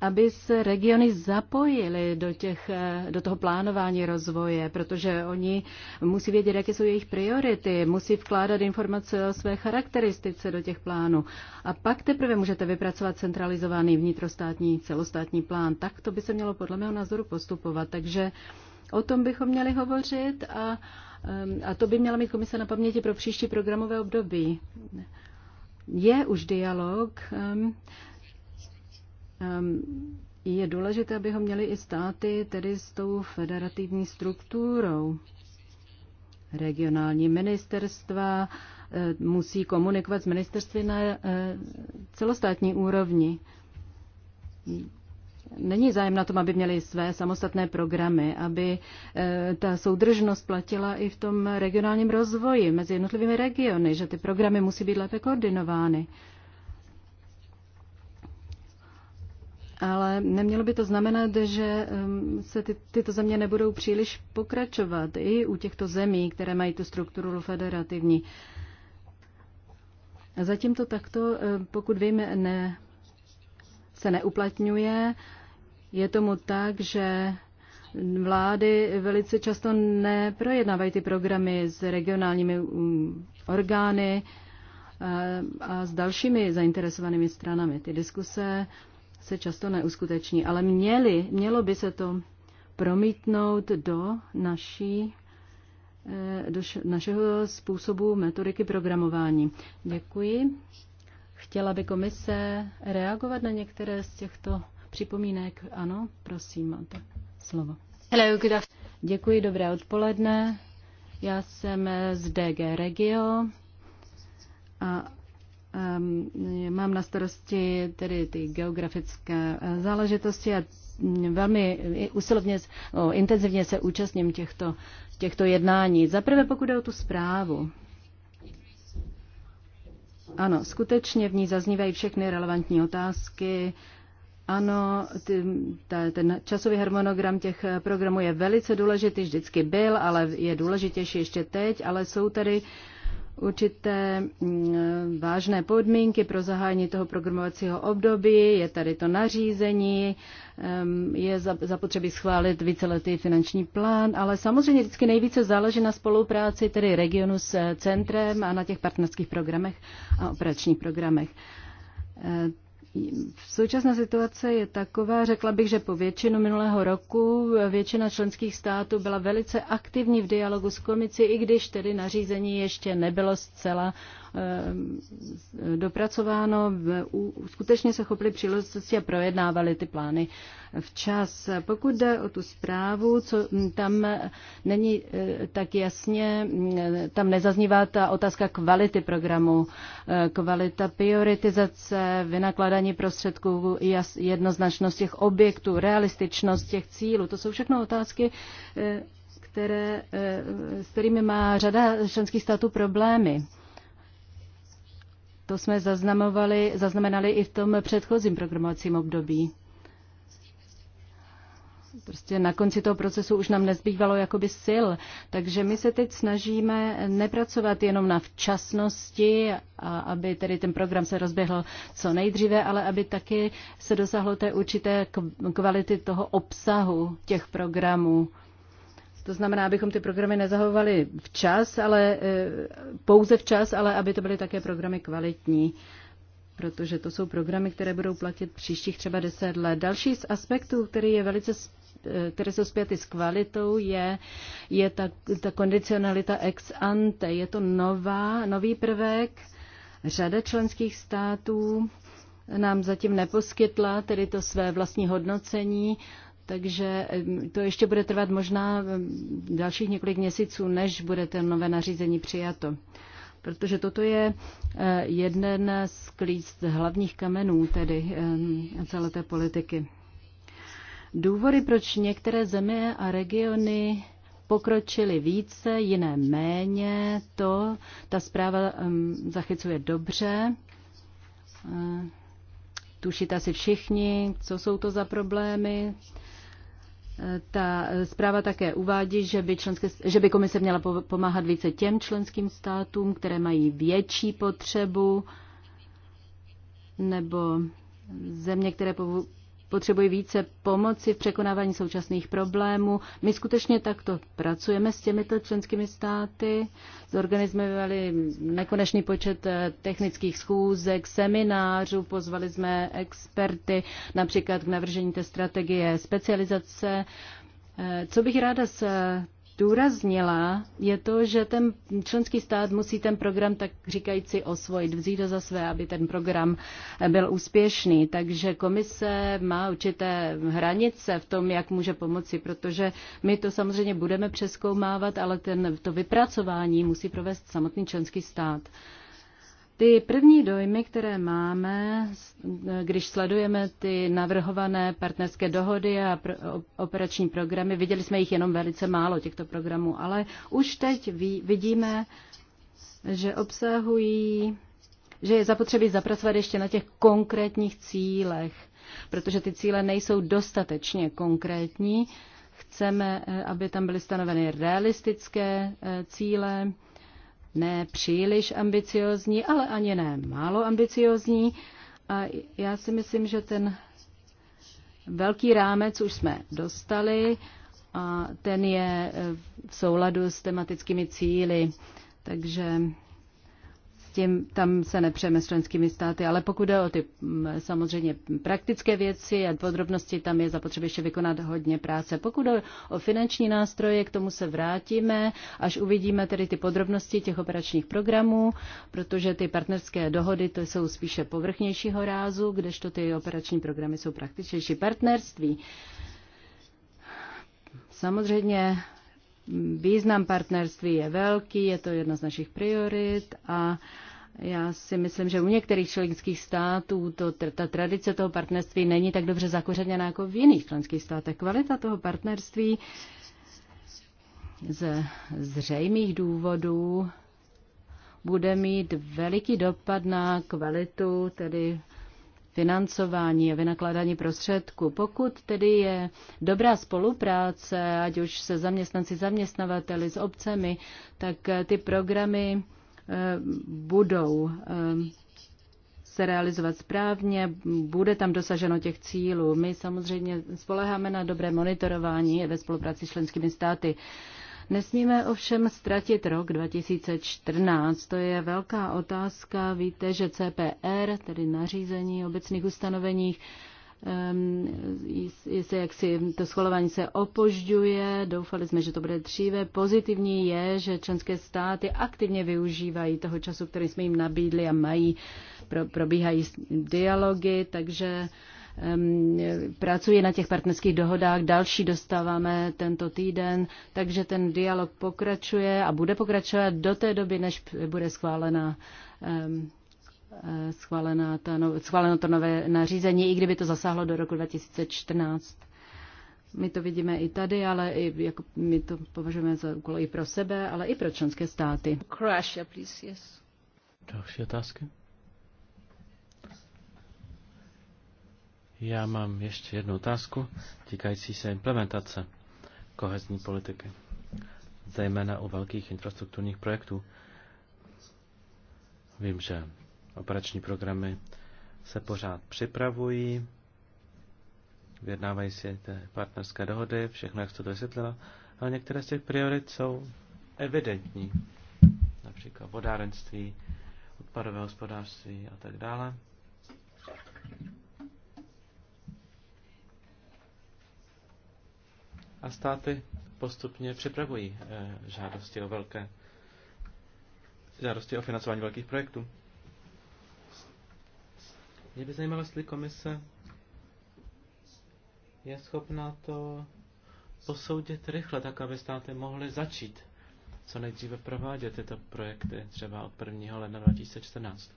Speaker 3: aby se regiony zapojily do, těch, eh, do toho plánování rozvoje, protože oni musí vědět, jaké jsou jejich priority, musí vkládat informace o své charakteristice do těch plánů. A pak teprve můžete vypracovat centralizovaný vnitrostátní, celostátní plán. Tak to by se mělo podle mého názoru postupovat. Takže o tom bychom měli hovořit a Ehm, a to by měla mít komise na paměti pro příští programové období. Je už dialog. Ehm, ehm, je důležité, aby ho měli i státy, tedy s tou federativní strukturou. Regionální ministerstva musí komunikovat s ministerstvy na celostátní úrovni není zájem na tom, aby měli své samostatné programy, aby eh, ta soudržnost platila i v tom regionálním rozvoji mezi jednotlivými regiony, že ty programy musí být lépe koordinovány. ale nemělo by to znamenat, že ehm, se ty, tyto země nebudou příliš pokračovat i u těchto zemí, které mají tu strukturu federativní. Zatím to takto, eh, pokud vím, ne, se neuplatňuje. Je tomu tak, že vlády velice často neprojednávají ty programy s regionálními mm, orgány eh, a s dalšími zainteresovanými stranami. Ty diskuse se často neuskuteční, ale měli, mělo by se to promítnout do naší eh, do našeho způsobu metodiky programování. Děkuji. Chtěla by komise reagovat na některé z těchto připomínek? Ano, prosím, máte slovo. Hello, good Děkuji, dobré odpoledne. Já jsem z DG Regio a um, mám na starosti tedy ty geografické eh, záležitosti a mm, velmi usilovně, o, intenzivně se účastním těchto, těchto jednání. Zaprvé pokud jde o tu zprávu, ano, skutečně v ní zaznívají všechny relevantní otázky. Ano, ten časový harmonogram těch programů je velice důležitý, vždycky byl, ale je důležitější ještě teď, ale jsou tady uh, určité mm, vážné podmínky pro zahájení toho programovacího období, je tady to nařízení, je zapotřebí schválit víceletý finanční plán, ale samozřejmě vždycky nejvíce záleží na spolupráci tedy regionu s centrem a na těch partnerských programech a operačních programech. E, současná situace je taková, řekla bych, že po většinu minulého roku většina členských států byla velice aktivní v dialogu s komici, i když tedy nařízení ještě nebylo zcela eh, dopracováno. Skutečně se chopili příležitosti a projednávali ty plány včas. Pokud jde o tu zprávu, co tam není eh, tak jasně, eh, tam nezaznívá ta otázka kvality programu, kvalita prioritizace, vynakladání využívání prostředků, jednoznačnost těch objektů, realističnost těch cílů. To jsou všechno otázky, eh, které, eh, s kterými má řada členských států problémy. To jsme zaznamovali, zaznamenali i v tom předchozím programovacím období prostě na konci toho procesu už nám nezbývalo jakoby sil. Takže my se teď snažíme nepracovat jenom na včasnosti, a aby tedy ten program se rozběhl co nejdříve, ale aby taky se dosáhlo té určité kvality toho obsahu těch programů. To znamená, abychom ty programy nezahovali včas, ale e, pouze včas, ale aby to byly také programy kvalitní protože to jsou programy, které budou platit příštích třeba deset let. Další z aspektů, který je velice Eh, které jsou zpěty s kvalitou, je, je ta, ta kondicionalita ex ante. Je to nová, nový prvek. Řada členských států nám zatím neposkytla tedy to své vlastní hodnocení, takže to ještě bude trvat možná dalších několik měsíců, než bude to nové nařízení přijato. Protože toto je eh, jeden z klíc hlavních kamenů tedy celé té politiky důvody, proč některé země a regiony pokročily více, jiné méně. To ta zpráva um, zachycuje dobře. Uh, eh, tušíte asi všichni, co jsou to za problémy. Eh, ta zpráva také uvádí, že by, členské, že by komise měla pomáhat více těm členským státům, které mají větší potřebu, nebo země, které potřebují více pomoci v překonávání současných problémů. My skutečně takto pracujeme s těmito členskými státy. Zorganizovali nekonečný počet eh, technických schůzek, seminářů, pozvali jsme experty například k navržení té strategie specializace. Eh, co bych ráda z zdůraznila, je to, že ten členský stát musí ten program tak říkající osvojit, vzít do za své, aby ten program byl úspěšný. Takže komise má určité hranice v tom, jak může pomoci, protože my to samozřejmě budeme přeskoumávat, ale ten, to vypracování musí provést samotný členský stát. Ty první dojmy, které máme, když sledujeme ty navrhované partnerské dohody a operační programy, viděli jsme jich jenom velice málo těchto programů, ale už teď vidíme, že obsahují, že je zapotřebí zapracovat ještě na těch konkrétních cílech, protože ty cíle nejsou dostatečně konkrétní. Chceme, eh, aby tam byly stanoveny realistické eh, cíle, ne příliš ambiciozní, ale ani ne málo ambiciozní. A já si myslím, že ten velký rámec už jsme dostali a ten je v souladu s tematickými cíly. Takže tím, tam se nepřeme s členskými státy, ale pokud jde o ty mm, samozřejmě praktické věci a podrobnosti, tam je zapotřebí ještě vykonat hodně práce. Pokud jde o finanční nástroje, k tomu se vrátíme, až uvidíme tedy ty podrobnosti těch operačních programů, protože ty partnerské dohody to jsou spíše povrchnějšího rázu, kdežto ty operační programy jsou praktičnější partnerství. Samozřejmě Význam partnerství je velký, je to jedna z našich priorit a já si myslím, že u některých členských států to, ta tradice toho partnerství není tak dobře zakořeněná jako v jiných členských státech. Kvalita toho partnerství z zřejmých důvodů bude mít veliký dopad na kvalitu tedy financování a vynakládání prostředků. Pokud tedy je dobrá spolupráce, ať už se zaměstnanci, zaměstnavateli, s obcemi, tak eh, ty programy eh, budou eh, se realizovat správně, bude tam dosaženo těch cílů. My samozřejmě spoleháme na dobré monitorování ve spolupráci s členskými státy. Nesmíme ovšem ztratit rok 2014. To je velká otázka. Víte, že CPR, tedy nařízení obecných ustanoveních, se jaksi to schvalování se opožďuje, doufali jsme, že to bude dříve. Pozitivní je, že členské státy aktivně využívají toho času, který jsme jim nabídli a mají, pro, probíhají dialogy, takže Pracuje na těch partnerských dohodách, další dostáváme tento týden, takže ten dialog pokračuje a bude pokračovat do té doby, než bude schválena eh, schválena ta, no, schváleno to nové nařízení, i kdyby to zasáhlo do roku 2014. My to vidíme i tady, ale i, jako, my to považujeme za úkol i pro sebe, ale i pro členské státy. Croatia, please, yes.
Speaker 1: Další otázky? Já mám ještě jednu otázku týkající se implementace kohezní politiky, zejména u velkých infrastrukturních projektů. Vím, že operační programy se pořád připravují, vyjednávají si ty partnerské dohody, všechno, jak jste to vysvětlila, ale některé z těch priorit jsou evidentní, například vodárenství, odpadové hospodářství a tak dále. a státy postupně připravují eh, žádosti o velké žádosti o financování velkých projektů. Mě by zajímalo, jestli komise je schopná to posoudit rychle, tak aby státy mohly začít co nejdříve provádět tyto projekty, třeba od 1. ledna 2014.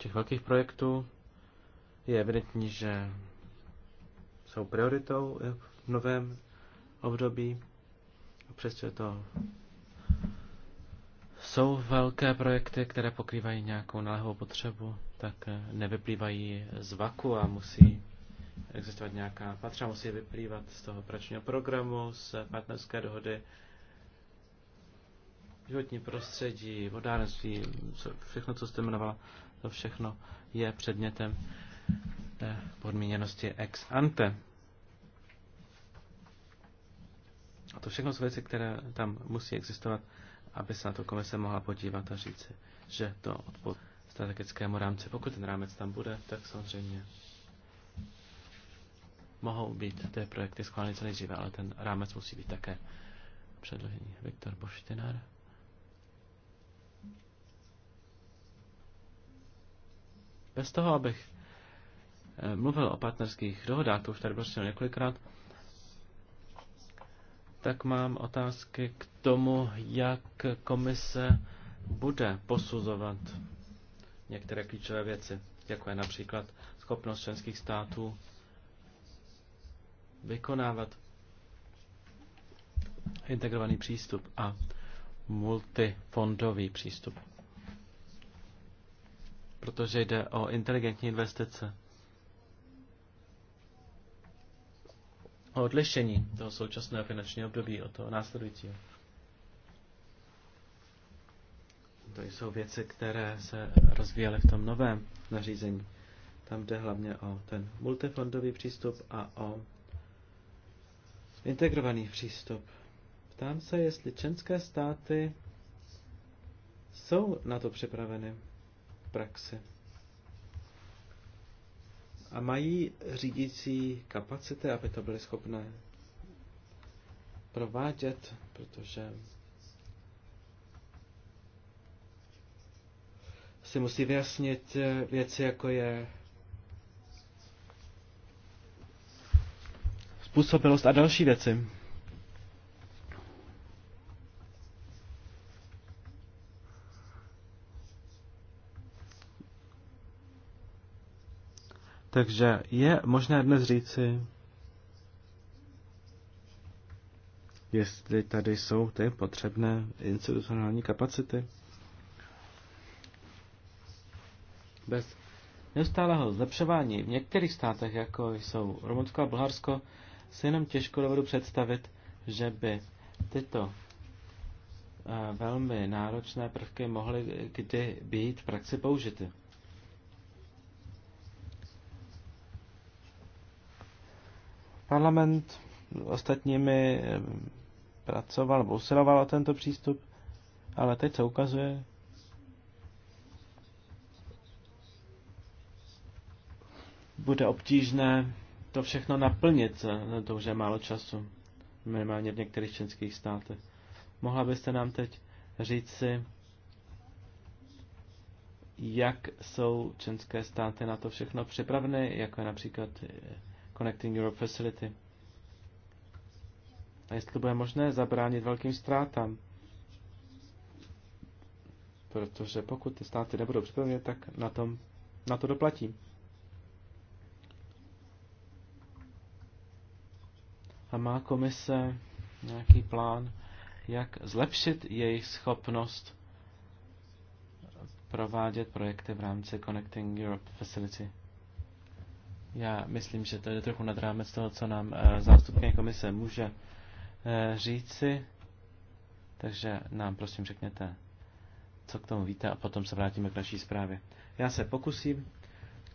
Speaker 1: těch velkých projektů je evidentní, že jsou prioritou v novém období. Přesto to jsou velké projekty, které pokrývají nějakou nalehovou potřebu, tak eh, nevyplývají z vaku a musí existovat nějaká patřa, musí vyplývat z toho pračního programu, z partnerské dohody, životní prostředí, vodárenství, všechno, co jste jmenovala, to všechno je předmětem podmíněnosti ex ante. A to všechno jsou věci, které tam musí existovat, aby se na to komise mohla podívat a říci, že to odpovídá strategickému rámci, pokud ten rámec tam bude, tak samozřejmě mohou být ty projekty schváleny co nejdříve, ale ten rámec musí být také předložený. Viktor Boštinár. Bez toho, abych eh, mluvil o partnerských dohodách, to už tady prostě několikrát, tak mám otázky k tomu, jak komise bude posuzovat některé klíčové věci, jako je například schopnost členských států vykonávat integrovaný přístup a multifondový přístup protože jde o inteligentní investice. O odlišení toho současného finančního období od toho následujícího. To jsou věci, které se rozvíjely v tom novém nařízení. Tam jde hlavně o ten multifondový přístup a o integrovaný přístup. Ptám se, jestli členské státy jsou na to připraveny praxe A mají řídící kapacity, aby to byly schopné provádět, protože si musí vyjasnit věci, jako je způsobilost a další věci. Takže je možné dnes říci, jestli tady jsou ty potřebné institucionální kapacity. Bez neustálého zlepšování v některých státech, jako jsou Rumunsko a Bulharsko, se jenom těžko dovedu představit, že by tyto eh, velmi náročné prvky mohly kdy být v praxi použity. Parlament ostatními eh, pracoval usiloval o tento přístup, ale teď se ukazuje, bude obtížné to všechno naplnit, eh, to už je málo času, minimálně v některých členských státech. Mohla byste nám teď říct si, jak jsou členské státy na to všechno připraveny, jako je například eh, Connecting Europe Facility. A jestli bude možné zabránit velkým ztrátám, protože pokud ty státy nebudou připravené, tak na, tom, na to doplatí. A má komise nějaký plán, jak zlepšit jejich schopnost provádět projekty v rámci Connecting Europe Facility? Já myslím, že to je trochu nad rámec toho, co nám eh, zástupkyně komise může eh, říci. Takže nám prosím řekněte, co k tomu víte a potom se vrátíme k naší zprávě. Já se pokusím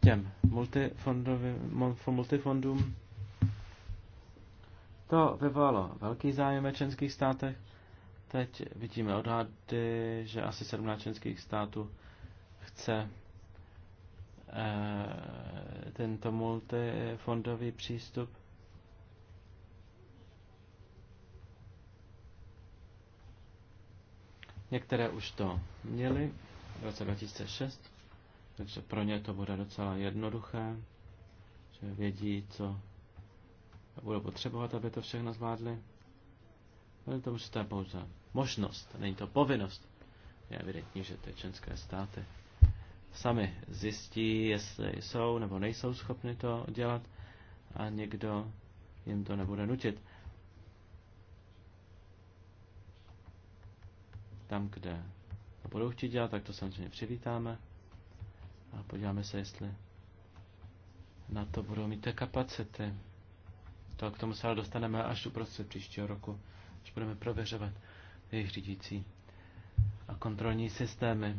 Speaker 1: těm multifondům. To vyvolalo velký zájem ve členských státech. Teď vidíme odhady, že asi 17 členských států chce tento multifondový přístup. Některé už to měly v roce 2006, takže pro ně to bude docela jednoduché, že vědí, co budou potřebovat, aby to všechno zvládli. Ale to už je pouze možnost, není to povinnost. Je evidentní, že ty členské státy sami zjistí, jestli jsou nebo nejsou schopni to dělat a někdo jim to nebude nutit. Tam, kde to budou chtít dělat, tak to samozřejmě přivítáme a podíváme se, jestli na to budou mít té kapacity. To k tomu se ale dostaneme až uprostřed příštího roku, až budeme prověřovat jejich řídící a kontrolní systémy.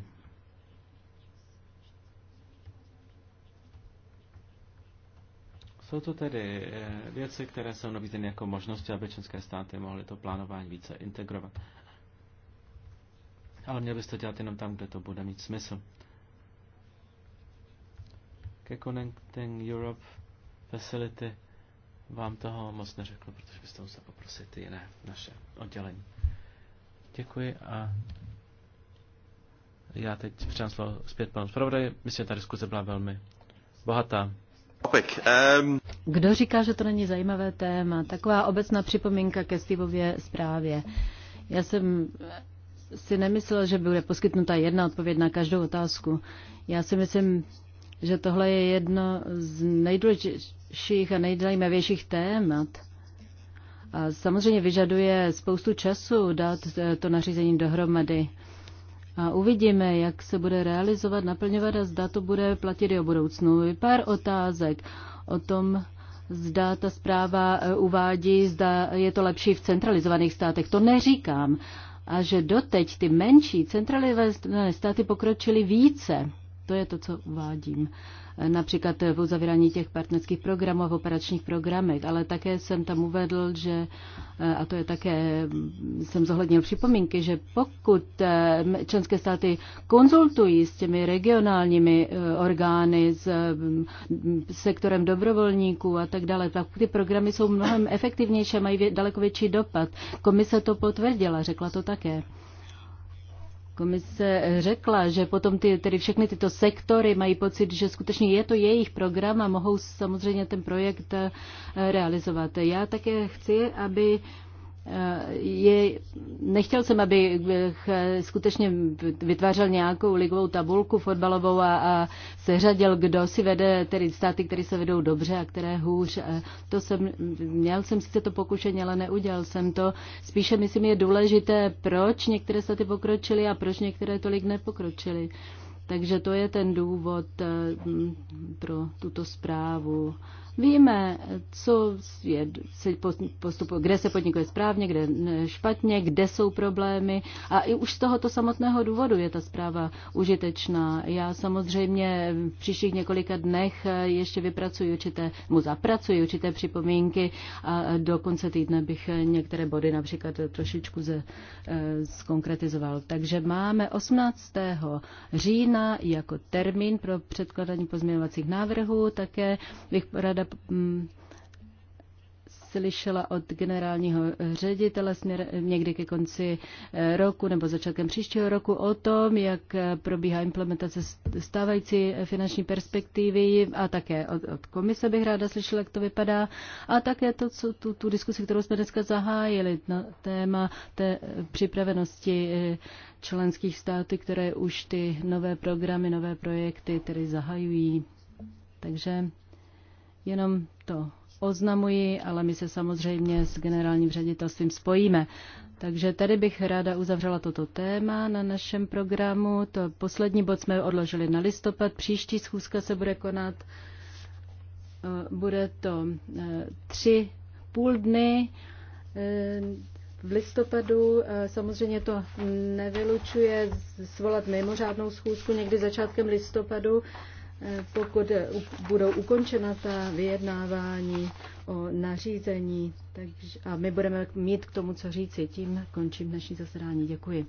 Speaker 1: Jsou to tedy eh, věci, které jsou nabízeny jako možnosti, aby české státy mohly to plánování více integrovat. Ale měl byste to dělat jenom tam, kde to bude mít smysl. Ke Connecting Europe Facility vám toho moc neřekl, protože byste musel poprosit jiné naše oddělení. Děkuji a já teď přijám slovo zpět panu zpravodaji. Myslím, že ta diskuze byla velmi bohatá.
Speaker 3: Ehm, Kdo říká, že to není zajímavé téma? Taková obecná připomínka ke Steveově zprávě. Já jsem si nemyslel, že bude poskytnuta jedna odpověď na každou otázku. Já si myslím, že tohle je jedno z nejdůležitějších a nejzajímavějších témat. A samozřejmě vyžaduje spoustu času dát to nařízení dohromady a uvidíme, jak se bude realizovat, naplňovat a zda to bude platit i o budoucnu. Pár otázek o tom, zda ta zpráva e, uvádí, zda je to lepší v centralizovaných státech. To neříkám. A že doteď ty menší centralizované státy pokročily více. To je to, co uvádím. Uh, například v uzavírání těch partnerských programů a v operačních programech, ale také jsem tam uvedl, že, a to je také, jsem zohlednil připomínky, že pokud eh, členské státy konzultují s těmi regionálními eh, orgány, s mm, sektorem dobrovolníků a tak dále, tak ty programy jsou mnohem efektivnější a mají daleko větší dopad. Komise to potvrdila, řekla to také. Komise řekla, že potom ty, tedy všechny tyto sektory mají pocit, že skutečně je to jejich program a mohou samozřejmě ten projekt eh, realizovat. Já také chci, aby je, nechtěl jsem, aby eh, skutečně vytvářel nějakou ligovou tabulku fotbalovou a, a seřadil, kdo si vede tedy státy, které se vedou dobře a které hůř. Eh, to jsem, měl jsem sice to pokušení, ale neudělal jsem to. Spíše myslím je důležité, proč některé státy pokročily a proč některé tolik nepokročily. Takže to je ten důvod eh, pro tuto zprávu. Víme, co je, se postupu, kde se podnikuje správně, kde špatně, kde jsou problémy a i už z tohoto samotného důvodu je ta zpráva užitečná. Já samozřejmě v příštích několika dnech ještě vypracuji určité, mu zapracuji určité připomínky a do konce týdne bych některé body například trošičku ze, eh, zkonkretizoval. Takže máme 18. října jako termín pro předkladání pozměňovacích návrhů, také bych rada Mm, slyšela od generálního ředitele směr někdy ke konci eh, roku nebo začátkem příštího roku o tom, jak eh, probíhá implementace stávající finanční perspektivy a také od, od komise bych ráda slyšela, jak to vypadá a také to, co, tu, tu diskusi, kterou jsme dneska zahájili na téma té připravenosti eh, členských států, které už ty nové programy, nové projekty tedy zahajují. Takže Jenom to oznamuji, ale my se samozřejmě s generálním ředitelstvím spojíme. Takže tady bych ráda uzavřela toto téma na našem programu. To poslední bod jsme odložili na listopad. Příští schůzka se bude konat, eh, bude to eh, tři půl dny eh, v listopadu. Samozřejmě to nevylučuje svolat mimořádnou schůzku někdy začátkem listopadu pokud budou ukončena ta vyjednávání o nařízení. Takže, a my budeme mít k tomu co říci. Tím končím dnešní zasedání. Děkuji.